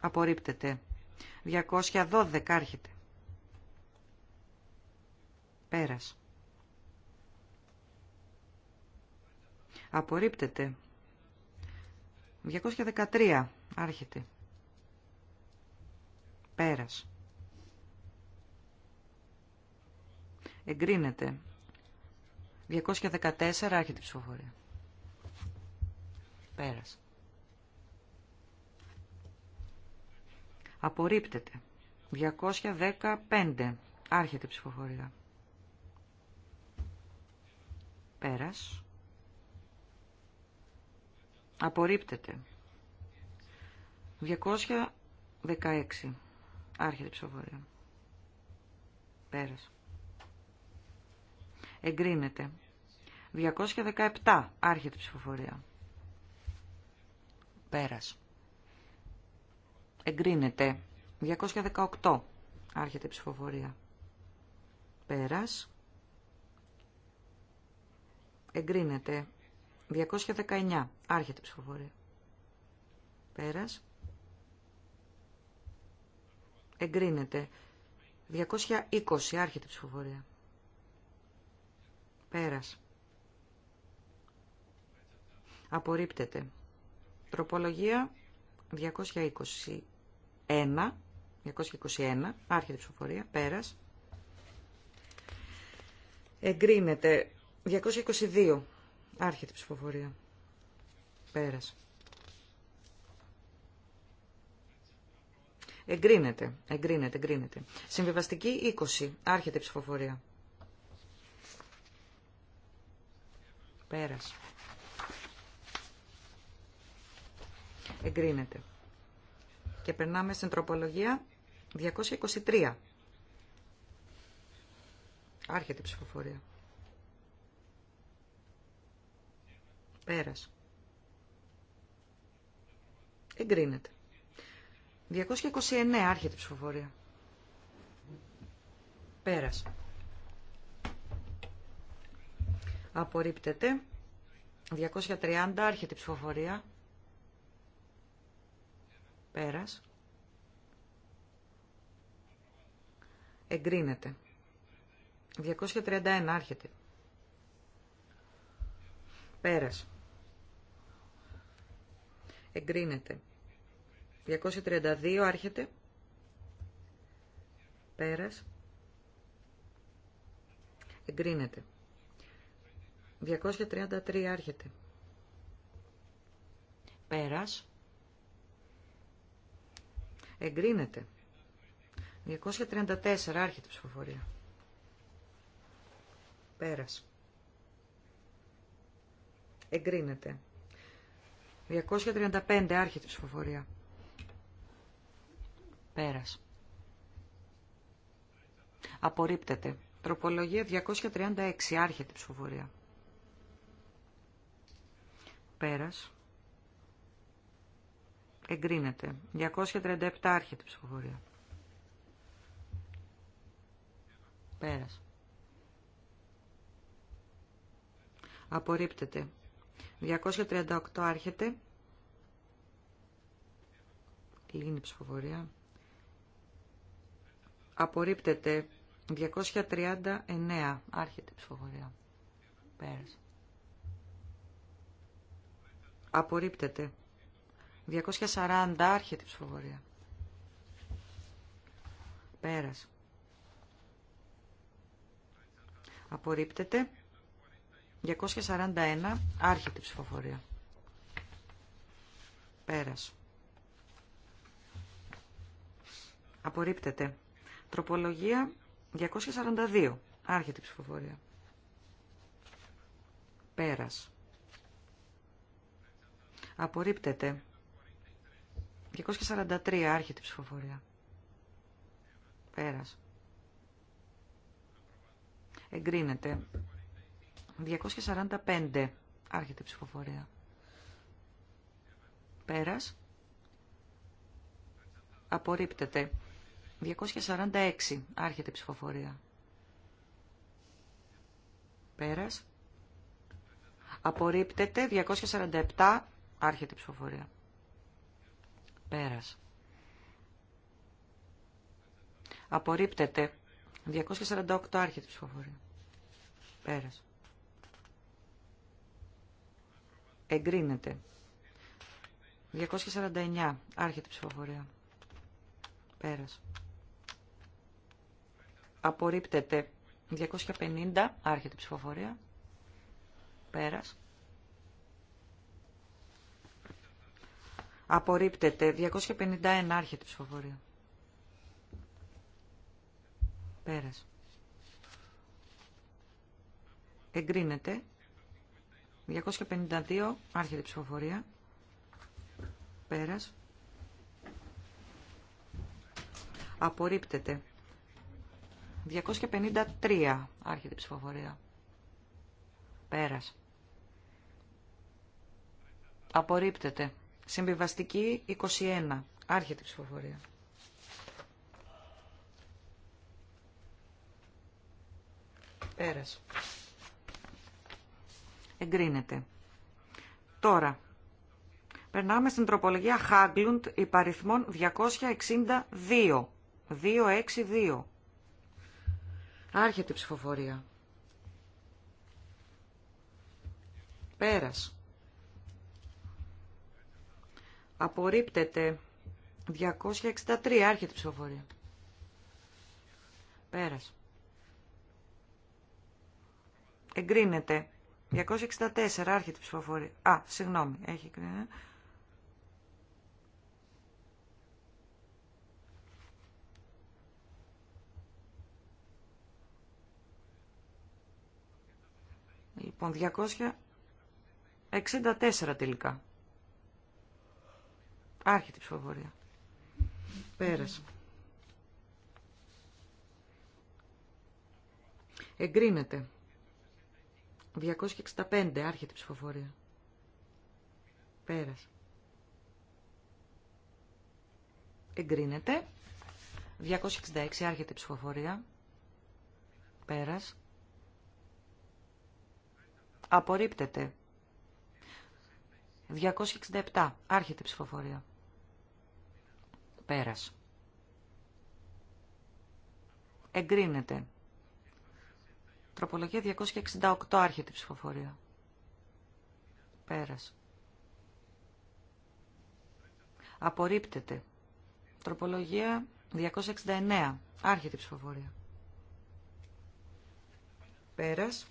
B: Απορρίπτεται. 212. Άρχεται. Πέρας. Απορρίπτεται. 213. Άρχεται. Πέρας. Εγκρίνεται. 214. Άρχεται η ψηφοφορία. Πέρας. Απορρίπτεται. 215. Άρχεται η ψηφοφορία. Πέρας. Απορρίπτεται. 216. Άρχεται ψηφοφορία. Πέρας. Εγκρίνεται. 217. Άρχεται ψηφοφορία. Πέρας. Εγκρίνεται. 218. Άρχεται ψηφοφορία. Πέρας. Εγκρίνεται. 219. Άρχεται η ψηφοφορία. Πέρας. Εγκρίνεται. 220. Άρχεται η ψηφοφορία. Πέρας. Απορρίπτεται. Τροπολογία 221. 221. Άρχεται η ψηφοφορία. Πέρας. Εγκρίνεται. 222. Άρχεται η ψηφοφορία. Πέρας. Εγκρίνεται, εγκρίνεται, εγκρίνεται. Συμβιβαστική 20. Άρχεται η ψηφοφορία. Πέρας. Εγκρίνεται. Και περνάμε στην τροπολογία 223. Άρχεται η ψηφοφορία. Πέρας. Εγκρίνεται. 229 άρχεται η ψηφοφορία. Πέρας. Απορρίπτεται. 230 άρχεται η ψηφοφορία. Πέρας. Εγκρίνεται. 231 άρχεται. Πέρας εγκρίνεται. 232 άρχεται. Πέρας. Εγκρίνεται. 233 άρχεται. Πέρας. Εγκρίνεται. 234 άρχεται ψηφοφορία. Πέρας. Εγκρίνεται. 235 της ψηφοφορία. Πέρας. Απορρίπτεται. Τροπολογία 236 της ψηφοφορία. Πέρας. Εγκρίνεται. 237 της ψηφοφορία. Πέρας. Απορρίπτεται. 238 άρχεται. Λύνει η ψηφοφορία. Απορρίπτεται. 239 άρχεται η ψηφοφορία. Πέρασε. Απορρίπτεται. 240 άρχεται η ψηφοφορία. Πέρασε. Απορρίπτεται. 241 άρχεται ψηφοφορία. Πέρας. Απορρίπτεται. Τροπολογία 242 άρχεται ψηφοφορία. Πέρας. Απορρίπτεται. 243 άρχεται ψηφοφορία. Πέρας. Εγκρίνεται. 245. Άρχεται η ψηφοφορία. Πέρας. Απορρίπτεται. 246. Άρχεται η ψηφοφορία. Πέρας. Απορρίπτεται. 247. Άρχεται η ψηφοφορία. Πέρας. Απορρίπτεται. 248. Άρχεται η ψηφοφορία. Πέρας. Εγκρίνεται. 249. Άρχεται η ψηφοφορία. Πέρας. Απορρίπτεται. 250. Άρχεται η ψηφοφορία. Πέρας. Απορρίπτεται. 251. Άρχεται η ψηφοφορία. Πέρας. Εγκρίνεται. 252, άρχεται ψηφοφορία. Πέρας. Απορρίπτεται. 253, άρχεται ψηφοφορία. Πέρας. Απορρίπτεται. Συμβιβαστική 21, άρχεται ψηφοφορία. Πέρας εγκρίνεται. Τώρα, περνάμε στην τροπολογία Χάγκλουντ υπαριθμών 262. 262. Άρχεται η ψηφοφορία. Πέρας. Απορρίπτεται 263. Άρχεται η ψηφοφορία. Πέρας. Εγκρίνεται 264 άρχεται ψηφοφορία. Α, συγγνώμη, έχει κρίνει. Λοιπόν, 264 τελικά. Άρχεται ψηφοφορία. Πέρασε. Εγκρίνεται. 265 άρχεται ψηφοφορία. Πέρας. Εγκρίνεται. 266 άρχεται ψηφοφορία. Πέρας. Απορρίπτεται. 267 άρχεται ψηφοφορία. Πέρας. Εγκρίνεται. Τροπολογία 268 άρχεται η ψηφοφορία. Πέρας. Απορρίπτεται. Τροπολογία 269 άρχεται η ψηφοφορία. Πέρας.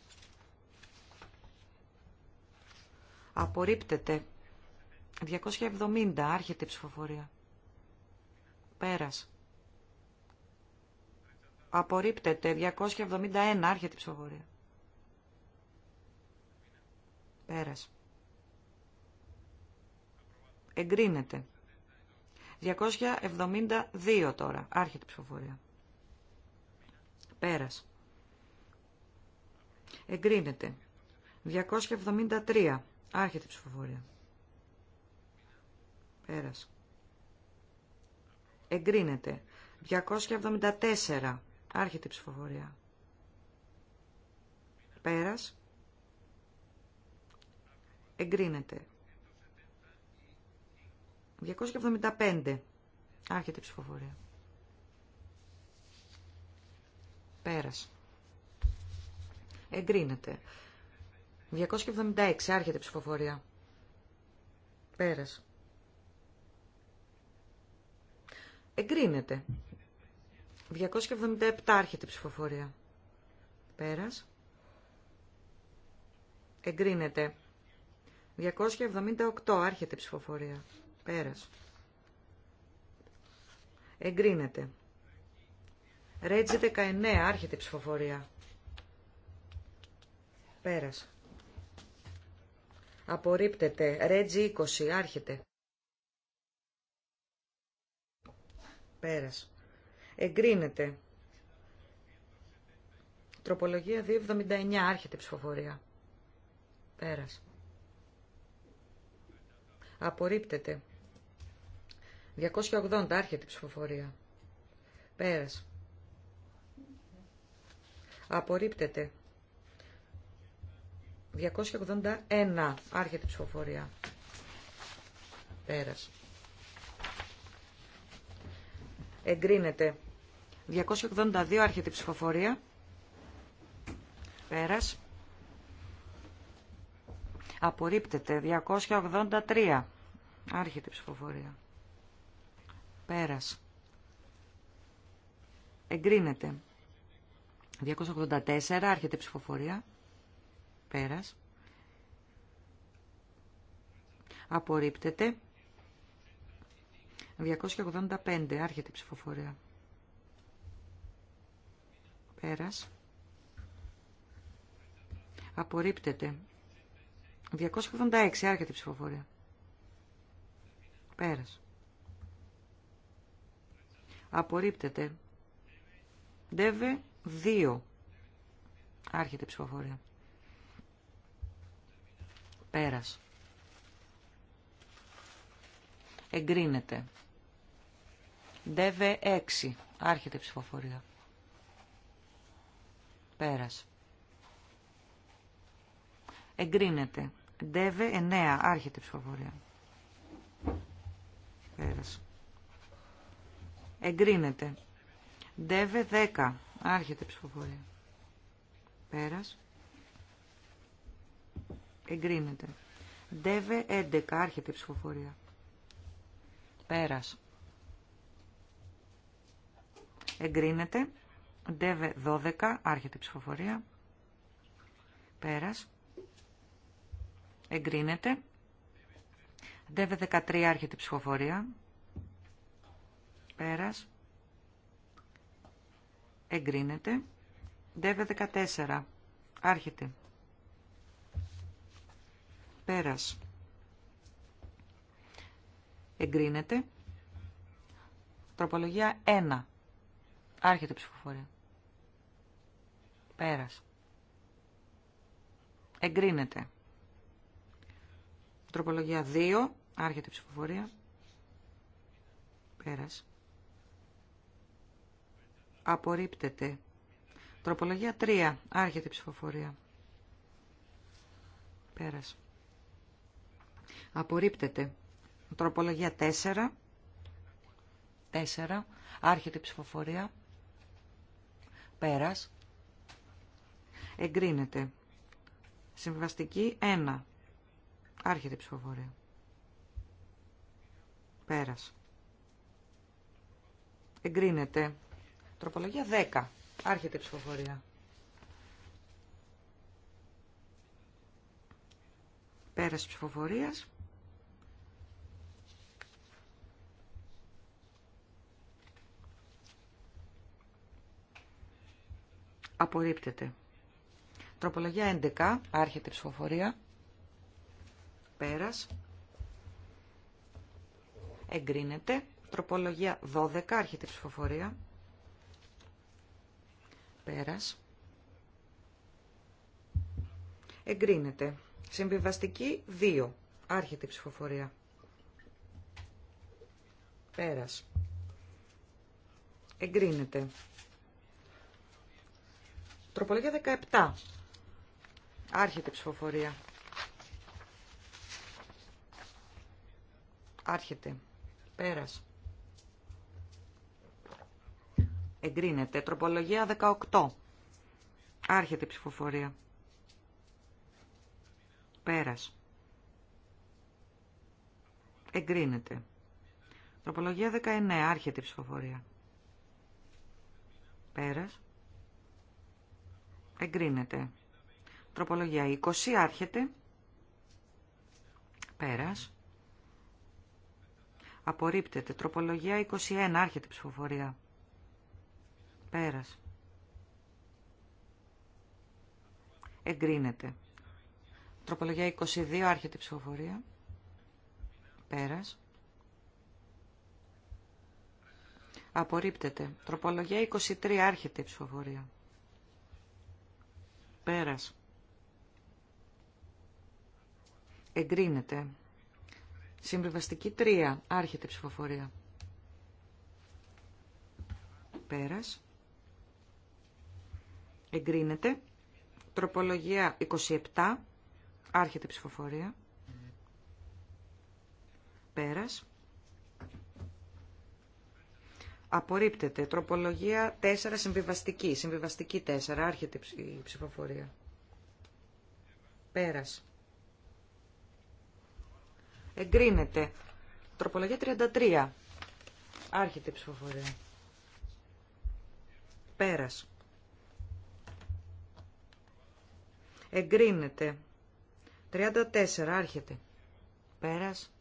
B: Απορρίπτεται. 270 άρχεται η ψηφοφορία. Πέρας. Απορρίπτεται. 271. Άρχεται η ψηφοφορία. Πέρας. Εγκρίνεται. 272 τώρα. Άρχεται η ψηφοφορία. Πέρας. Εγκρίνεται. 273. Άρχεται η ψηφοφορία. Πέρας. Εγκρίνεται. 274. Άρχεται η ψηφοφορία. Πέρας. Εγκρίνεται. 275. Άρχεται η ψηφοφορία. Πέρας. Εγκρίνεται. 276. Άρχεται η ψηφοφορία. Πέρας. Εγκρίνεται. 277 άρχεται η ψηφοφορία. Πέρας. Εγκρίνεται. 278 άρχεται η ψηφοφορία. Πέρας. Εγκρίνεται. Ρέτζι 19 άρχεται η ψηφοφορία. Πέρας. Απορρίπτεται. Ρέτζι 20 άρχεται. Πέρας εγκρίνεται. Τροπολογία 279, άρχεται η ψηφοφορία. Πέρας. Απορρίπτεται. 280, άρχεται η ψηφοφορία. Πέρας. Απορρίπτεται. 281, άρχεται η ψηφοφορία. Πέρας. Εγκρίνεται. 282 άρχεται η ψηφοφορία. Πέρας. Απορρίπτεται. 283 άρχεται η ψηφοφορία. Πέρας. Εγκρίνεται. 284 άρχεται η ψηφοφορία. Πέρας. Απορρίπτεται. 285 άρχεται η ψηφοφορία. Πέρας. Απορρίπτεται. 286. Άρχεται η ψηφοφορία. Πέρας. Απορρίπτεται. Δεύε 2. Άρχεται η ψηφοφορία. Πέρας. Εγκρίνεται. Δεύε 6. Άρχεται η ψηφοφορία. Πέρας. Εγκρίνεται. ΔΕΒΕ 9. Άρχεται η ψηφοφορία. Πέρας. Εγκρίνεται. ΔΕΒΕ 10. Άρχεται η ψηφοφορία. Πέρας. Εγκρίνεται. ΔΕΒΕ 11. Άρχεται η ψηφοφορία. Πέρας. Εγκρίνεται. Ντεβε 12, άρχεται η ψηφοφορία. Πέρας. Εγκρίνεται. Ντεβε 13, άρχεται η ψηφοφορία. Πέρας. Εγκρίνεται. Ντεβε 14, άρχεται. Πέρας. Εγκρίνεται. Τροπολογία 1. Άρχεται η ψηφοφορία. Πέρας. Εγκρίνεται. Τροπολογία 2. Άρχεται η ψηφοφορία. Πέρας. Απορρίπτεται. Τροπολογία 3. Άρχεται η ψηφοφορία. Πέρας. Απορρίπτεται. Τροπολογία 4. 4. Άρχεται η ψηφοφορία. Πέρας εγκρίνεται. Συμβαστική 1. Άρχεται η ψηφοφορία. Πέρας. Εγκρίνεται. Τροπολογία 10. Άρχεται η ψηφοφορία. Πέρας ψηφοφορίας. Απορρίπτεται. Τροπολογία 11, άρχεται ψηφοφορία. Πέρας. Εγκρίνεται. Τροπολογία 12, άρχεται η ψηφοφορία. Πέρας. Εγκρίνεται. Συμβιβαστική 2, άρχεται ψηφοφορία. Πέρας. Εγκρίνεται. Τροπολογία 17. Άρχεται η ψηφοφορία. Άρχεται. Πέρας. Εγκρίνεται. Τροπολογία 18. Άρχεται η ψηφοφορία. Πέρας. Εγκρίνεται. Τροπολογία 19. Άρχεται η ψηφοφορία. Πέρας. Εγκρίνεται. Τροπολογία 20 άρχεται. Πέρας. Απορρίπτεται. Τροπολογία 21 άρχεται ψηφοφορία. Πέρας. Εγκρίνεται. Τροπολογία 22 άρχεται ψηφοφορία. Πέρας. Απορρίπτεται. Τροπολογία 23 άρχεται η ψηφοφορία. Πέρας. εγκρίνεται. Συμβιβαστική 3. Άρχεται ψηφοφορία. Πέρας. Εγκρίνεται. Τροπολογία 27. Άρχεται ψηφοφορία. Πέρας. Απορρίπτεται. Τροπολογία 4 συμβιβαστική. Συμβιβαστική 4. Άρχεται η ψηφοφορία. Πέρας εγκρίνεται. Τροπολογία 33. Άρχεται η ψηφοφορία. Πέρας. Εγκρίνεται. 34. Άρχεται. Πέρας.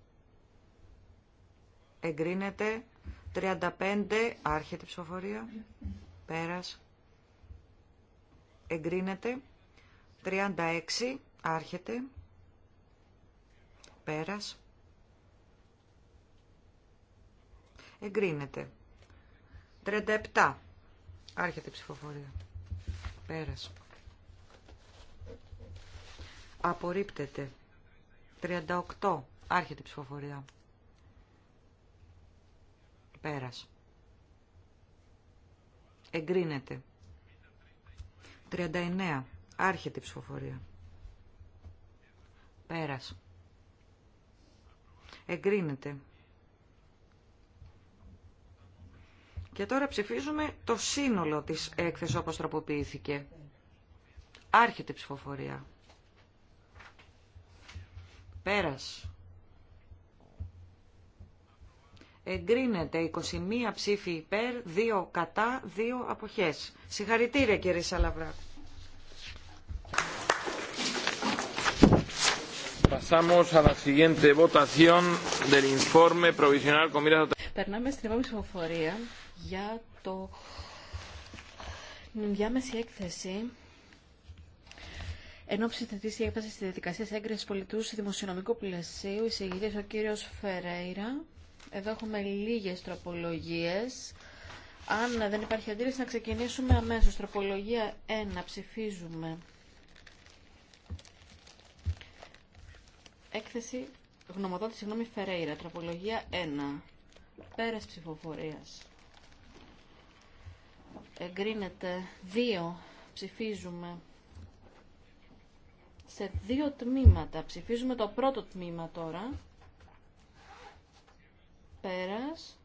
B: Εγκρίνεται. 35. Άρχεται η ψηφοφορία. Πέρας. Εγκρίνεται. 36. Άρχεται. Πέρας. εγκρίνεται. 37. Άρχεται η ψηφοφορία. Πέρασε. Απορρίπτεται. 38. Άρχεται η ψηφοφορία. Πέρασε. Εγκρίνεται. 39. Άρχεται η ψηφοφορία. Πέρας. Εγκρίνεται. Και τώρα ψηφίζουμε το σύνολο της έκθεσης όπως τροποποιήθηκε. Άρχεται η ψηφοφορία. Πέρας. Εγκρίνεται 21 ψήφοι υπέρ, 2 κατά, 2 αποχές. Συγχαρητήρια κύριε Σαλαβράκου.
D: Περνάμε στην επόμενη ψηφοφορία για το διάμεση έκθεση ενώ ψηθεντή η έκταση στη διαδικασία έγκριση πολιτού σε δημοσιονομικού πλαισίου, εισηγητή ο κύριο Φερέιρα. Εδώ έχουμε λίγε τροπολογίε. Αν δεν υπάρχει αντίρρηση, να ξεκινήσουμε αμέσω. Τροπολογία 1. Ψηφίζουμε. Έκθεση γνωμοδότηση συγγνώμη, Φερέιρα. Τροπολογία 1. Πέρα ψηφοφορία εγκρίνεται. Δύο ψηφίζουμε σε δύο τμήματα. Ψηφίζουμε το πρώτο τμήμα τώρα. Πέρας.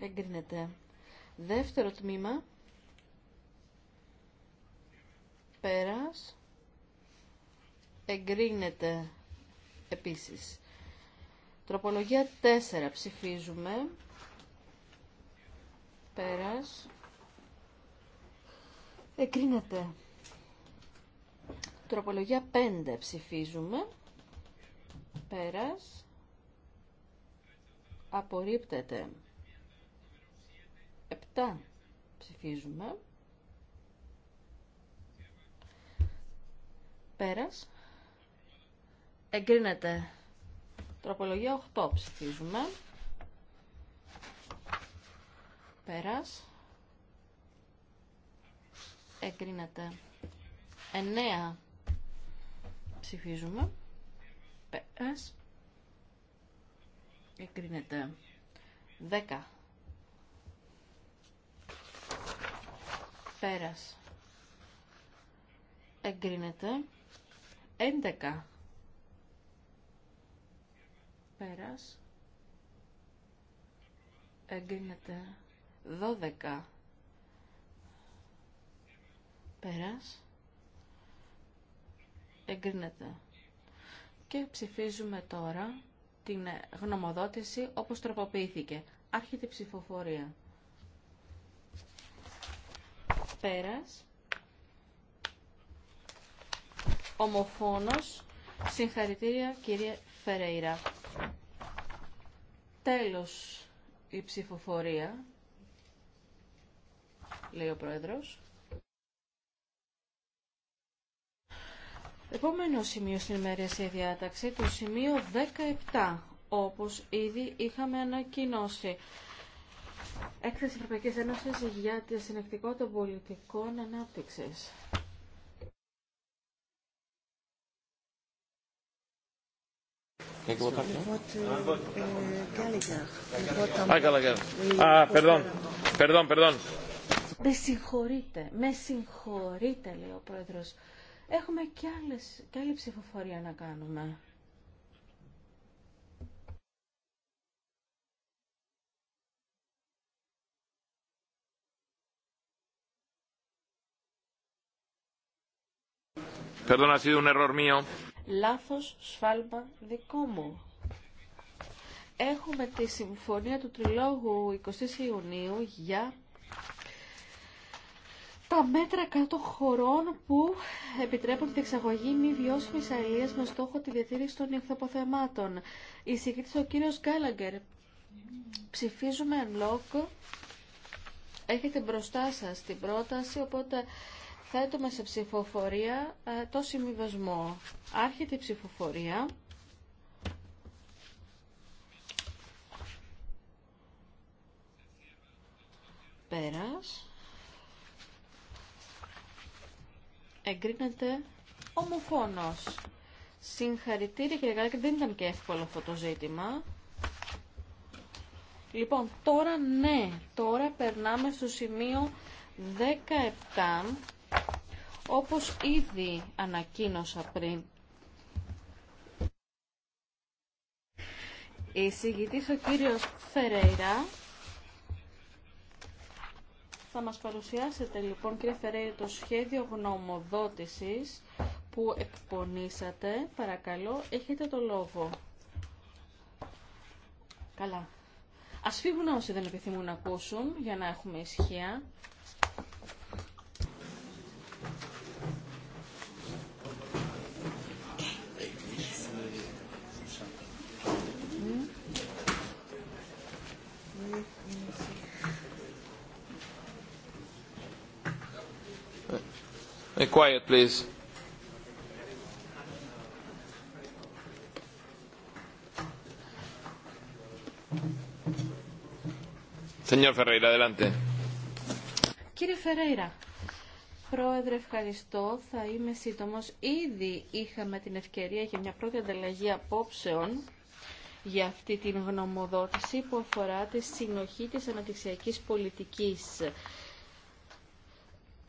D: Εγκρίνεται. Δεύτερο τμήμα. Πέρας. Εγκρίνεται επίσης. Τροπολογία 4 ψηφίζουμε. Πέρας. Εκρίνεται. Τροπολογία 5 ψηφίζουμε. Πέρας. Απορρίπτεται. 7 ψηφίζουμε. Πέρας. Εγκρίνεται. Τροπολογία 8 ψηφίζουμε. Πέρας. Εγκρίνεται. 9. Ψηφίζουμε. Πέρας. Εγκρίνεται. 10. Πέρας. Εγκρίνεται. 11. Πέρας. Εγκρίνεται. 12. Πέρας. Εγκρίνεται. Και ψηφίζουμε τώρα την γνωμοδότηση όπως τροποποιήθηκε. Άρχεται η ψηφοφορία. Πέρας. Ομοφόνος. Συγχαρητήρια κύριε Φερέιρα. Τέλος η ψηφοφορία λέει ο Πρόεδρος. Επόμενο σημείο στην ημερήσια διάταξη, το σημείο 17, όπως ήδη είχαμε ανακοινώσει. Έκθεση Ευρωπαϊκής Ένωσης για τη συνεκτικό των πολιτικών ανάπτυξης.
A: Ah, perdón, perdón, perdón.
D: Με συγχωρείτε, με συγχωρείτε, λέει ο πρόεδρος. Έχουμε και, άλλες, άλλη ψηφοφορία να κάνουμε.
A: Perdón, ha sido un error mío.
D: Λάθος σφάλμα δικό μου. Έχουμε τη συμφωνία του Τριλόγου 20 Ιουνίου για τα μέτρα κάτω χωρών που επιτρέπουν τη εξαγωγή μη βιώσιμης αελίας με στόχο τη διατήρηση των ηχθοποθεμάτων. Η συγκρίτηση ο κύριος Γκάλαγκερ. Ψηφίζουμε εν λόγω. Έχετε μπροστά σας την πρόταση, οπότε θέτουμε σε ψηφοφορία ε, το συμβιβασμό. Άρχεται η ψηφοφορία. Πέρας. εγκρίνεται ομοφόνος. Συγχαρητήρια κύριε και δεν ήταν και εύκολο αυτό το ζήτημα. Λοιπόν, τώρα ναι, τώρα περνάμε στο σημείο 17, όπως ήδη ανακοίνωσα πριν. Η συγγητής ο κύριος Φερέιρα θα μας παρουσιάσετε λοιπόν κύριε Φεραίρη το σχέδιο γνωμοδότησης που εκπονήσατε. Παρακαλώ, έχετε το λόγο. Καλά. Ας φύγουν όσοι δεν επιθυμούν να ακούσουν για να έχουμε ισχύα. Κύριε Φερέιρα, Πρόεδρε, ευχαριστώ. Θα είμαι σύντομο. Ήδη είχαμε την ευκαιρία για μια πρώτη ανταλλαγή απόψεων για αυτή την γνωμοδότηση που αφορά τη συνοχή της αναπτυξιακή πολιτικής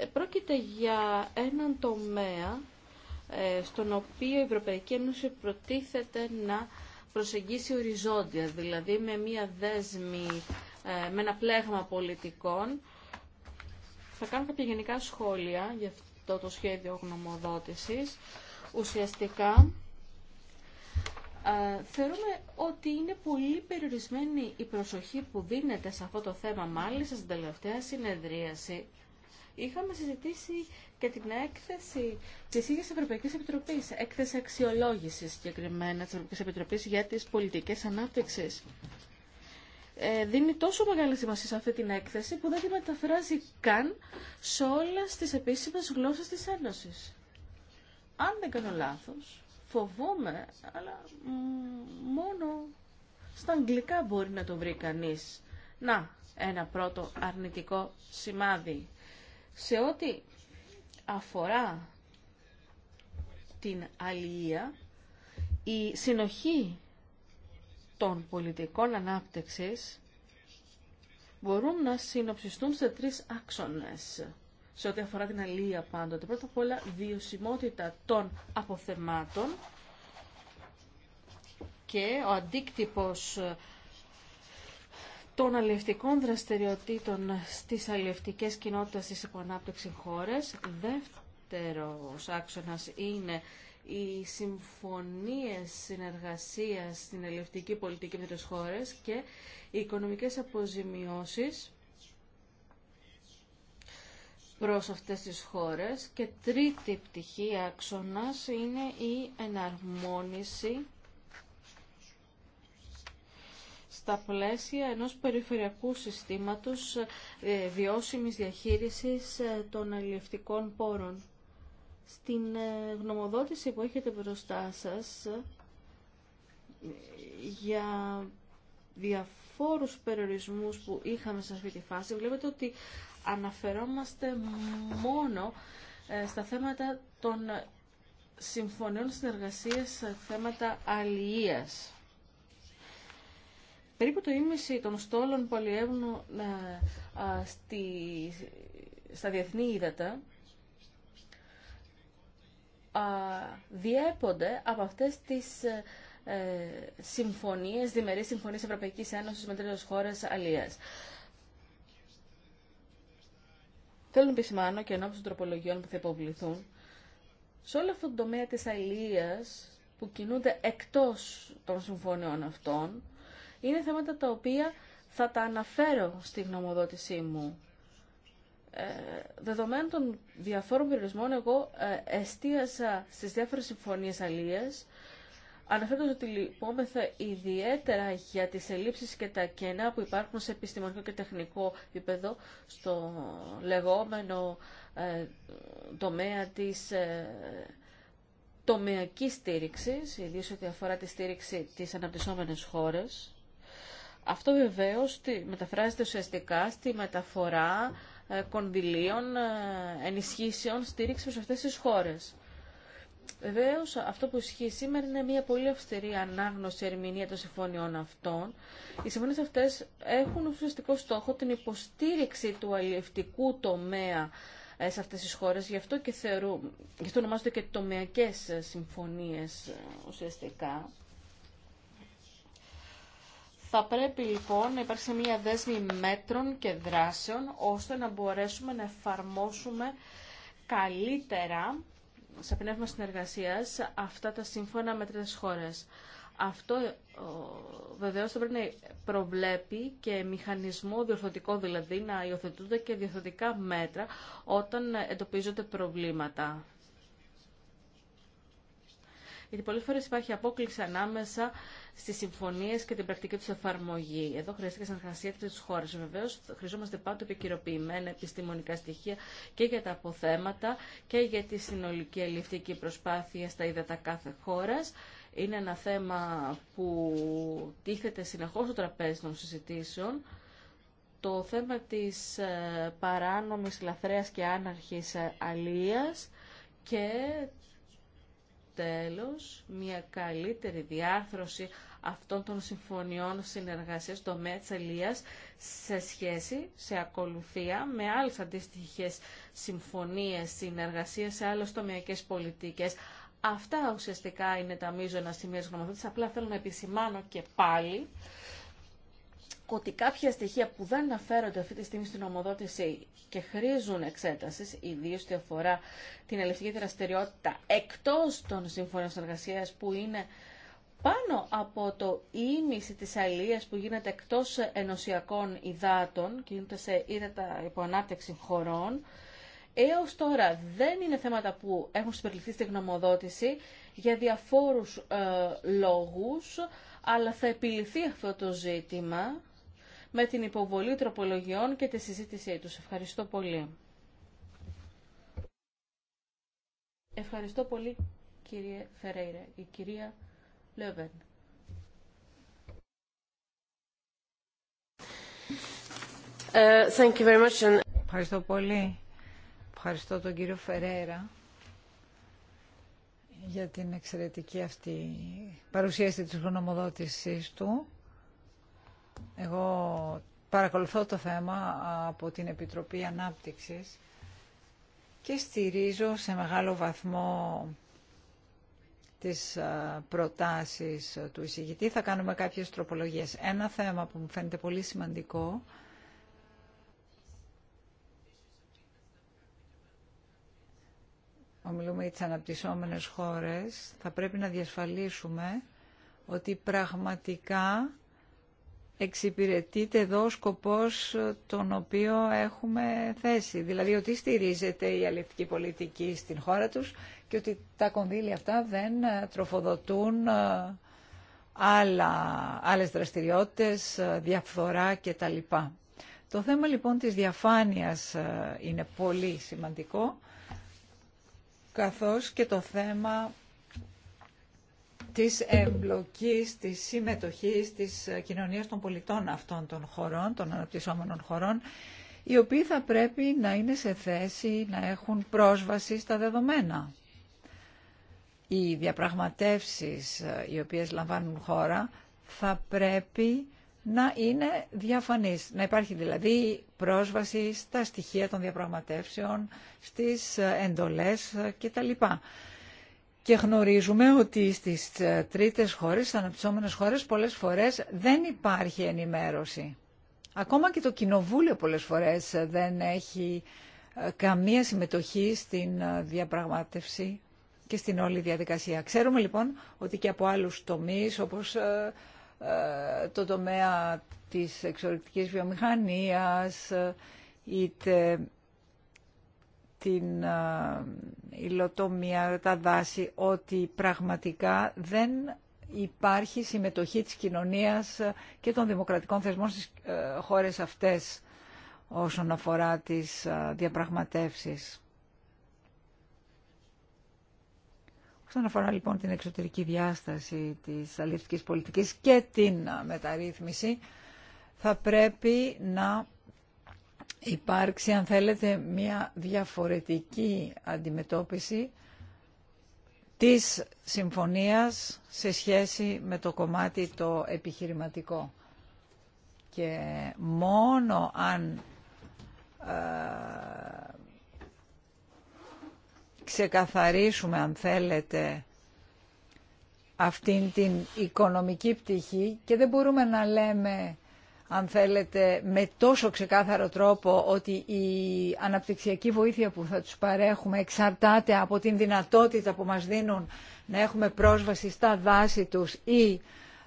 D: ε, πρόκειται για έναν τομέα ε, στον οποίο η Ευρωπαϊκή Ένωση προτίθεται να προσεγγίσει οριζόντια, δηλαδή με μία δέσμη, ε, με ένα πλέγμα πολιτικών. Θα κάνω κάποια γενικά σχόλια για αυτό το σχέδιο γνωμοδότησης. Ουσιαστικά, θεωρούμε ότι είναι πολύ περιορισμένη η προσοχή που δίνεται σε αυτό το θέμα, μάλιστα στην τελευταία συνεδρίαση είχαμε συζητήσει και την έκθεση της ίδιας Ευρωπαϊκής Επιτροπής, έκθεση αξιολόγησης συγκεκριμένα της Ευρωπαϊκής Επιτροπής για τις πολιτικές ανάπτυξη. Ε, δίνει τόσο μεγάλη σημασία σε αυτή την έκθεση που δεν τη μεταφράζει καν σε όλες τις επίσημες γλώσσες της Ένωσης. Αν δεν κάνω λάθος, φοβούμαι, αλλά μόνο στα αγγλικά μπορεί να το βρει κανείς. Να, ένα πρώτο αρνητικό σημάδι. Σε ό,τι αφορά την αλληλεία, η συνοχή των πολιτικών ανάπτυξης μπορούν να συνοψιστούν σε τρεις άξονες σε ό,τι αφορά την αλληλεία πάντοτε. Πρώτα απ' όλα, βιωσιμότητα των αποθεμάτων και ο αντίκτυπος των αλληλευτικών δραστηριοτήτων στις αλληλευτικές κοινότητες στις υποανάπτυξη χώρες. Δεύτερος άξονας είναι οι συμφωνίες συνεργασίας στην αλληλευτική πολιτική με τις χώρες και οι οικονομικές αποζημιώσεις προς αυτές τις χώρες και τρίτη πτυχή άξονας είναι η εναρμόνιση στα πλαίσια ενός περιφερειακού συστήματος ε, βιώσιμης διαχείρισης ε, των αλληλευτικών πόρων. Στην ε, γνωμοδότηση που έχετε μπροστά σας για διαφόρους περιορισμούς που είχαμε σε αυτή τη φάση, βλέπετε ότι αναφερόμαστε μόνο στα θέματα των συμφωνιών συνεργασίας θέματα αλληλείας. Περίπου το ίμιση των στόλων που αλλιεύουν ε, στη, στα διεθνή ύδατα διέπονται από αυτές τις ε, ε, συμφωνίες, διμερείς συμφωνίες Ευρωπαϊκής Ένωσης με τρίτες χώρες αλλιές. Θέλω να επισημάνω και ενώπιση των τροπολογιών που θα υποβληθούν, σε όλο αυτό το τομέα της αλίας που κινούνται εκτός των συμφωνιών αυτών, είναι θέματα τα οποία θα τα αναφέρω στη γνωμοδότησή μου. Ε, δεδομένου των διαφόρων περιορισμών, εγώ ε, εστίασα στις διάφορες συμφωνίες αλίας, αναφέροντας ότι λυπόμεθα ιδιαίτερα για τις ελλείψεις και τα κενά που υπάρχουν σε επιστημονικό και τεχνικό επίπεδο στο λεγόμενο ε, τομέα της ε, τομεακής στήριξης, ιδίως ό,τι αφορά τη στήριξη της αναπτυσσόμενης χώρες. Αυτό βεβαίω μεταφράζεται ουσιαστικά στη μεταφορά ε, κονδυλίων, ε, ενισχύσεων, στήριξη προ αυτέ τι χώρες. Βεβαίω, αυτό που ισχύει σήμερα είναι μια πολύ αυστηρή ανάγνωση ερμηνεία των συμφωνιών αυτών. Οι συμφωνίε αυτέ έχουν ουσιαστικό στόχο την υποστήριξη του αλληλευτικού τομέα ε, σε αυτέ τι χώρε. Γι' αυτό και γι' αυτό ονομάζονται και τομεακέ συμφωνίε ουσιαστικά. Θα πρέπει λοιπόν να υπάρξει μια δέσμη μέτρων και δράσεων ώστε να μπορέσουμε να εφαρμόσουμε καλύτερα σε πνεύμα συνεργασίας αυτά τα σύμφωνα με χώρες. Αυτό ε, βεβαίω θα πρέπει να προβλέπει και μηχανισμό διορθωτικό, δηλαδή να υιοθετούνται και διορθωτικά μέτρα όταν εντοπίζονται προβλήματα γιατί πολλέ φορέ υπάρχει απόκληση ανάμεσα στι συμφωνίε και την πρακτική του εφαρμογή. Εδώ χρειάζεται συνεργασία της χώρε. Βεβαίω. χρειαζόμαστε πάντοτε επικυροποιημένα επιστημονικά στοιχεία και για τα αποθέματα και για τη συνολική αλληλευτική προσπάθεια στα ύδατα κάθε χώρα. Είναι ένα θέμα που τίθεται συνεχώς στο τραπέζι των συζητήσεων. Το θέμα της ε, παράνομης, λαθρέας και άναρχης ε, αλίας και τέλος μια καλύτερη διάρθρωση αυτών των συμφωνιών συνεργασίας στο τομέα Ελίας σε σχέση, σε ακολουθία με άλλες αντίστοιχες συμφωνίες συνεργασίας σε άλλες τομιακές πολιτικές. Αυτά ουσιαστικά είναι τα μείζωνα σημεία της Απλά θέλω να επισημάνω και πάλι ότι κάποια στοιχεία που δεν αναφέρονται αυτή τη στιγμή στην ομοδότηση και χρήζουν εξέταση, ιδίω ότι αφορά την ελευθερική δραστηριότητα εκτό των συμφωνίων συνεργασία που είναι πάνω από το ίμιση της αλίας που γίνεται εκτός ενωσιακών υδάτων και γίνεται σε ύδατα υποανάπτυξη χωρών, έω τώρα δεν είναι θέματα που έχουν συμπεριληφθεί στη γνωμοδότηση για διαφόρους ε, λόγους, αλλά θα επιληθεί αυτό το ζήτημα με την υποβολή τροπολογιών και τη συζήτησή τους. Ευχαριστώ πολύ. Ευχαριστώ πολύ κύριε Φερέρα. η κυρία Λεβέν.
C: Ε, thank you very much. Ευχαριστώ πολύ. Ευχαριστώ τον κύριο Φερέρα για την εξαιρετική αυτή παρουσίαση της γνωμοδότησής του. Εγώ παρακολουθώ το θέμα από την Επιτροπή Ανάπτυξης και στηρίζω σε μεγάλο βαθμό τις προτάσεις του εισηγητή. Θα κάνουμε κάποιες τροπολογίες. Ένα θέμα που μου φαίνεται πολύ σημαντικό ομιλούμε για τις αναπτυσσόμενες χώρες, θα πρέπει να διασφαλίσουμε ότι πραγματικά εξυπηρετείται εδώ ο σκοπός ε, τον οποίο έχουμε θέσει. Δηλαδή ότι στηρίζεται η αλληλευτική πολιτική στην χώρα τους και ότι τα κονδύλια αυτά δεν ε, τροφοδοτούν ε, άλλα, άλλες δραστηριότητες, διαφθορά κτλ. Το θέμα λοιπόν της διαφάνειας είναι πολύ σημαντικό καθώς και το θέμα της εμπλοκής, της συμμετοχής της κοινωνίας των πολιτών αυτών των χωρών, των αναπτυσσόμενων χωρών, οι οποίοι θα πρέπει να είναι σε θέση να έχουν πρόσβαση στα δεδομένα. Οι διαπραγματεύσεις οι οποίες λαμβάνουν χώρα θα πρέπει να είναι διαφανείς, Να υπάρχει δηλαδή πρόσβαση στα στοιχεία των διαπραγματεύσεων, στις εντολές κτλ. Και γνωρίζουμε ότι στις ε, τρίτες χώρες, στις αναπτυσσόμενες χώρες, πολλές φορές δεν υπάρχει ενημέρωση. Ακόμα και το κοινοβούλιο πολλές φορές ε, δεν έχει ε, καμία συμμετοχή στην διαπραγμάτευση και στην όλη διαδικασία. Ξέρουμε λοιπόν ότι και από άλλους τομείς όπως το τομέα της εξορρυκτικής βιομηχανίας είτε την υλοτομία, τα δάση, ότι πραγματικά δεν υπάρχει συμμετοχή της κοινωνίας και των δημοκρατικών θεσμών στις ε, χώρες αυτές όσον αφορά τις διαπραγματεύσεις. Όσον αφορά λοιπόν την εξωτερική διάσταση της αλληλευτικής πολιτικής και την μεταρρύθμιση, θα πρέπει να υπάρξει, αν θέλετε, μια διαφορετική αντιμετώπιση της συμφωνίας σε σχέση με το κομμάτι το επιχειρηματικό. Και μόνο αν ε, ξεκαθαρίσουμε, αν θέλετε, αυτήν την οικονομική πτυχή και δεν μπορούμε να λέμε αν θέλετε, με τόσο ξεκάθαρο τρόπο ότι η αναπτυξιακή βοήθεια που θα τους παρέχουμε εξαρτάται από την δυνατότητα που μας δίνουν να έχουμε πρόσβαση στα δάση τους ή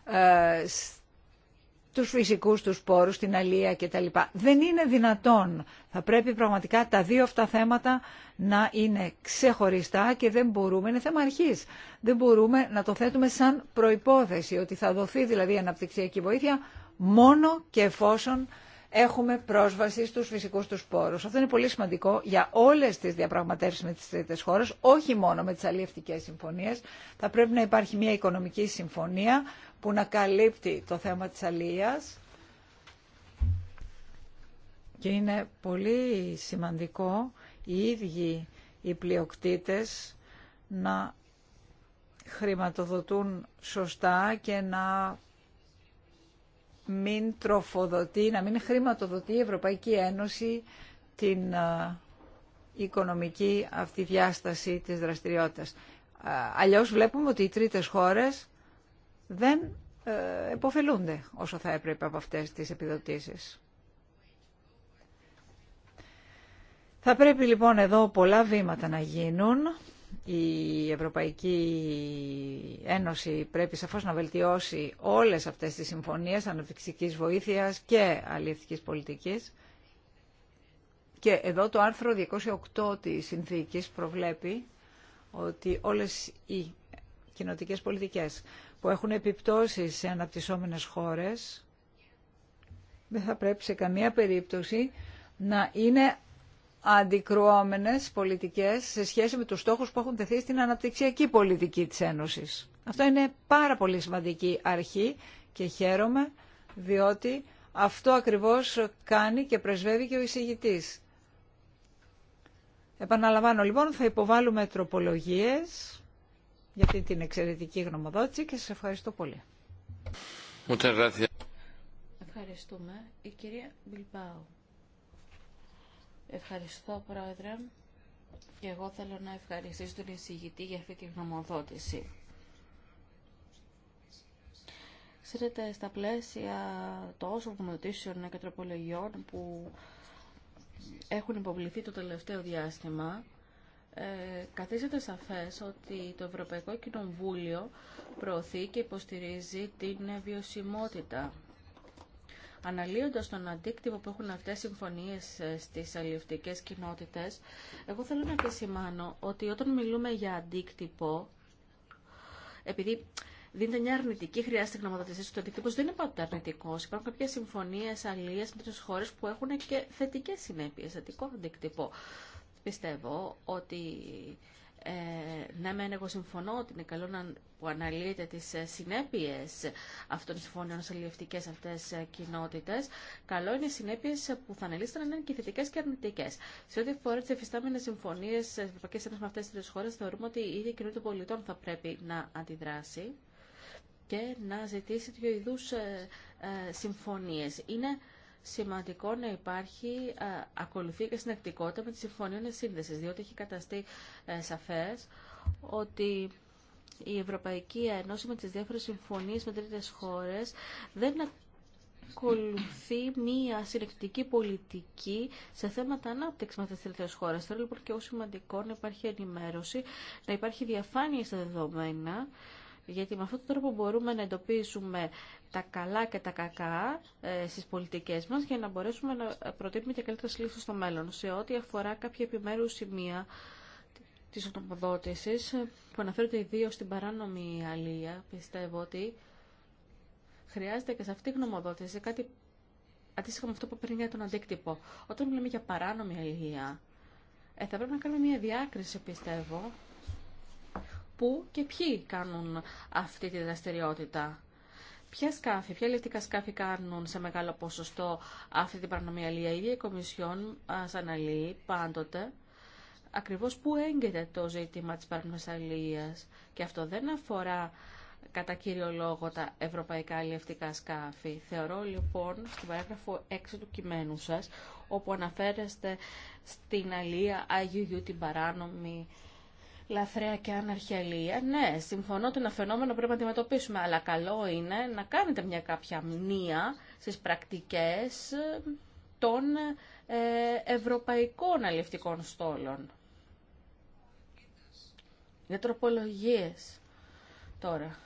C: ε, τους φυσικούς τους πόρους, την αλία κτλ. Δεν είναι δυνατόν. Θα πρέπει πραγματικά τα δύο αυτά θέματα να είναι ξεχωριστά και δεν μπορούμε, είναι θέμα αρχής, δεν μπορούμε να το θέτουμε σαν προϋπόθεση ότι θα δοθεί δηλαδή αναπτυξιακή βοήθεια μόνο και εφόσον έχουμε πρόσβαση στους φυσικούς τους πόρους. Αυτό είναι πολύ σημαντικό για όλες τις διαπραγματεύσεις με τις τρίτες χώρες, όχι μόνο με τις αλλιευτικές συμφωνίες. Θα πρέπει να υπάρχει μια οικονομική συμφωνία που να καλύπτει το θέμα της αλληλείας. Και είναι πολύ σημαντικό οι ίδιοι οι πλειοκτήτες να χρηματοδοτούν σωστά και να μην τροφοδοτεί, να μην χρηματοδοτεί η Ευρωπαϊκή Ένωση την ε, οικονομική αυτή διάσταση της δραστηριότητας. Αλλιώς βλέπουμε ότι οι τρίτες χώρες δεν ε, εποφελούνται όσο θα έπρεπε από αυτές τις επιδοτήσεις. Θα πρέπει λοιπόν εδώ πολλά βήματα να γίνουν η Ευρωπαϊκή Ένωση πρέπει σαφώς να βελτιώσει όλες αυτές τις συμφωνίες αναπτυξικής βοήθειας και αλληλευτικής πολιτικής. Και εδώ το άρθρο 208 της συνθήκης προβλέπει ότι όλες οι κοινοτικές πολιτικές που έχουν επιπτώσεις σε αναπτυσσόμενες χώρες δεν θα πρέπει σε καμία περίπτωση να είναι αντικρουόμενες πολιτικές σε σχέση με τους στόχους που έχουν τεθεί στην αναπτυξιακή πολιτική της Ένωσης. Αυτό είναι πάρα πολύ σημαντική αρχή και χαίρομαι διότι αυτό ακριβώς κάνει και πρεσβεύει και ο εισηγητής. Επαναλαμβάνω λοιπόν, θα υποβάλουμε τροπολογίες για αυτή την εξαιρετική γνωμοδότηση και σας ευχαριστώ
D: πολύ. Ευχαριστούμε. Η κυρία Ευχαριστώ, Πρόεδρε. Και εγώ θέλω να ευχαριστήσω τον εισηγητή για αυτή τη γνωμοδότηση. Ξέρετε, στα πλαίσια τόσων γνωτήσεων και τροπολογιών που έχουν υποβληθεί το τελευταίο διάστημα, ε, σαφέ σαφές ότι το Ευρωπαϊκό Κοινοβούλιο προωθεί και υποστηρίζει την βιωσιμότητα Αναλύοντας τον αντίκτυπο που έχουν αυτές οι συμφωνίες ε, στις αλληλευτικές κοινότητες, εγώ θέλω να επισημάνω ότι όταν μιλούμε για αντίκτυπο, επειδή δίνεται μια αρνητική χρειά στην γνωμοδοτησία του. Ο αντίκτυπο δεν είναι πάντα αρνητικό. Υπάρχουν κάποιε συμφωνίε αλλίε με τι χώρε που έχουν και θετικέ συνέπειε, θετικό αντίκτυπο. Πιστεύω ότι ε, ναι, μεν εγώ συμφωνώ ότι είναι καλό που αναλύεται τις ε, συνέπειες αυτών των συμφωνιών σε αλληλευτικές αυτές ε, κοινότητες. Καλό είναι οι συνέπειες που θα αναλύσουν να είναι και θετικέ και αρνητικέ. Σε ό,τι φορά τι εφιστάμενε συμφωνίε με αυτές τις τρεις χώρε, θεωρούμε ότι η ίδια κοινότητα πολιτών θα πρέπει να αντιδράσει και να ζητήσει δύο είδου συμφωνίε. Είναι σημαντικό να υπάρχει ε, ακολουθή και συνεκτικότητα με τη συμφωνία σύνδεσης, διότι έχει καταστεί ε, σαφές ότι η Ευρωπαϊκή Ένωση με τις διάφορες συμφωνίες με τρίτες χώρες δεν ακολουθεί μία συνεκτική πολιτική σε θέματα ανάπτυξη με τις τρίτες χώρε. Θέλω λοιπόν και όσο σημαντικό να υπάρχει ενημέρωση, να υπάρχει διαφάνεια στα δεδομένα, γιατί με αυτόν τον τρόπο μπορούμε να εντοπίσουμε τα καλά και τα κακά ε, στις πολιτικές μας για να μπορέσουμε να προτείνουμε και καλύτερες λύσεις στο μέλλον. Σε ό,τι αφορά κάποια επιμέρους σημεία της οτομοδότησης που αναφέρονται ιδίω στην παράνομη αλία, πιστεύω ότι χρειάζεται και σε αυτή η γνωμοδότηση κάτι αντίστοιχο με αυτό που πριν για τον αντίκτυπο. Όταν μιλάμε για παράνομη αλία, ε, θα πρέπει να κάνουμε μια διάκριση, πιστεύω, πού και ποιοι κάνουν αυτή τη δραστηριότητα. Ποια σκάφη, ποια λευτικά σκάφη κάνουν σε μεγάλο ποσοστό αυτή την παρανομία Η ίδια η Κομισιόν σαν αναλύει πάντοτε ακριβώς πού έγκαιται το ζήτημα της παρανομίας και αυτό δεν αφορά κατά κύριο λόγο τα ευρωπαϊκά αλληλευτικά σκάφη. Θεωρώ λοιπόν στην παράγραφο 6 του κειμένου σας, όπου αναφέρεστε στην αλία Αγίου την παράνομη λαθρέα και άναρχη Ναι, συμφωνώ ότι ένα φαινόμενο πρέπει να αντιμετωπίσουμε, αλλά καλό είναι να κάνετε μια κάποια μνήμα στις πρακτικές ε, των ε, ευρωπαϊκών αλληλευτικών στόλων. Για τροπολογίες τώρα.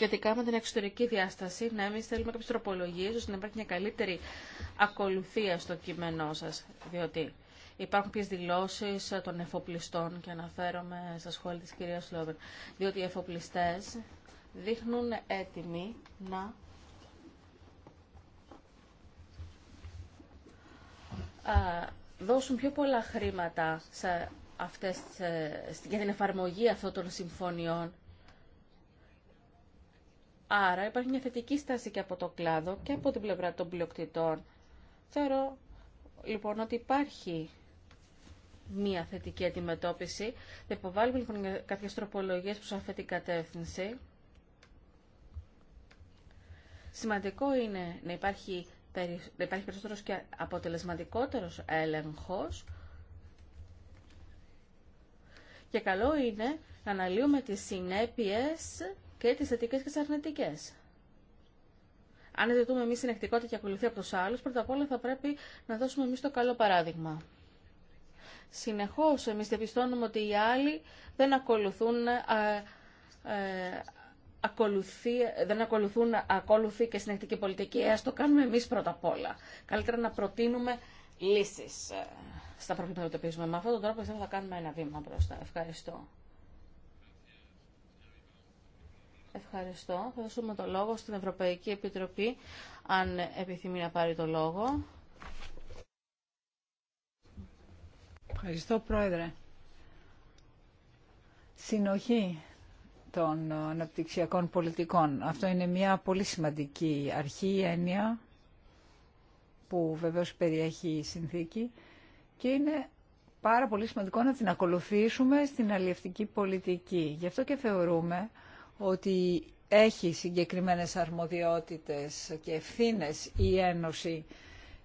D: σχετικά με την εξωτερική διάσταση, να εμεί θέλουμε κάποιε τροπολογίε ώστε να υπάρχει μια καλύτερη ακολουθία στο κείμενό σα. Διότι υπάρχουν ποιε δηλώσει των εφοπλιστών, και αναφέρομαι στα σχόλια τη κυρία Λόβερ. διότι οι εφοπλιστές δείχνουν έτοιμοι να δώσουν πιο πολλά χρήματα σε αυτές, για την εφαρμογή αυτών των συμφωνιών Άρα υπάρχει μια θετική στάση και από το κλάδο και από την πλευρά των πλειοκτητών. Θεωρώ λοιπόν ότι υπάρχει μια θετική αντιμετώπιση. Θα υποβάλουμε λοιπόν κάποιες τροπολογίες προς αυτή την κατεύθυνση. Σημαντικό είναι να υπάρχει, να υπάρχει περισσότερος και αποτελεσματικότερος έλεγχος και καλό είναι να αναλύουμε τις συνέπειες και τι θετικέ και τι αρνητικέ. Αν ζητούμε εμεί συνεκτικότητα και ακολουθεί από του άλλου, πρώτα απ' όλα θα πρέπει να δώσουμε εμεί το καλό παράδειγμα. Συνεχώ εμεί διαπιστώνουμε ότι οι άλλοι δεν ακολουθούν, α, ε, ε, ακολουθεί, δεν ακολουθούν ακολουθεί και συνεχτική πολιτική. Ε, α το κάνουμε εμεί πρώτα απ' όλα. Καλύτερα να προτείνουμε λύσει στα προβλήματα που αντιμετωπίζουμε. Με αυτόν τον τρόπο θα κάνουμε ένα βήμα μπροστά. Ευχαριστώ. Ευχαριστώ. Θα δώσουμε το λόγο στην Ευρωπαϊκή Επιτροπή, αν επιθυμεί να πάρει το λόγο. Ευχαριστώ, Πρόεδρε.
C: Συνοχή των αναπτυξιακών πολιτικών. Αυτό είναι μια πολύ σημαντική αρχή, έννοια, που βεβαίως περιέχει η συνθήκη και είναι πάρα πολύ σημαντικό να την ακολουθήσουμε στην αλληλευτική πολιτική. Γι' αυτό και θεωρούμε ότι έχει συγκεκριμένες αρμοδιότητες και ευθύνες η Ένωση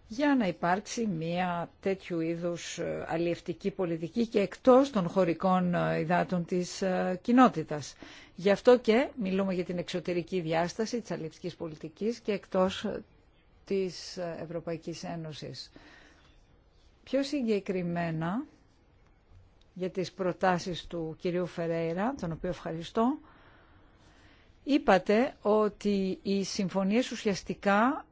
C: για να υπάρξει μια τέτοιου είδους ε, αλλιευτική πολιτική και εκτός των χωρικών ε, υδάτων της ε, κοινότητας. Γι' αυτό και μιλούμε για την εξωτερική διάσταση της αλλιευτικής πολιτικής και εκτός της Ευρωπαϊκής Ένωσης. Πιο συγκεκριμένα για τις προτάσεις του κυρίου Φερέιρα, τον οποίο ευχαριστώ, Είπατε ότι οι συμφωνίες ουσιαστικά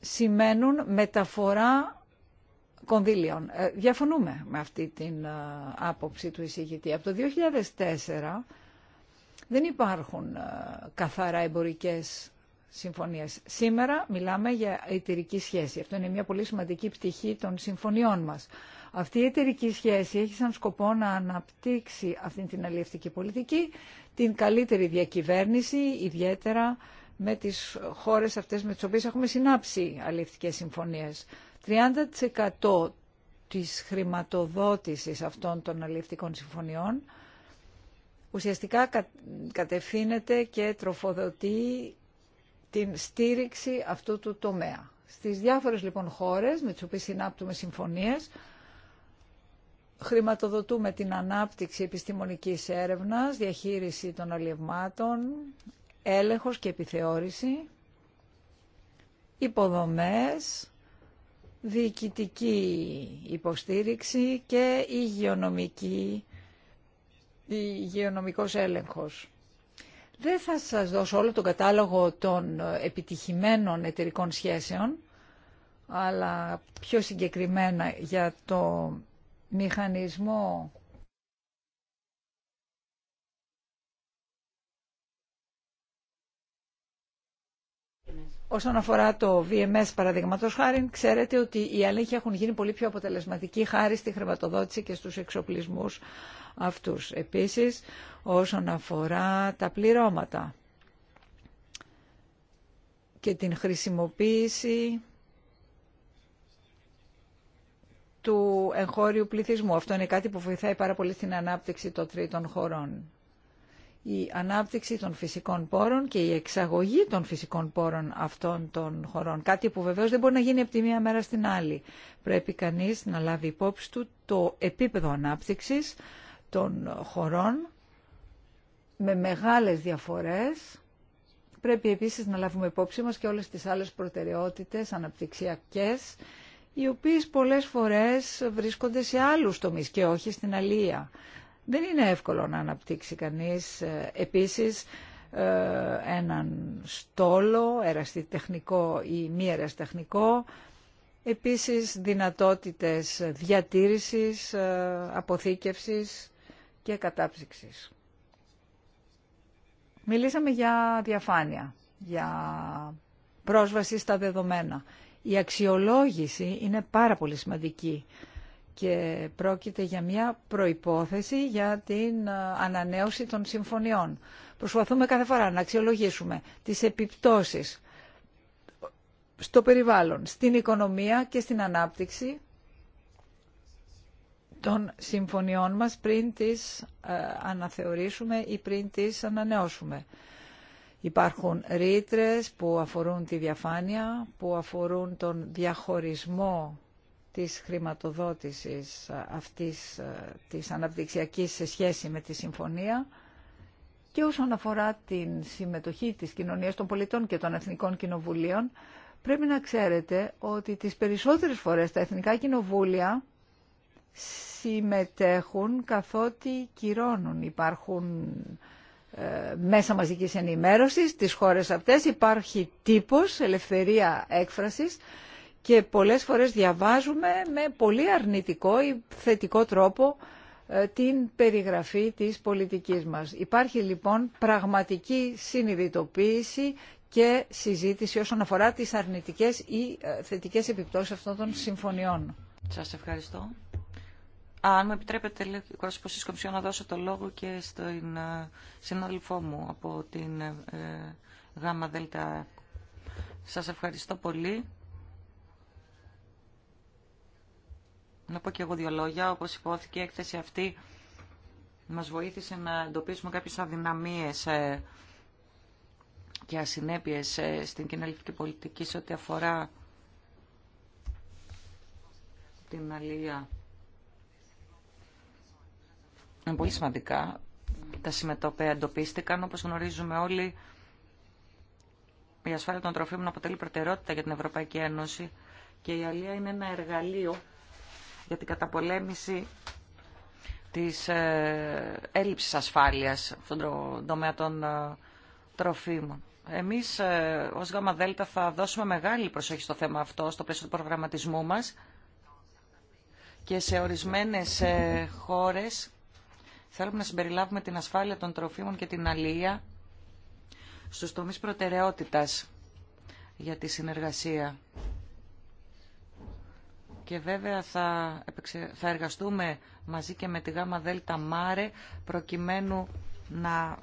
C: σημαίνουν μεταφορά κονδύλιων. Ε, διαφωνούμε με αυτή την ε, άποψη του εισηγητή. Από το 2004 δεν υπάρχουν ε, καθαρά εμπορικές συμφωνίες. Σήμερα μιλάμε για εταιρική σχέση. Αυτό είναι μια πολύ σημαντική πτυχή των συμφωνιών μας. Αυτή η εταιρική σχέση έχει σαν σκοπό να αναπτύξει αυτή την αλληλευτική πολιτική, την καλύτερη διακυβέρνηση, ιδιαίτερα με τις χώρες αυτές με τις οποίες έχουμε συνάψει αλληλευτικές συμφωνίες. 30% της χρηματοδότησης αυτών των αλληλευτικών συμφωνιών ουσιαστικά κατευθύνεται και τροφοδοτεί την στήριξη αυτού του τομέα. Στις διάφορες λοιπόν χώρες με τις οποίες συνάπτουμε συμφωνίες χρηματοδοτούμε την ανάπτυξη επιστημονικής έρευνας, διαχείριση των αλλιευμάτων, έλεγχος και επιθεώρηση, υποδομές, διοικητική υποστήριξη και υγειονομική, υγειονομικός έλεγχος. Δεν θα σας δώσω όλο τον κατάλογο των επιτυχημένων εταιρικών σχέσεων, αλλά πιο συγκεκριμένα για το μηχανισμό Όσον αφορά το VMS παραδείγματο χάρη, ξέρετε ότι οι αλήθειες έχουν γίνει πολύ πιο αποτελεσματικοί χάρη στη χρηματοδότηση και στους εξοπλισμούς αυτούς. Επίσης, όσον αφορά τα πληρώματα και την χρησιμοποίηση του εγχώριου πληθυσμού. Αυτό είναι κάτι που βοηθάει πάρα πολύ στην ανάπτυξη των τρίτων χωρών. Η ανάπτυξη των φυσικών πόρων και η εξαγωγή των φυσικών πόρων αυτών των χωρών. Κάτι που βεβαίως δεν μπορεί να γίνει από τη μία μέρα στην άλλη. Πρέπει κανείς να λάβει υπόψη του το επίπεδο ανάπτυξης των χωρών με μεγάλες διαφορές. Πρέπει επίσης να λάβουμε υπόψη μας και όλες τις άλλες προτεραιότητες αναπτυξιακές οι οποίες πολλές φορές βρίσκονται σε άλλους τομείς και όχι στην αλία. Δεν είναι εύκολο να αναπτύξει κανείς ε, επίσης ε, έναν στόλο, εραστητεχνικό ή μη τεχνικό, επίσης δυνατότητες διατήρησης, ε, αποθήκευσης και κατάψυξης. Μιλήσαμε για διαφάνεια, για πρόσβαση στα δεδομένα. Η αξιολόγηση είναι πάρα πολύ σημαντική και πρόκειται για μια προϋπόθεση για την ε, ανανέωση των συμφωνιών. Προσπαθούμε κάθε φορά να αξιολογήσουμε τις επιπτώσεις στο περιβάλλον, στην οικονομία και στην ανάπτυξη των συμφωνιών μας πριν τις ε, αναθεωρήσουμε ή πριν τις ανανεώσουμε. Υπάρχουν ρήτρε που αφορούν τη διαφάνεια, που αφορούν τον διαχωρισμό της χρηματοδότησης ε, αυτής ε, της αναπτυξιακής σε σχέση με τη συμφωνία και όσον αφορά την συμμετοχή της κοινωνίας των πολιτών και των εθνικών κοινοβουλίων πρέπει να ξέρετε ότι τις περισσότερες φορές τα εθνικά κοινοβούλια συμμετέχουν καθότι κυρώνουν. Υπάρχουν ε, μέσα μαζικής ενημέρωσης στις χώρες αυτές. Υπάρχει τύπος, ελευθερία έκφρασης και πολλές φορές διαβάζουμε με πολύ αρνητικό ή θετικό τρόπο ε, την περιγραφή της πολιτικής μας. Υπάρχει λοιπόν πραγματική συνειδητοποίηση και συζήτηση όσον αφορά τις αρνητικές ή ε, θετικές επιπτώσεις αυτών των
B: συμφωνιών. Σας ευχαριστώ. Αν μου επιτρέπετε, λέει ο να δώσω το λόγο και στον ε, συνάδελφό μου από την ε, ΓΑΜΑ ΔΕΛΤΑ. Σας ευχαριστώ πολύ. Να πω και εγώ δύο λόγια. Όπως υπόθηκε, η έκθεση αυτή μας βοήθησε να εντοπίσουμε κάποιες αδυναμίες ε, και ασυνέπειες στην κοινωνική πολιτική σε ό,τι αφορά την αλληλεία είναι πολύ σημαντικά. Τα συμμετόπαια εντοπίστηκαν, όπως γνωρίζουμε όλοι, η ασφάλεια των τροφίμων αποτελεί προτεραιότητα για την Ευρωπαϊκή Ένωση και η Αλία είναι ένα εργαλείο για την καταπολέμηση της ε, έλλειψης ασφάλειας στον τομέα των ε, τροφίμων. Εμείς ε, ως ΓΑΜΑ θα δώσουμε μεγάλη προσοχή στο θέμα αυτό στο πλαίσιο του προγραμματισμού μας και σε ορισμένες χώρες Θέλουμε να συμπεριλάβουμε την ασφάλεια των τροφίμων και την αλληλεία στους τομείς προτεραιότητας για τη συνεργασία. Και βέβαια θα, θα εργαστούμε μαζί και με τη ΓΑΜΑ ΔΕΛΤΑ ΜΑΡΕ προκειμένου να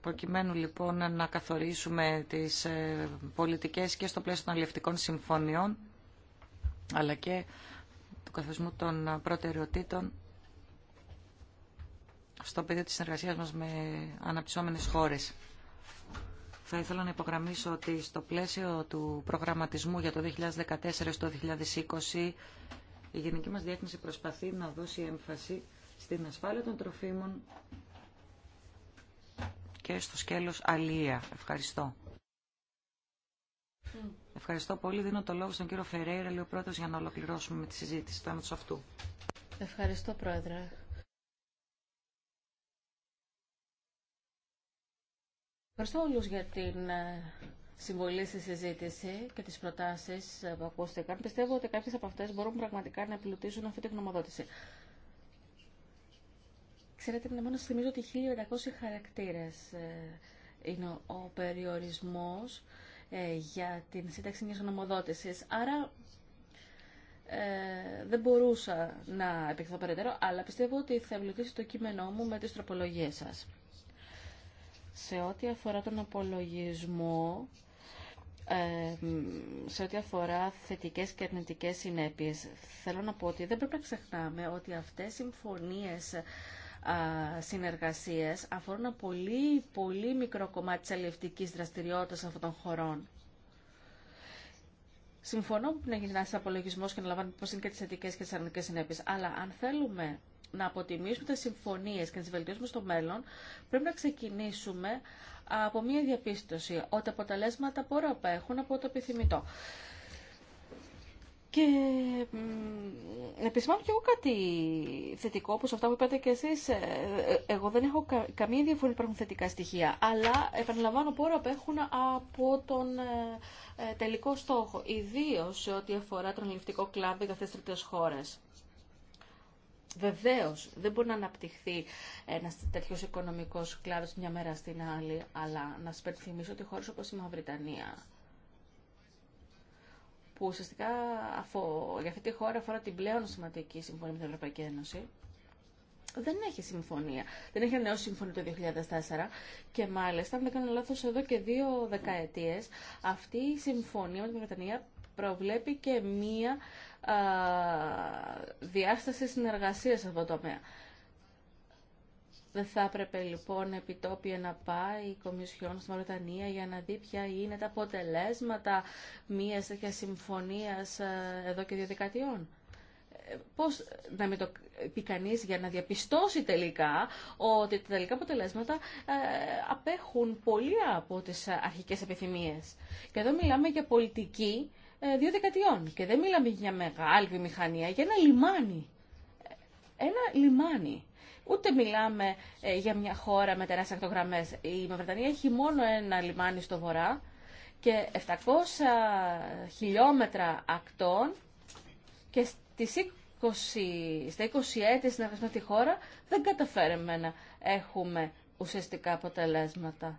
B: Προκειμένου λοιπόν να καθορίσουμε τις ε, πολιτικές και στο πλαίσιο των αλληλευτικών συμφωνιών αλλά και του καθορισμού των προτεραιοτήτων στο πεδίο της συνεργασίας μας με αναπτυσσόμενες χώρες. Θα ήθελα να υπογραμμίσω ότι στο πλαίσιο του προγραμματισμού για το 2014 στο 2020 η Γενική μας Διεύθυνση προσπαθεί να δώσει έμφαση στην ασφάλεια των τροφίμων και στο σκέλος Αλία. Ευχαριστώ. Ευχαριστώ πολύ. Δίνω το λόγο στον κύριο Φερέιρα, λέει ο πρώτος, για να ολοκληρώσουμε με τη συζήτηση του αυτού.
D: Ευχαριστώ, Πρόεδρε. Ευχαριστώ όλους για την ε, συμβολή στη συζήτηση και τις προτάσεις ε, που ακούστηκαν. Πιστεύω ότι κάποιες από αυτές μπορούν πραγματικά να επιλουτίσουν αυτή τη γνωμοδότηση. Ξέρετε, να σας θυμίζω ότι 1500 χαρακτήρες ε, είναι ο περιορισμός ε, για την σύνταξη μιας ονομοδότησης. Άρα ε, δεν μπορούσα να επεκταθώ περαιτέρω, αλλά πιστεύω ότι θα εμπλουτίσει το κείμενό μου με τις τροπολογίες σας. Σε ό,τι αφορά τον απολογισμό, ε, σε ό,τι αφορά θετικές και αρνητικές συνέπειες. Θέλω να πω ότι δεν πρέπει να ξεχνάμε ότι αυτές οι συμφωνίες συνεργασίες αφορούν ένα πολύ, πολύ μικρό κομμάτι της αλληλευτικής δραστηριότητας αυτών των χωρών. Συμφωνώ που να γίνει ένα απολογισμό και να λαμβάνουμε πώ είναι και τι θετικέ και τι αρνητικέ συνέπειε. Αλλά αν θέλουμε να αποτιμήσουμε τι συμφωνίε και να τι βελτιώσουμε στο μέλλον, πρέπει να ξεκινήσουμε από μία διαπίστωση ότι αποτελέσματα μπορεί να έχουν από το επιθυμητό. Και επισημάνω κι εγώ κάτι θετικό, όπως αυτά που είπατε και εσείς. Ε, ε, εγώ δεν έχω καμία διαφορά υπάρχουν θετικά στοιχεία, αλλά επαναλαμβάνω που έχουν από τον ε, τελικό στόχο, ιδίω σε ό,τι αφορά τον ελληνικό κλάδο για αυτές τις τρίτες χώρες. Βεβαίω, δεν μπορεί να αναπτυχθεί ένα τέτοιο οικονομικό κλάδο μια μέρα στην άλλη, αλλά να σα υπενθυμίσω ότι χώρε όπω η Μαυριτανία, που ουσιαστικά αφο, για αυτή τη χώρα αφορά την πλέον σημαντική συμφωνία με την Ευρωπαϊκή Ένωση, δεν έχει συμφωνία. Δεν έχει νέο συμφωνία το 2004 και μάλιστα, αν δεν κάνω λάθο, εδώ και δύο δεκαετίε αυτή η συμφωνία με την Βρετανία προβλέπει και μία α, διάσταση συνεργασία σε αυτό το τομέα. Δεν θα έπρεπε λοιπόν επιτόπια να πάει η Κομισιόν στη Μαρτανία για να δει ποια είναι τα αποτελέσματα μιας τέτοιας συμφωνίας ε, εδώ και δύο δεκατιών. Ε, πώς να μην το πει κανεί για να διαπιστώσει τελικά ότι τα τελικά αποτελέσματα ε, απέχουν πολύ από τις αρχικές επιθυμίες. Και εδώ μιλάμε για πολιτική δύο δεκατιών και δεν μιλάμε για μεγάλη βιομηχανία, για ένα λιμάνι. Ένα λιμάνι Ούτε μιλάμε ε, για μια χώρα με τεράστιε ακτογραμμέ. Η Μαυρτανία έχει μόνο ένα λιμάνι στο βορρά και 700 χιλιόμετρα ακτών και στις 20, στα 20 έτη στην αυτή χώρα δεν καταφέρουμε να έχουμε ουσιαστικά αποτελέσματα.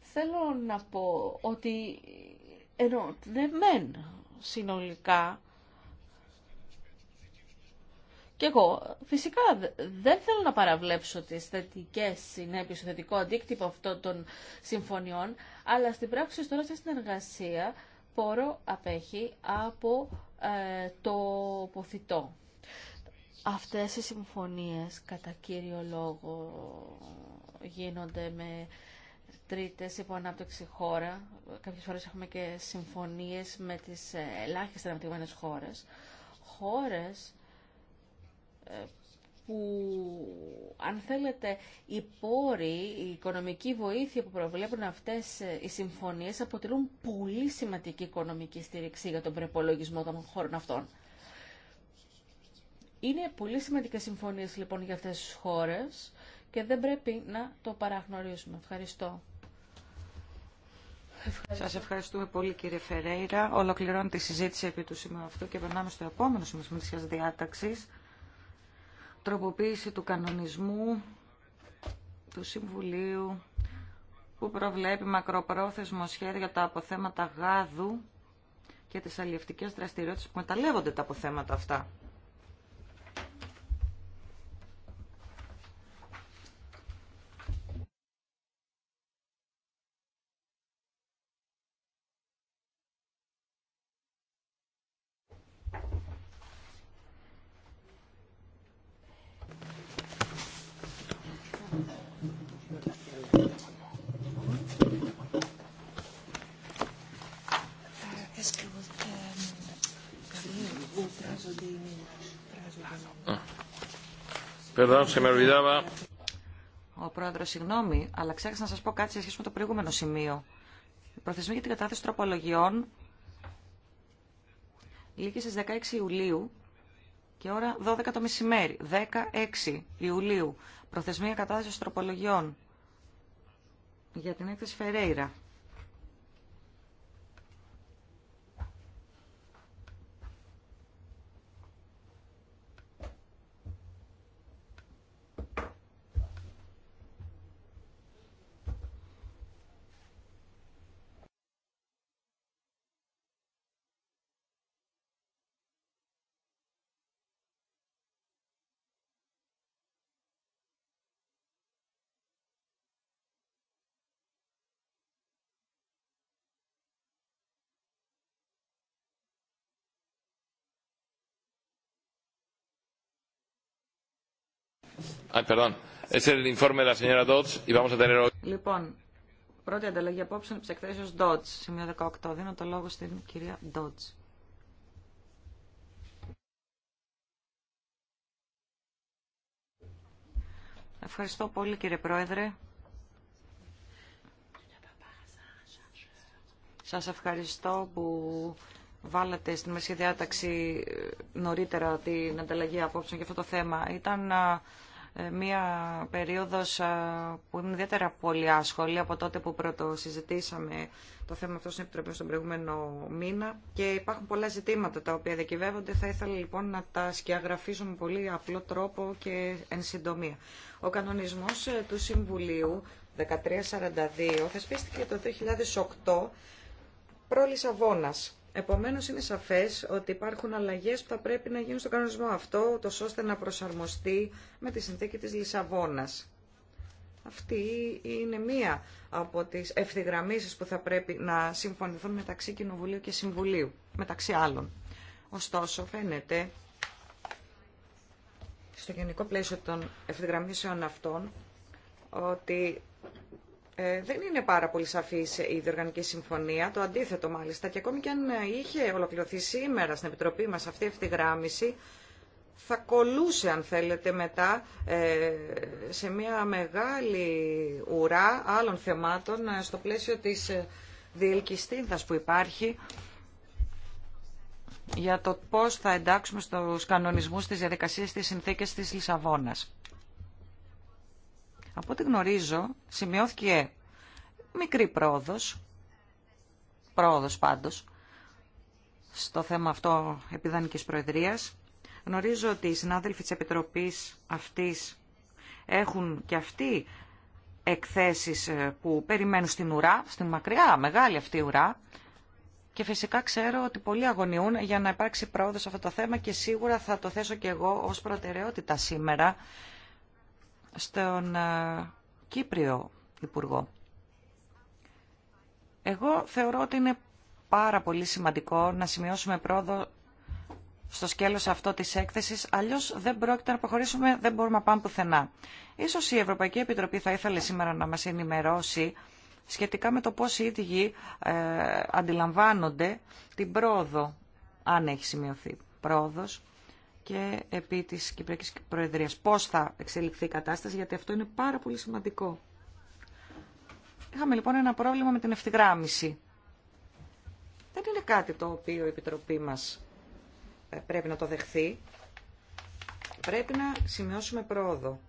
D: Θέλω να πω ότι ενώ ναι, μένω συνολικά. Και εγώ φυσικά δεν θέλω να παραβλέψω τις θετικές συνέπειες, το θετικό αντίκτυπο αυτών των συμφωνιών, αλλά στην πράξη τώρα στη συνεργασία πόρο απέχει από ε, το ποθητό. Αυτές οι συμφωνίες κατά κύριο λόγο γίνονται με τρίτες ανάπτυξη χώρα. Κάποιες φορές έχουμε και συμφωνίες με τις ε, ελάχιστε αναπτυγμένες χώρες. Χώρες ε, που, αν θέλετε, οι πόροι, η οικονομική βοήθεια που προβλέπουν αυτές ε, οι συμφωνίες αποτελούν πολύ σημαντική οικονομική στήριξη για τον προπολογισμό των χώρων αυτών. Είναι πολύ σημαντικές συμφωνίες λοιπόν για αυτές τις χώρες και δεν πρέπει να το παραγνωρίσουμε. Ευχαριστώ.
B: Σας ευχαριστούμε πολύ κύριε Φερέιρα. Ολοκληρώνει τη συζήτηση επί του σημείου αυτού και περνάμε στο επόμενο σημείο της διάταξης. Τροποποίηση του κανονισμού του Συμβουλίου που προβλέπει μακροπρόθεσμο σχέδιο για τα αποθέματα γάδου και τις αλλιευτικές δραστηριότητες που μεταλλεύονται τα αποθέματα αυτά. Ο πρόεδρο, συγγνώμη, αλλά ξέχασα να σα πω κάτι σε σχέση με το προηγούμενο σημείο. Η προθεσμία για την κατάθεση τροπολογιών λήγει στι 16 Ιουλίου και ώρα 12 το μεσημέρι. 16 Ιουλίου. Προθεσμία κατάθεση τροπολογιών για την έκθεση Φερέιρα.
A: Ay, perdón. Es el informe de la señora Dodds y vamos a tener...
B: Λοιπόν, πρώτη ανταλλαγή απόψε είναι εκθέσεως Dodds, σημείο 18. Δίνω το λόγο στην κυρία Dodds. Ευχαριστώ πολύ κύριε Πρόεδρε. Σας ευχαριστώ που βάλατε στη μεσή διάταξη ε, νωρίτερα την ανταλλαγή απόψεων για αυτό το θέμα. Ήταν ε, μία περίοδος που είναι ιδιαίτερα πολύ άσχολη από τότε που πρώτο συζητήσαμε το θέμα αυτό στην Επιτροπή στον προηγούμενο μήνα και υπάρχουν πολλά ζητήματα τα οποία διακυβεύονται. Θα ήθελα λοιπόν να τα σκιαγραφίσω με πολύ απλό τρόπο και εν συντομία. Ο κανονισμός ε, του Συμβουλίου 1342 θεσπίστηκε το 2008 πρόλης Λισαβόνας Επομένως είναι σαφές ότι υπάρχουν αλλαγές που θα πρέπει να γίνουν στον κανονισμό αυτό, τόσο ώστε να προσαρμοστεί με τη συνθήκη της Λισαβόνας. Αυτή είναι μία από τις ευθυγραμμίσεις που θα πρέπει να συμφωνηθούν μεταξύ Κοινοβουλίου και Συμβουλίου, μεταξύ άλλων. Ωστόσο, φαίνεται, στο γενικό πλαίσιο των ευθυγραμμίσεων αυτών, ότι ε, δεν είναι πάρα πολύ σαφή η διοργανική συμφωνία, το αντίθετο μάλιστα. Και ακόμη και αν είχε ολοκληρωθεί σήμερα στην Επιτροπή μας αυτή η ευθυγράμμιση, θα κολούσε αν θέλετε μετά ε, σε μια μεγάλη ουρά άλλων θεμάτων ε, στο πλαίσιο της διελκυστίδας που υπάρχει για το πώς θα εντάξουμε στους κανονισμούς της διαδικασίας της συνθήκες της Λισαβόνας. Από ό,τι γνωρίζω, σημειώθηκε μικρή πρόοδος, πρόοδος πάντως, στο θέμα αυτό επιδανικής προεδρίας. Γνωρίζω ότι οι συνάδελφοι της Επιτροπής αυτής έχουν και αυτοί εκθέσεις ε, που περιμένουν στην ουρά, στην μακριά, μεγάλη αυτή ουρά. Και φυσικά ξέρω ότι πολλοί αγωνιούν για να υπάρξει πρόοδος σε αυτό το θέμα και σίγουρα θα το θέσω και εγώ ως προτεραιότητα σήμερα στον ε, Κύπριο Υπουργό. Εγώ θεωρώ ότι είναι πάρα πολύ σημαντικό να σημειώσουμε πρόοδο στο σκέλος αυτό της έκθεσης, αλλιώς δεν πρόκειται να προχωρήσουμε, δεν μπορούμε να πάμε πουθενά. Ίσως η Ευρωπαϊκή Επιτροπή θα ήθελε σήμερα να μας ενημερώσει σχετικά με το πώς οι ίδιοι ε, αντιλαμβάνονται την πρόοδο, αν έχει σημειωθεί πρόοδος, και επί της Κυπριακής Προεδρίας. Πώς θα εξελιχθεί η κατάσταση, γιατί αυτό είναι πάρα πολύ σημαντικό. Είχαμε λοιπόν ένα πρόβλημα με την ευθυγράμμιση. Δεν είναι κάτι το οποίο η Επιτροπή μας ε, πρέπει να το δεχθεί. Πρέπει να σημειώσουμε πρόοδο.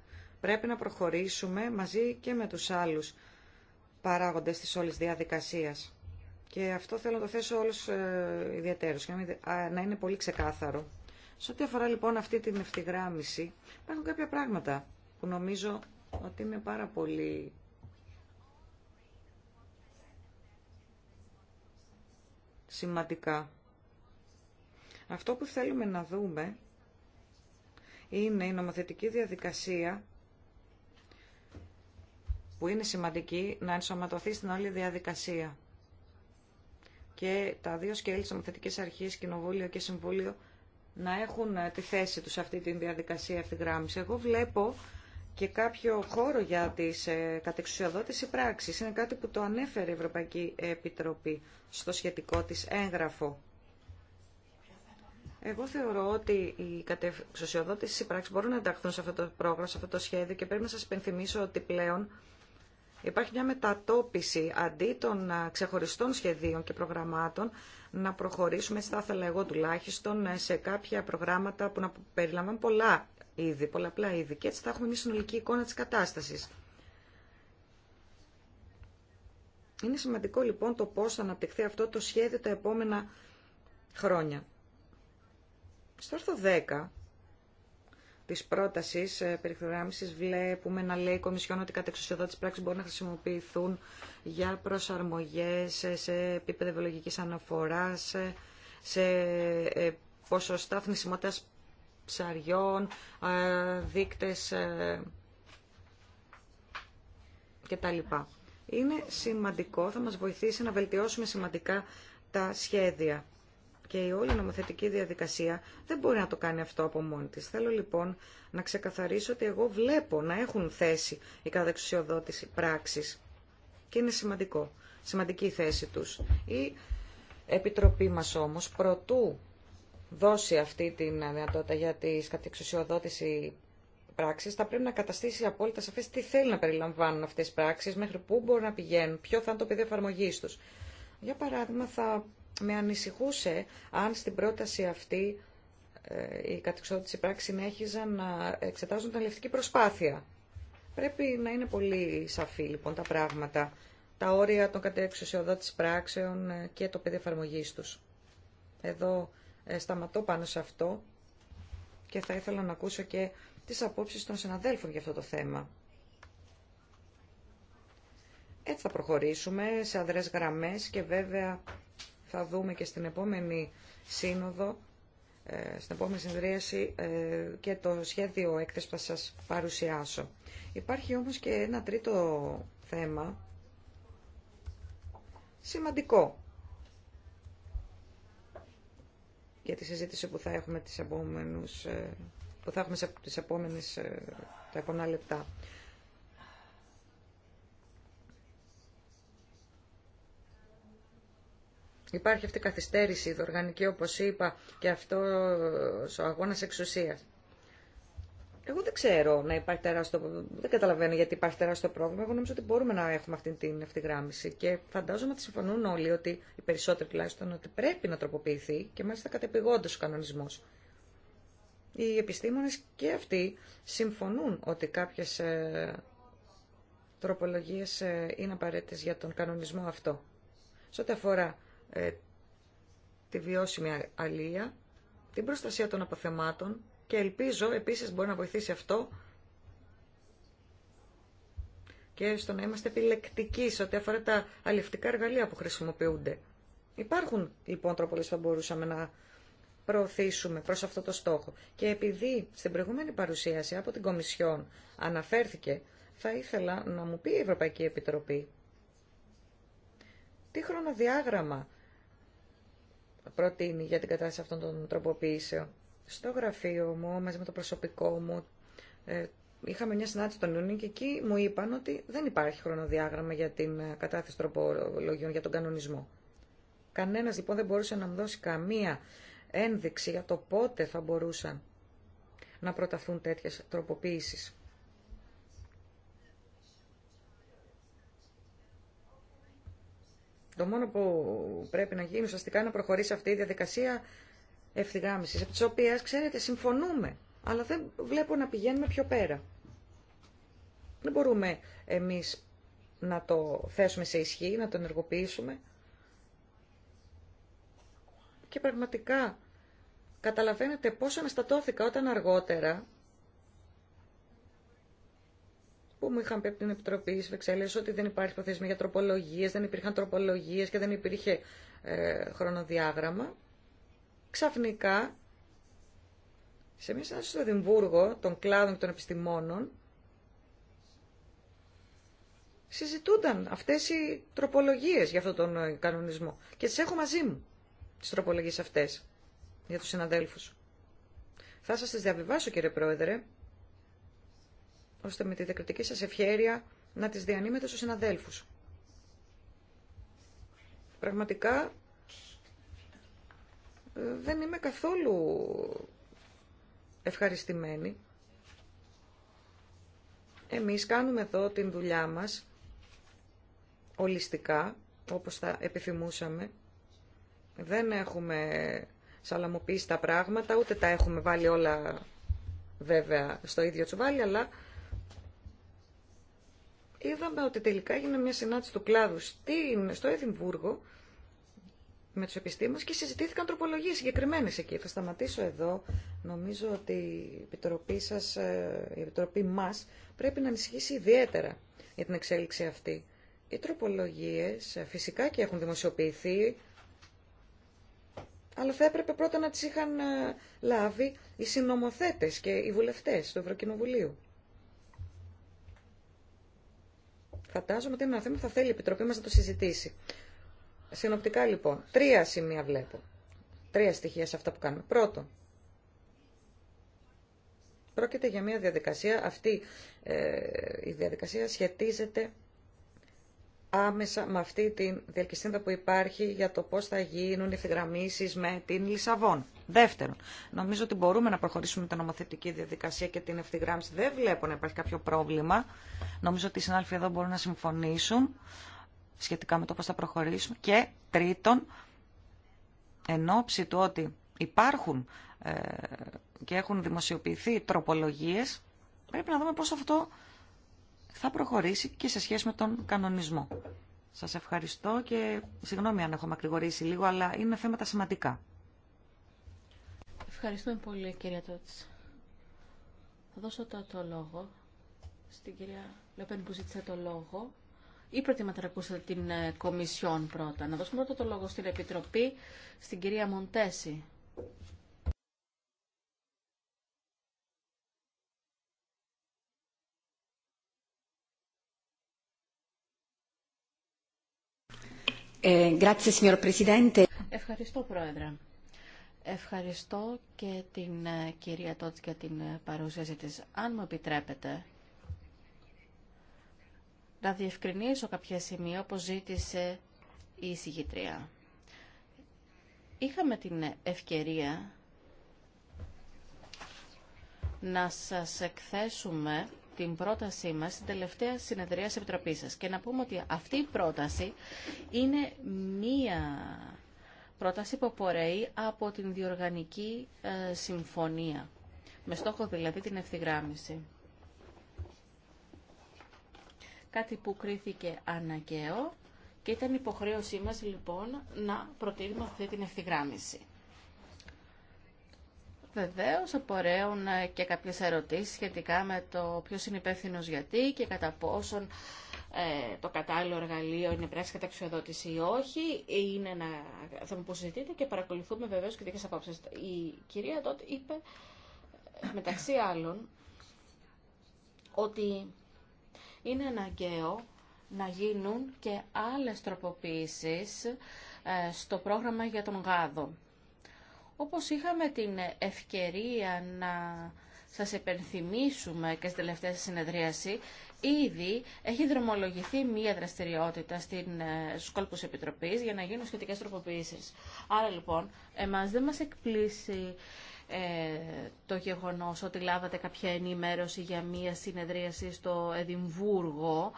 B: Πρέπει να προχωρήσουμε μαζί και με τους άλλους παράγοντες της όλης διαδικασίας. Και αυτό θέλω να το θέσω όλους ε, να είναι πολύ ξεκάθαρο. Σε ό,τι αφορά λοιπόν αυτή την ευθυγράμμιση, υπάρχουν κάποια πράγματα που νομίζω ότι είναι πάρα πολύ σημαντικά. Αυτό που θέλουμε να δούμε είναι η νομοθετική διαδικασία που είναι σημαντική να ενσωματωθεί στην όλη διαδικασία. Και τα δύο σκέλη της νομοθετικής αρχής, Κοινοβούλιο και Συμβούλιο, να έχουν ε, τη θέση τους σε αυτή τη διαδικασία ευθυγράμμιση. Εγώ βλέπω και κάποιο χώρο για τις ε, κατεξουσιοδότηση Είναι κάτι που το ανέφερε η Ευρωπαϊκή Επιτροπή στο σχετικό της έγγραφο. Εγώ θεωρώ ότι οι κατεξουσιοδότηση πράξης μπορούν να ενταχθούν σε αυτό το πρόγραμμα, σε αυτό το σχέδιο και πρέπει να σας υπενθυμίσω ότι πλέον υπάρχει μια μετατόπιση αντί των ε, ξεχωριστών σχεδίων και προγραμμάτων να προχωρήσουμε, θα ήθελα εγώ τουλάχιστον, ε, σε κάποια προγράμματα που να περιλαμβάνουν πολλά είδη, πολλαπλά είδη και έτσι θα έχουμε μια συνολική εικόνα της κατάστασης. Είναι σημαντικό λοιπόν το πώς θα αναπτυχθεί αυτό το σχέδιο τα επόμενα χρόνια. Στο άρθρο 10 Τη πρόταση ε, περιθωράμισης βλέπουμε να λέει η Κομισιόν ότι κατά εξουσιοδότης πράξη μπορούν να χρησιμοποιηθούν για προσαρμογές ε, σε επίπεδο βιολογικής αναφορά ε, σε ποσοστά θνησιμότητας ψαριών, δείκτες κτλ. Είναι σημαντικό, θα μας βοηθήσει να βελτιώσουμε σημαντικά τα σχέδια και η όλη νομοθετική διαδικασία δεν μπορεί να το κάνει αυτό από μόνη της. Θέλω λοιπόν να ξεκαθαρίσω ότι εγώ βλέπω να έχουν θέση η καταξιοδότηση πράξης και είναι σημαντικό, σημαντική η θέση τους. Η Επιτροπή μας όμως προτού δώσει αυτή την δυνατότητα για τη κατεξουσιοδότηση πράξεις, θα πρέπει να καταστήσει απόλυτα σαφές τι θέλει να περιλαμβάνουν αυτές τις πράξεις, μέχρι πού μπορούν να πηγαίνουν, ποιο θα είναι το πεδίο εφαρμογή του. Για παράδειγμα, θα με ανησυχούσε αν στην πρόταση αυτή ε, η της πράξη συνέχιζαν να εξετάζουν τα αλληλευτική προσπάθεια. Πρέπει να είναι πολύ σαφή λοιπόν τα πράγματα, τα όρια των της πράξεων ε, και το πεδίο εφαρμογή τους. Εδώ ε, σταματώ πάνω σε αυτό και θα ήθελα να ακούσω και τις απόψεις των συναδέλφων για αυτό το θέμα. Έτσι θα προχωρήσουμε σε αδρές γραμμές και βέβαια θα δούμε και στην επόμενη σύνοδο, ε, στην επόμενη συνδρίαση ε, και το σχέδιο έκθεση που θα σας παρουσιάσω. Υπάρχει όμως και ένα τρίτο θέμα, σημαντικό, για τη συζήτηση που θα έχουμε τις επόμενους, ε, που θα έχουμε τις επόμενες, τα επόμενα λεπτά. Υπάρχει αυτή η καθυστέρηση οργανική, όπως είπα, και αυτό ο αγώνας εξουσίας. Εγώ δεν ξέρω να υπάρχει τεράστιο. Δεν καταλαβαίνω γιατί υπάρχει τεράστιο πρόβλημα. Εγώ νομίζω ότι μπορούμε να έχουμε αυτή την ευθυγράμμιση και φαντάζομαι ότι συμφωνούν όλοι ότι οι περισσότεροι τουλάχιστον ότι πρέπει να τροποποιηθεί και μάλιστα κατεπηγόντω ο κανονισμό. Οι επιστήμονες και αυτοί συμφωνούν ότι κάποιες ε, τροπολογίες ε, είναι απαραίτητε για τον κανονισμό αυτό. Σε ό,τι αφορά ε, τη βιώσιμη αλία, την προστασία των αποθεμάτων και ελπίζω επίσης μπορεί να βοηθήσει αυτό και στο να είμαστε επιλεκτικοί σε ό,τι αφορά τα αληφτικά εργαλεία που χρησιμοποιούνται. Υπάρχουν λοιπόν τρόπο που θα μπορούσαμε να προωθήσουμε προς αυτό το στόχο. Και επειδή στην προηγούμενη παρουσίαση από την Κομισιόν αναφέρθηκε, θα ήθελα να μου πει η Ευρωπαϊκή Επιτροπή τι χρονοδιάγραμμα προτείνει για την κατάσταση αυτών των τροποποιήσεων. Στο γραφείο μου, μαζί με το προσωπικό μου, ε, είχαμε μια συνάντηση τον Ιούνιο και εκεί μου είπαν ότι δεν υπάρχει χρονοδιάγραμμα για την ε, κατάθεση τροπολογιών για τον κανονισμό. Κανένας λοιπόν δεν μπορούσε να μου δώσει καμία ένδειξη για το πότε θα μπορούσαν να προταθούν τέτοιες τροποποίησεις. Το μόνο που πρέπει να γίνει ουσιαστικά να προχωρήσει αυτή η διαδικασία ευθυγάμισης, από τις ξέρετε, συμφωνούμε, αλλά δεν βλέπω να πηγαίνουμε πιο πέρα. Δεν μπορούμε εμείς να το θέσουμε σε ισχύ, να το ενεργοποιήσουμε. Και πραγματικά καταλαβαίνετε πόσο αναστατώθηκα όταν αργότερα που μου είχαν πει από την Επιτροπή Σφεξέλης ότι δεν υπάρχει προθεσμία για τροπολογίες, δεν υπήρχαν τροπολογίες και δεν υπήρχε ε, χρονοδιάγραμμα. Ξαφνικά, σε μια συνάντηση στο Δημβούργο των κλάδων και των επιστημόνων, συζητούνταν αυτές οι τροπολογίες για αυτόν τον ε, κανονισμό. Και τι έχω μαζί μου, τις τροπολογίες αυτές, για τους συναδέλφους. Θα σας τις διαβιβάσω κύριε Πρόεδρε, ώστε με τη διακριτική σας ευχέρεια να τις διανύμετε στους συναδέλφους. Πραγματικά ε, δεν είμαι καθόλου ευχαριστημένη. Εμείς κάνουμε εδώ την δουλειά μας ολιστικά, όπως θα επιθυμούσαμε. Δεν έχουμε σαλαμοποιήσει τα πράγματα, ούτε τα έχουμε βάλει όλα βέβαια στο ίδιο τσουβάλι, αλλά είδαμε ότι τελικά έγινε μια συνάντηση του κλάδου στην, στο Εδιμβούργο με τους επιστήμονες και συζητήθηκαν τροπολογίες συγκεκριμένες εκεί. Θα σταματήσω εδώ. Νομίζω ότι η Επιτροπή, σας, ε, Επιτροπή μας πρέπει να ανησυχήσει ιδιαίτερα για την εξέλιξη αυτή. Οι τροπολογίες ε, φυσικά και έχουν δημοσιοποιηθεί, αλλά θα έπρεπε πρώτα να τις είχαν ε, λάβει οι συνομοθέτες και οι βουλευτές του Ευρωκοινοβουλίου. Φαντάζομαι ότι είναι ένα θέμα που θα θέλει η Επιτροπή μας να το συζητήσει. Συνοπτικά λοιπόν, τρία σημεία βλέπω. Τρία στοιχεία σε αυτά που κάνουμε. Πρώτο, πρόκειται για μια διαδικασία. Αυτή ε, η διαδικασία σχετίζεται άμεσα με αυτή τη διελκυστίνδα που υπάρχει για το πώς θα γίνουν οι ευθυγραμμίσεις με την Λισαβόν. Δεύτερον, νομίζω ότι μπορούμε να προχωρήσουμε με την νομοθετική διαδικασία και την ευθυγράμμιση. Δεν βλέπω να υπάρχει κάποιο πρόβλημα. Νομίζω ότι οι συνάλφοι εδώ μπορούν να συμφωνήσουν σχετικά με το πώς θα προχωρήσουμε. Και τρίτον, εν ώψη του ότι υπάρχουν ε, και έχουν δημοσιοποιηθεί τροπολογίες, πρέπει να δούμε πώς αυτό θα προχωρήσει και σε σχέση με τον κανονισμό. Σας ευχαριστώ και συγγνώμη αν έχω μακρηγορήσει λίγο, αλλά είναι θέματα σημαντικά.
D: Ευχαριστούμε πολύ κυρία Τότς. Θα δώσω τώρα το λόγο στην κυρία Λεπέν που ζήτησε το λόγο ή προτιμάτε να ακούσετε την ε, Κομισιόν πρώτα. Να δώσουμε πρώτα το λόγο στην Επιτροπή, στην κυρία Μοντέση. Ε, Ευχαριστώ, Πρόεδρε. Ευχαριστώ και την ε, κυρία Τότς για την ε, παρουσίαση της. Αν μου επιτρέπετε, να διευκρινίσω κάποια σημεία όπως ζήτησε η εισηγητρία. Είχαμε την ευκαιρία να σας εκθέσουμε την πρότασή μας στην τελευταία συνεδρία της Επιτροπής σας και να πούμε ότι αυτή η πρόταση είναι μία πρόταση που απορρέει από την διοργανική ε, συμφωνία, με στόχο δηλαδή την ευθυγράμμιση. Κάτι που κρίθηκε αναγκαίο και ήταν υποχρέωσή μας λοιπόν να προτείνουμε αυτή την ευθυγράμμιση. Βεβαίω απορρέουν ε, και κάποιε ερωτήσει σχετικά με το ποιο είναι υπεύθυνο γιατί και κατά πόσον ε, το κατάλληλο εργαλείο είναι πράξη καταξιοδότηση ή όχι. Είναι ένα θέμα που συζητείται και παρακολουθούμε βεβαίως και τέτοιες απόψεις. Η κυρία τότε είπε ε, μεταξύ άλλων ότι είναι αναγκαίο να γίνουν και παρακολουθουμε βεβαιως και δικέ αποψει η κυρια τοτε ειπε μεταξυ τροποποίησεις στο πρόγραμμα για τον γάδο. Όπως είχαμε την ευκαιρία να σας επενθυμίσουμε και στην τελευταία συνεδρίαση, ήδη έχει δρομολογηθεί μία δραστηριότητα στην ε, Σκόλπους Επιτροπής για να γίνουν σχετικές τροποποιήσεις. Άρα λοιπόν, εμάς δεν μας εκπλήσει ε, το γεγονός ότι λάβατε κάποια ενημέρωση για μία συνεδρίαση στο Εδιμβούργο.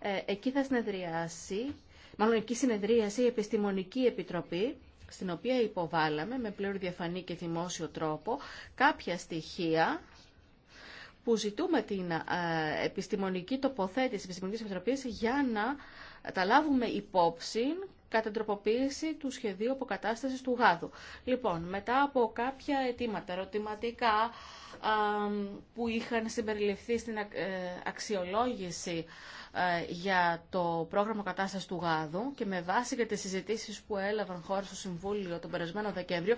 D: Ε, εκεί θα συνεδριάσει, μάλλον εκεί συνεδρίασε η Επιστημονική Επιτροπή στην οποία υποβάλαμε με πλέον διαφανή και δημόσιο τρόπο κάποια στοιχεία που ζητούμε την ε, επιστημονική τοποθέτηση της Επιστημονικής Επιτροπής για να τα λάβουμε υπόψη κατά τροποποίηση του σχεδίου αποκατάσταση του γάδου. Λοιπόν, μετά από κάποια αιτήματα, ερωτηματικά που είχαν συμπεριληφθεί στην ε, αξιολόγηση ε, για το πρόγραμμα κατάσταση του γάδου και με βάση και τις συζητήσει που έλαβαν χώρα στο Συμβούλιο τον περασμένο Δεκέμβριο,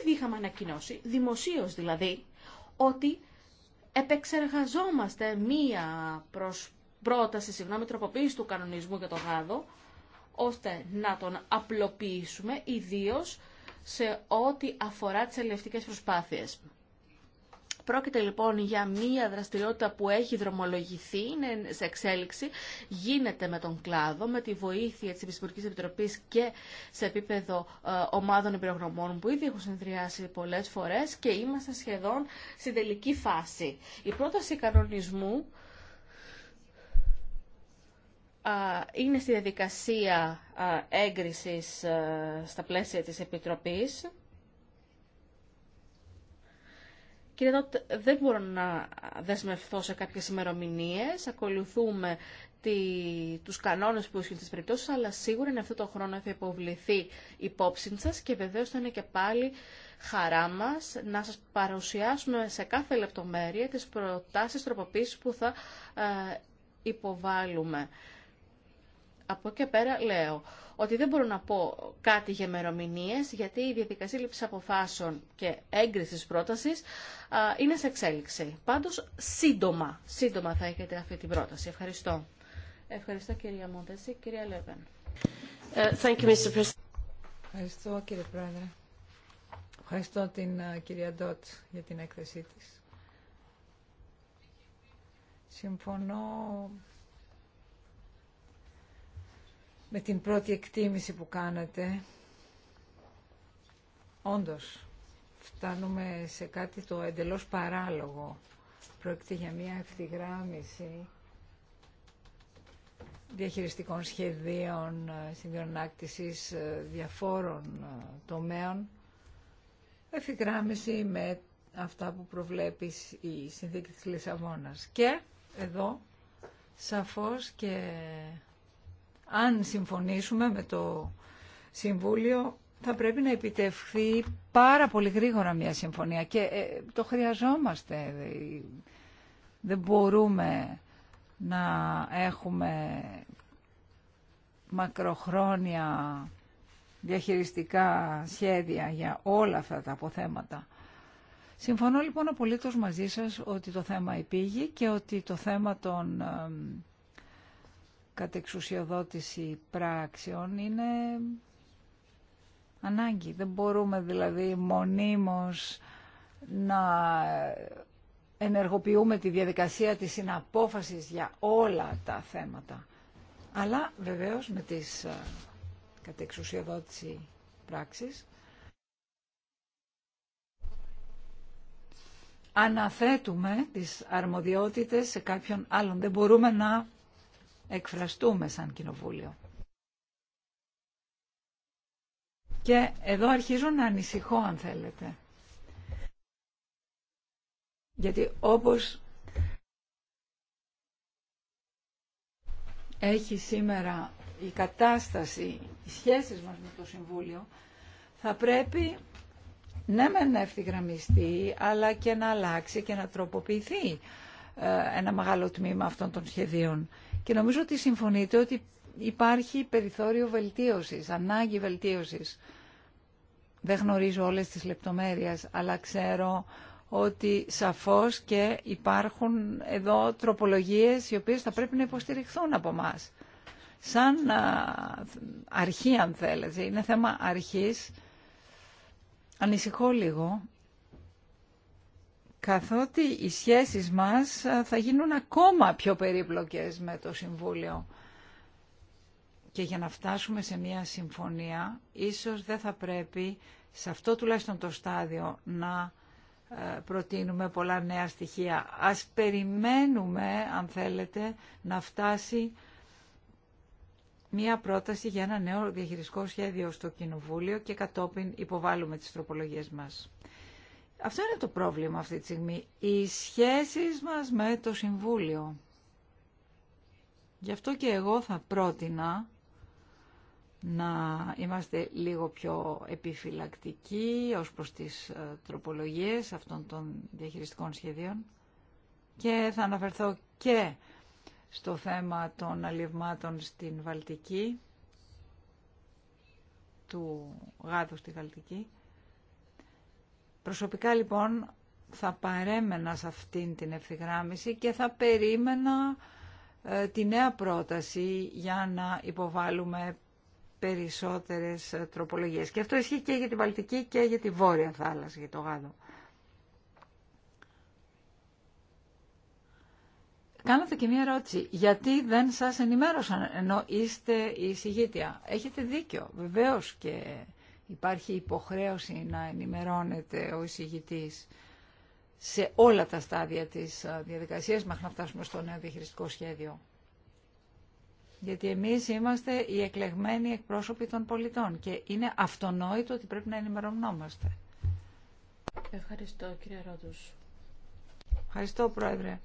D: ήδη είχαμε ανακοινώσει, δημοσίω, δηλαδή, ότι επεξεργαζόμαστε μία προσπάθεια πρόταση, συγγνώμη, τροποποίηση του κανονισμού για το γάδο, ώστε να τον απλοποιήσουμε, ιδίως σε ό,τι αφορά τις ελευτικές προσπάθειες. Πρόκειται λοιπόν για μία δραστηριότητα που έχει δρομολογηθεί, είναι σε εξέλιξη, γίνεται με τον κλάδο, με τη βοήθεια της Επιστημονικής Επιτροπής και σε επίπεδο ε, ομάδων εμπειρογνωμών που ήδη έχουν συνδυάσει πολλές φορές και είμαστε σχεδόν στην τελική φάση. Η πρόταση κανονισμού είναι στη διαδικασία έγκρισης στα πλαίσια της Επιτροπής. Κύριε Δότ, δεν μπορώ να δεσμευθώ σε κάποιες ημερομηνίε. Ακολουθούμε τη, τους κανόνες που ισχύουν στις περιπτώσεις, αλλά σίγουρα είναι αυτό το χρόνο θα υποβληθεί υπόψη σας και βεβαίως θα είναι και πάλι χαρά μας να σας παρουσιάσουμε σε κάθε λεπτομέρεια τις προτάσεις τροποποίησης που θα ε, υποβάλουμε από εκεί πέρα λέω ότι δεν μπορώ να πω κάτι για ημερομηνίε, γιατί η διαδικασία λήψη αποφάσεων και έγκριση πρόταση είναι σε εξέλιξη. Πάντω, σύντομα, σύντομα θα έχετε αυτή την πρόταση. Ευχαριστώ. Ευχαριστώ, κυρία Μοντέση. Κυρία Λέβεν. Ε, Ευχαριστώ, κύριε Πρόεδρε.
C: Ευχαριστώ την κυρία Ντότ για την έκθεσή της. Συμφωνώ με την πρώτη εκτίμηση που κάνατε. Όντως, φτάνουμε σε κάτι το εντελώς παράλογο. Πρόκειται για μια ευθυγράμμιση διαχειριστικών σχεδίων, συνδιονάκτησης ε, διαφόρων ε, τομέων, ευθυγράμμιση με αυτά που προβλέπει η συνθήκη της Λισαβόνας. Και εδώ, σαφώς και αν συμφωνήσουμε με το Συμβούλιο, θα πρέπει να επιτευχθεί πάρα πολύ γρήγορα μια συμφωνία και ε, το χρειαζόμαστε. Δεν μπορούμε να έχουμε μακροχρόνια διαχειριστικά σχέδια για όλα αυτά τα αποθέματα. Συμφωνώ λοιπόν απολύτως μαζί σας ότι το θέμα υπήγει και ότι το θέμα των κατεξουσιοδότηση πράξεων είναι ανάγκη. Δεν μπορούμε δηλαδή μονίμως να ενεργοποιούμε τη διαδικασία της συναπόφασης για όλα τα θέματα. Αλλά βεβαίως με τις ε, κατεξουσιοδότηση πράξεις αναθέτουμε τις αρμοδιότητες σε κάποιον άλλον. Δεν μπορούμε να εκφραστούμε σαν κοινοβούλιο. Και εδώ αρχίζω να ανησυχώ αν θέλετε. Γιατί όπως έχει σήμερα η κατάσταση, οι σχέσεις μας με το Συμβούλιο, θα πρέπει ναι με να ευθυγραμμιστεί, αλλά και να αλλάξει και να τροποποιηθεί ε, ένα μεγάλο τμήμα αυτών των σχεδίων. Και νομίζω ότι συμφωνείτε ότι υπάρχει περιθώριο βελτίωσης, ανάγκη βελτίωσης. Δεν γνωρίζω όλες τις λεπτομέρειες, αλλά ξέρω ότι σαφώς και υπάρχουν εδώ τροπολογίες οι οποίες θα πρέπει να υποστηριχθούν από μας. Σαν αρχή, αν θέλετε, είναι θέμα αρχής, ανησυχώ λίγο καθότι οι σχέσεις μας θα γίνουν ακόμα πιο περίπλοκες με το Συμβούλιο. Και για να φτάσουμε σε μια συμφωνία, ίσως δεν θα πρέπει σε αυτό τουλάχιστον το στάδιο να ε, προτείνουμε πολλά νέα στοιχεία. Ας περιμένουμε, αν θέλετε, να φτάσει μία πρόταση για ένα νέο διαχειριστικό σχέδιο στο Κοινοβούλιο και κατόπιν υποβάλλουμε τις τροπολογίες μας. Αυτό είναι το πρόβλημα αυτή τη στιγμή. Οι σχέσεις μας με το Συμβούλιο. Γι' αυτό και εγώ θα πρότεινα να είμαστε λίγο πιο επιφυλακτικοί ως προς τις ε, τροπολογίες αυτών των διαχειριστικών σχεδίων και θα αναφερθώ και στο θέμα των αλλιευμάτων στην Βαλτική, του γάτου στη Βαλτική. Προσωπικά λοιπόν θα παρέμενα σε αυτήν την ευθυγράμμιση και θα περίμενα ε, τη νέα πρόταση για να υποβάλουμε περισσότερες ε, τροπολογίες. Και αυτό ισχύει και για την Βαλτική και για τη Βόρεια Θάλασσα, για το Γάδο. Κάνατε και μία ερώτηση. Γιατί δεν σας ενημέρωσαν ενώ είστε η συγγήτια. Έχετε δίκιο. Βεβαίως και υπάρχει υποχρέωση να ενημερώνεται ο εισηγητής σε όλα τα στάδια της ε, διαδικασίας μέχρι να φτάσουμε στο νέο σχέδιο. Γιατί εμείς είμαστε οι εκλεγμένοι εκπρόσωποι των πολιτών και είναι αυτονόητο ότι πρέπει να ενημερωνόμαστε.
D: Ευχαριστώ κύριε Ρόδους.
C: Ευχαριστώ Πρόεδρε.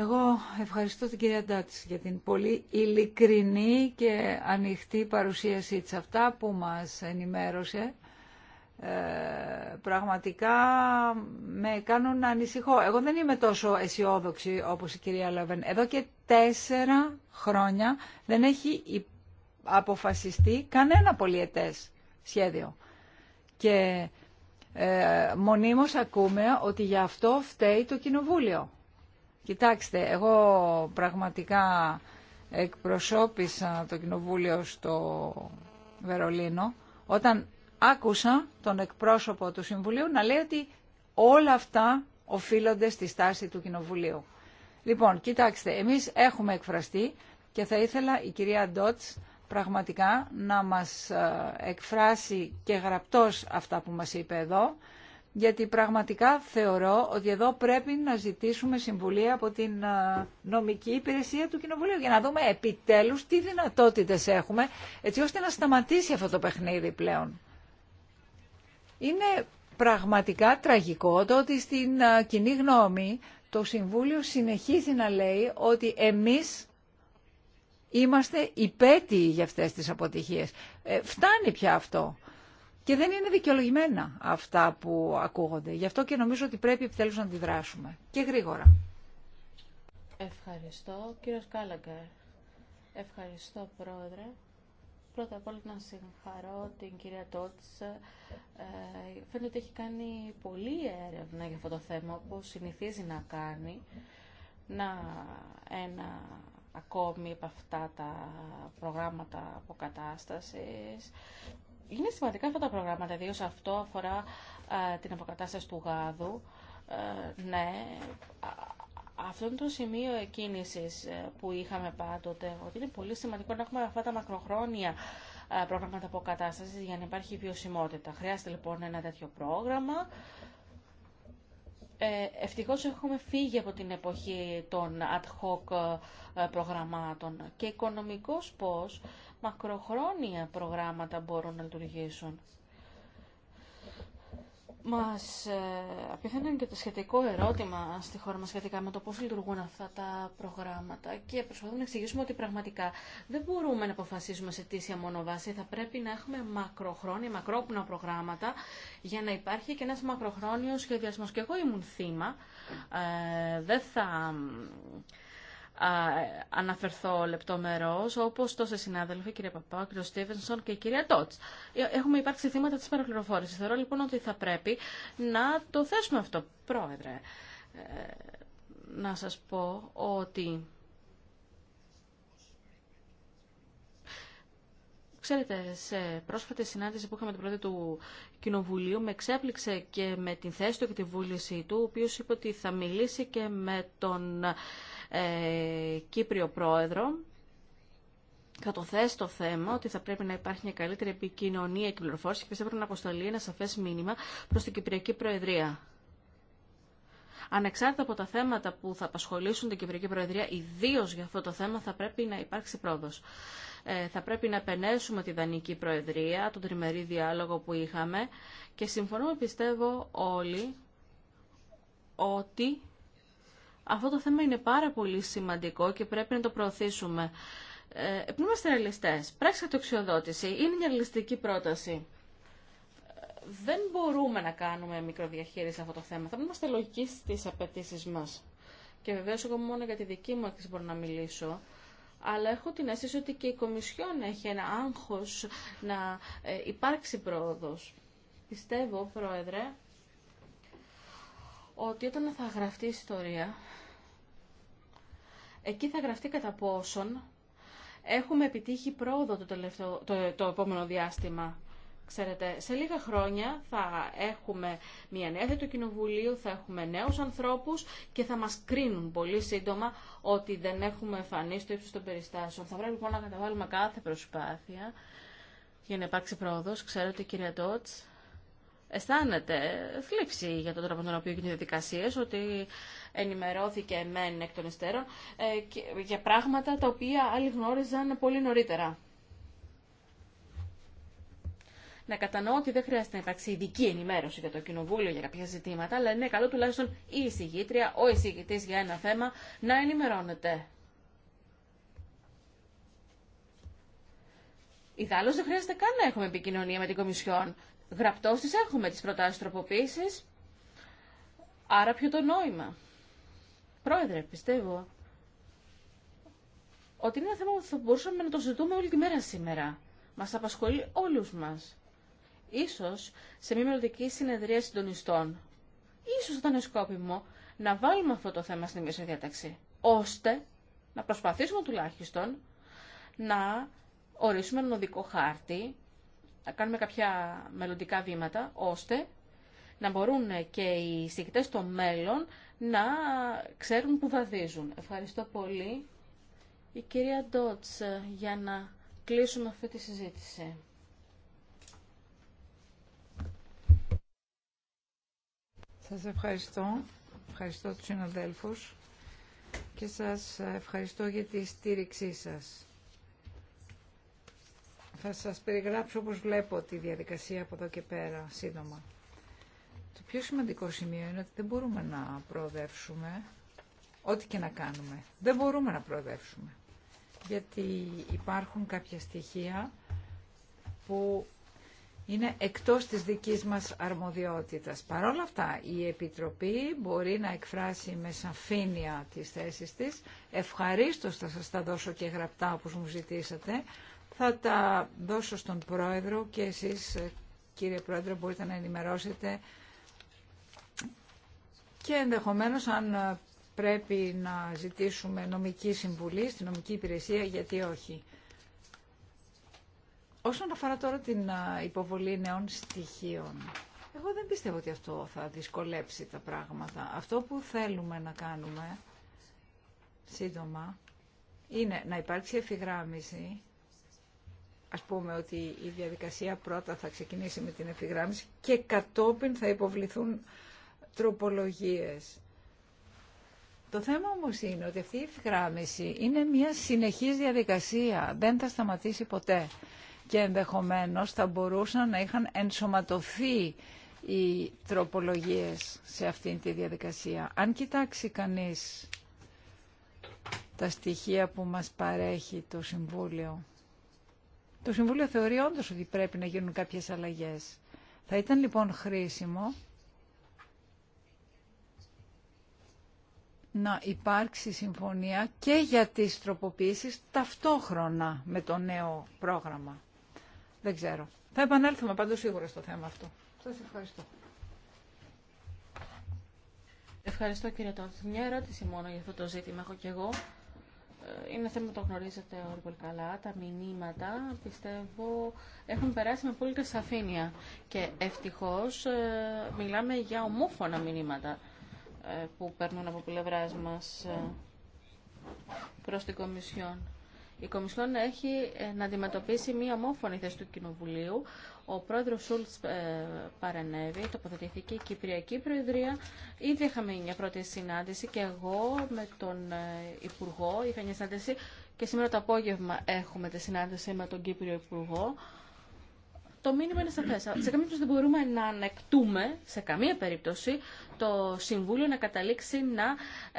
C: Εγώ ευχαριστώ την κυρία Ντάτση για την πολύ ειλικρινή και ανοιχτή παρουσίασή της αυτά που μας ενημέρωσε. Ε, πραγματικά με κάνουν να ανησυχώ. Εγώ δεν είμαι τόσο αισιόδοξη όπως η κυρία Λεβεν. Εδώ και τέσσερα χρόνια δεν έχει αποφασιστεί κανένα πολιετές σχέδιο. Και ε, μονίμως ακούμε ότι γι' αυτό φταίει το Κοινοβούλιο. Κοιτάξτε, εγώ πραγματικά εκπροσώπησα το κοινοβούλιο στο Βερολίνο όταν άκουσα τον εκπρόσωπο του Συμβουλίου να λέει ότι όλα αυτά οφείλονται στη στάση του Κοινοβουλίου. Λοιπόν, κοιτάξτε, εμείς έχουμε εκφραστεί και θα ήθελα η κυρία Ντότς πραγματικά να μας ε, εκφράσει και γραπτός αυτά που μας είπε εδώ γιατί πραγματικά θεωρώ ότι εδώ πρέπει να ζητήσουμε συμβουλή από την νομική υπηρεσία του Κοινοβουλίου για να δούμε επιτέλους τι δυνατότητες έχουμε έτσι ώστε να σταματήσει αυτό το παιχνίδι πλέον. Είναι πραγματικά τραγικό το ότι στην κοινή γνώμη το Συμβούλιο συνεχίζει να λέει ότι εμείς είμαστε υπέτειοι για αυτές τις αποτυχίες. Ε, φτάνει πια αυτό. Και δεν είναι δικαιολογημένα αυτά που ακούγονται. Γι' αυτό και νομίζω ότι πρέπει επιτέλους να αντιδράσουμε. Και γρήγορα.
D: Ευχαριστώ. Κύριος Κάλαγκαρ. Ευχαριστώ, Πρόεδρε. Πρώτα απ' όλα να συγχαρώ την κυρία Τότς. Ε, φαίνεται ότι έχει κάνει πολλή έρευνα για αυτό το θέμα, όπως συνηθίζει να κάνει. Να ένα ακόμη από αυτά τα προγράμματα αποκατάστασης είναι σημαντικά αυτά τα προγράμματα, ιδίω αυτό αφορά την αποκατάσταση του γάδου. Ε, ναι, αυτό είναι το σημείο εκκίνηση ε, που είχαμε πάντοτε, ότι είναι πολύ σημαντικό να έχουμε αυτά τα μακροχρόνια προγράμματα αποκατάστασης για να υπάρχει βιωσιμότητα. Χρειάζεται λοιπόν ένα τέτοιο πρόγραμμα. Ε, ευτυχώς έχουμε φύγει από την εποχή των ad hoc ε, προγραμμάτων και οικονομικός πώς μακροχρόνια προγράμματα μπορούν να λειτουργήσουν. Μας ε, απίθανε και το σχετικό ερώτημα στη χώρα μας σχετικά με το πώς λειτουργούν αυτά τα προγράμματα και προσπαθούμε να εξηγήσουμε ότι πραγματικά δεν μπορούμε να αποφασίσουμε σε τίσια μόνο βάση. Θα πρέπει να έχουμε μακροχρόνια, μακρόπνοα προγράμματα για να υπάρχει και ένας μακροχρόνιος σχεδιασμός. Και εγώ ήμουν θύμα. Ε, δεν θα αναφερθώ λεπτομερώς, όπως τόσε συνάδελφοι, κύριε Παπά, κύριο Στίβενσον και η κυρία Τότς. Ε, έχουμε υπάρξει θύματα της παραπληροφόρησης. Θεωρώ λοιπόν ότι θα πρέπει να το θέσουμε αυτό, πρόεδρε. Ε, να σας πω ότι... Ξέρετε, σε πρόσφατη συνάντηση που είχαμε την πρώτη του Κοινοβουλίου, με εξέπληξε και με την θέση του και τη βούλησή του, ο οποίος είπε ότι θα μιλήσει και με τον ε, Κύπριο Πρόεδρο, θα το θέμα ότι θα πρέπει να υπάρχει μια καλύτερη επικοινωνία και πληροφόρηση και πιστεύω να αποσταλεί ένα σαφέ μήνυμα προ την Κυπριακή Προεδρία. Ανεξάρτητα από τα θέματα που θα απασχολήσουν την Κυπριακή Προεδρία, ιδίω για αυτό το θέμα, θα πρέπει να υπάρξει πρόοδο. Ε, θα πρέπει να επενέσουμε τη Δανική Προεδρία, τον τριμερή διάλογο που είχαμε και συμφωνούμε, πιστεύω, όλοι ότι αυτό το θέμα είναι πάρα πολύ σημαντικό και πρέπει να το προωθήσουμε. Ε, είμαστε ρεαλιστέ. Πράξη κατοξιοδότηση είναι μια ρεαλιστική πρόταση. Δεν μπορούμε να κάνουμε μικροδιαχείριση σε αυτό το θέμα. Θα είμαστε λογικοί στι απαιτήσει μα. Και βεβαίω, εγώ μόνο για τη δική μου έκθεση μπορώ να μιλήσω. Αλλά έχω την αίσθηση ότι και η Κομισιόν έχει ένα άγχος να ε, υπάρξει πρόοδο. Πιστεύω, Πρόεδρε, ότι όταν θα γραφτεί η ιστορία εκεί θα γραφτεί κατά πόσον έχουμε επιτύχει πρόοδο το, το, το επόμενο διάστημα. Ξέρετε, σε λίγα χρόνια θα έχουμε μια νέα του Κοινοβουλίου, θα έχουμε νέους ανθρώπους και θα μας κρίνουν πολύ σύντομα ότι δεν έχουμε εμφανίσει το ύψος των περιστάσεων. Θα πρέπει λοιπόν να καταβάλουμε κάθε προσπάθεια για να υπάρξει πρόοδος. Ξέρετε, κυρία Τότς αισθάνεται θλίψη για τον τρόπο τον οποίο γίνονται οι ότι ενημερώθηκε μεν εκ των υστέρων ε, για πράγματα τα οποία άλλοι γνώριζαν πολύ νωρίτερα. Να κατανοώ ότι δεν χρειάζεται να υπάρξει ειδική ενημέρωση για το Κοινοβούλιο για κάποια ζητήματα, αλλά είναι καλό τουλάχιστον η εισηγήτρια, ο εισηγητή για ένα θέμα να ενημερώνεται. Ιδάλω δεν χρειάζεται καν να έχουμε επικοινωνία με την Κομισιόν γραπτός έχουμε τις προτάσεις τροποποίησης, άρα ποιο το νόημα. Πρόεδρε, πιστεύω ότι είναι ένα θέμα που θα μπορούσαμε να το ζητούμε όλη τη μέρα σήμερα. Μας απασχολεί όλους μας. Ίσως σε μια μελλοντική συνεδρία συντονιστών. Ίσως θα ήταν σκόπιμο να βάλουμε αυτό το θέμα στην ημερήσια διάταξη. Ώστε να προσπαθήσουμε τουλάχιστον να ορίσουμε έναν οδικό χάρτη να κάνουμε κάποια μελλοντικά βήματα, ώστε να μπορούν και οι συγκριτές στο μέλλον να ξέρουν που βαδίζουν. Ευχαριστώ πολύ. Η κυρία Ντότς, για να κλείσουμε αυτή τη συζήτηση. Σας ευχαριστώ.
C: Ευχαριστώ τους συναδέλφους και σας ευχαριστώ για τη στήριξή σας. Θα σας περιγράψω όπως βλέπω τη διαδικασία από εδώ και πέρα, σύντομα. Το πιο σημαντικό σημείο είναι ότι δεν μπορούμε να προοδεύσουμε ό,τι και να κάνουμε. Δεν μπορούμε να προοδεύσουμε. Γιατί υπάρχουν κάποια στοιχεία που είναι εκτός της δικής μας αρμοδιότητας. Παρ' όλα αυτά, η Επιτροπή μπορεί να εκφράσει με σαφήνεια τις θέσεις της. Ευχαρίστως θα σας τα δώσω και γραπτά όπως μου ζητήσατε, θα τα δώσω στον Πρόεδρο και εσείς ε, κύριε Πρόεδρε μπορείτε να ενημερώσετε και ενδεχομένως αν ε, πρέπει να ζητήσουμε νομική συμβουλή στην νομική υπηρεσία γιατί όχι. Όσον αφορά τώρα την ε, υποβολή νέων στοιχείων, εγώ δεν πιστεύω ότι αυτό θα δυσκολέψει τα πράγματα. Αυτό που θέλουμε να κάνουμε σύντομα είναι να υπάρξει εφηγράμμιση ας πούμε ότι η διαδικασία πρώτα θα ξεκινήσει με την ευθυγράμμιση και κατόπιν θα υποβληθούν τροπολογίες. Το θέμα όμως είναι ότι αυτή η ευθυγράμμιση είναι μια συνεχής διαδικασία, δεν θα σταματήσει ποτέ και ενδεχομένως θα μπορούσαν να είχαν ενσωματωθεί οι τροπολογίες σε αυτήν τη διαδικασία. Αν κοιτάξει κανείς τα στοιχεία που μας παρέχει το Συμβούλιο το Συμβούλιο θεωρεί όντω ότι πρέπει να γίνουν κάποιες αλλαγές. Θα ήταν λοιπόν χρήσιμο να υπάρξει συμφωνία και για τις τροποποιήσεις ταυτόχρονα με το νέο πρόγραμμα. Δεν ξέρω. Θα επανέλθουμε πάντως σίγουρα στο θέμα αυτό. Σας ευχαριστώ.
D: Ευχαριστώ κύριε Τόντ. Μια ερώτηση μόνο για αυτό το ζήτημα έχω και εγώ είναι θέμα που το γνωρίζετε όλοι πολύ καλά. Τα μηνύματα, πιστεύω, έχουν περάσει με πολύ σαφήνεια. Και ευτυχώς ε, μιλάμε για ομόφωνα μηνύματα ε, που παίρνουν από πλευρά μας ε, προς την Κομισιόν. Η Κομισιόν έχει να αντιμετωπίσει μία ομόφωνη θέση του Κοινοβουλίου ο πρόεδρος Σούλτς ε, παρενέβη, τοποθετήθηκε η Κυπριακή Προεδρία. Ήδη είχαμε μια πρώτη συνάντηση και εγώ με τον ε, Υπουργό είχα μια συνάντηση και σήμερα το απόγευμα έχουμε τη συνάντηση με τον Κύπριο Υπουργό. Το μήνυμα είναι σαφέ. Σε καμία περίπτωση δεν μπορούμε να ανεκτούμε, σε καμία περίπτωση, το Συμβούλιο να καταλήξει να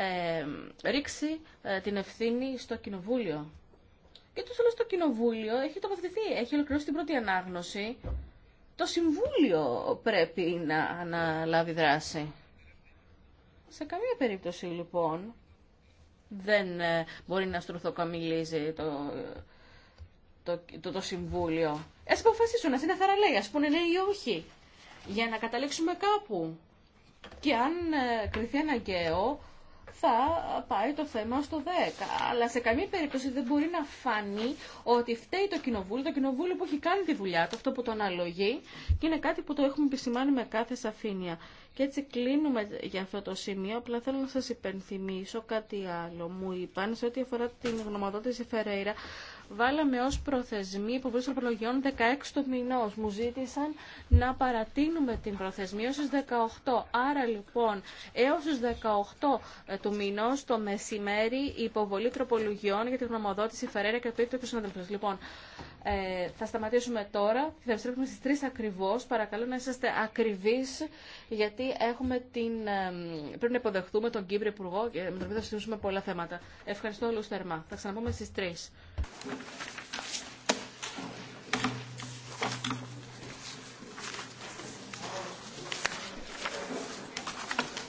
D: ε, ρίξει την ευθύνη στο Κοινοβούλιο. Και το άλλο το Κοινοβούλιο έχει τοποθετηθεί, έχει ολοκληρώσει την πρώτη ανάγνωση. Το Συμβούλιο πρέπει να αναλάβει δράση. Σε καμία περίπτωση λοιπόν δεν ε, μπορεί να στρουθοκαμιλίζει το, το, το, το Συμβούλιο. Α αποφασίσουν, α είναι θαραλέοι, α πούνε ναι ή όχι. Για να καταλήξουμε κάπου. Και αν ε, κρυθεί αναγκαίο, θα πάει το θέμα στο 10. Αλλά σε καμία περίπτωση δεν μπορεί να φανεί ότι φταίει το κοινοβούλιο, το κοινοβούλιο που έχει κάνει τη δουλειά του, αυτό που το αναλογεί, και είναι κάτι που το έχουμε επισημάνει με κάθε σαφήνεια. Και έτσι κλείνουμε για αυτό το σημείο. Απλά θέλω να σας υπενθυμίσω κάτι άλλο. Μου είπαν σε ό,τι αφορά την γνωμοδότηση Φερέιρα, βάλαμε ως προθεσμή υποβολή τροπολογιών 16 του μηνός. Μου ζήτησαν να παρατείνουμε την προθεσμία στις 18. Άρα λοιπόν έως τις 18 ε, του μηνός το μεσημέρι υποβολή τροπολογιών για την γνωμοδότηση Φερέρα και το ίδιο του ε, θα σταματήσουμε τώρα και θα επιστρέψουμε στις 3 ακριβώς. Παρακαλώ να είσαστε ακριβείς γιατί έχουμε την, ε, πρέπει να υποδεχτούμε τον Κύπριο Υπουργό και με τον οποίο θα συζητήσουμε πολλά θέματα. Ευχαριστώ όλους θερμά. Θα ξαναπούμε στις 3.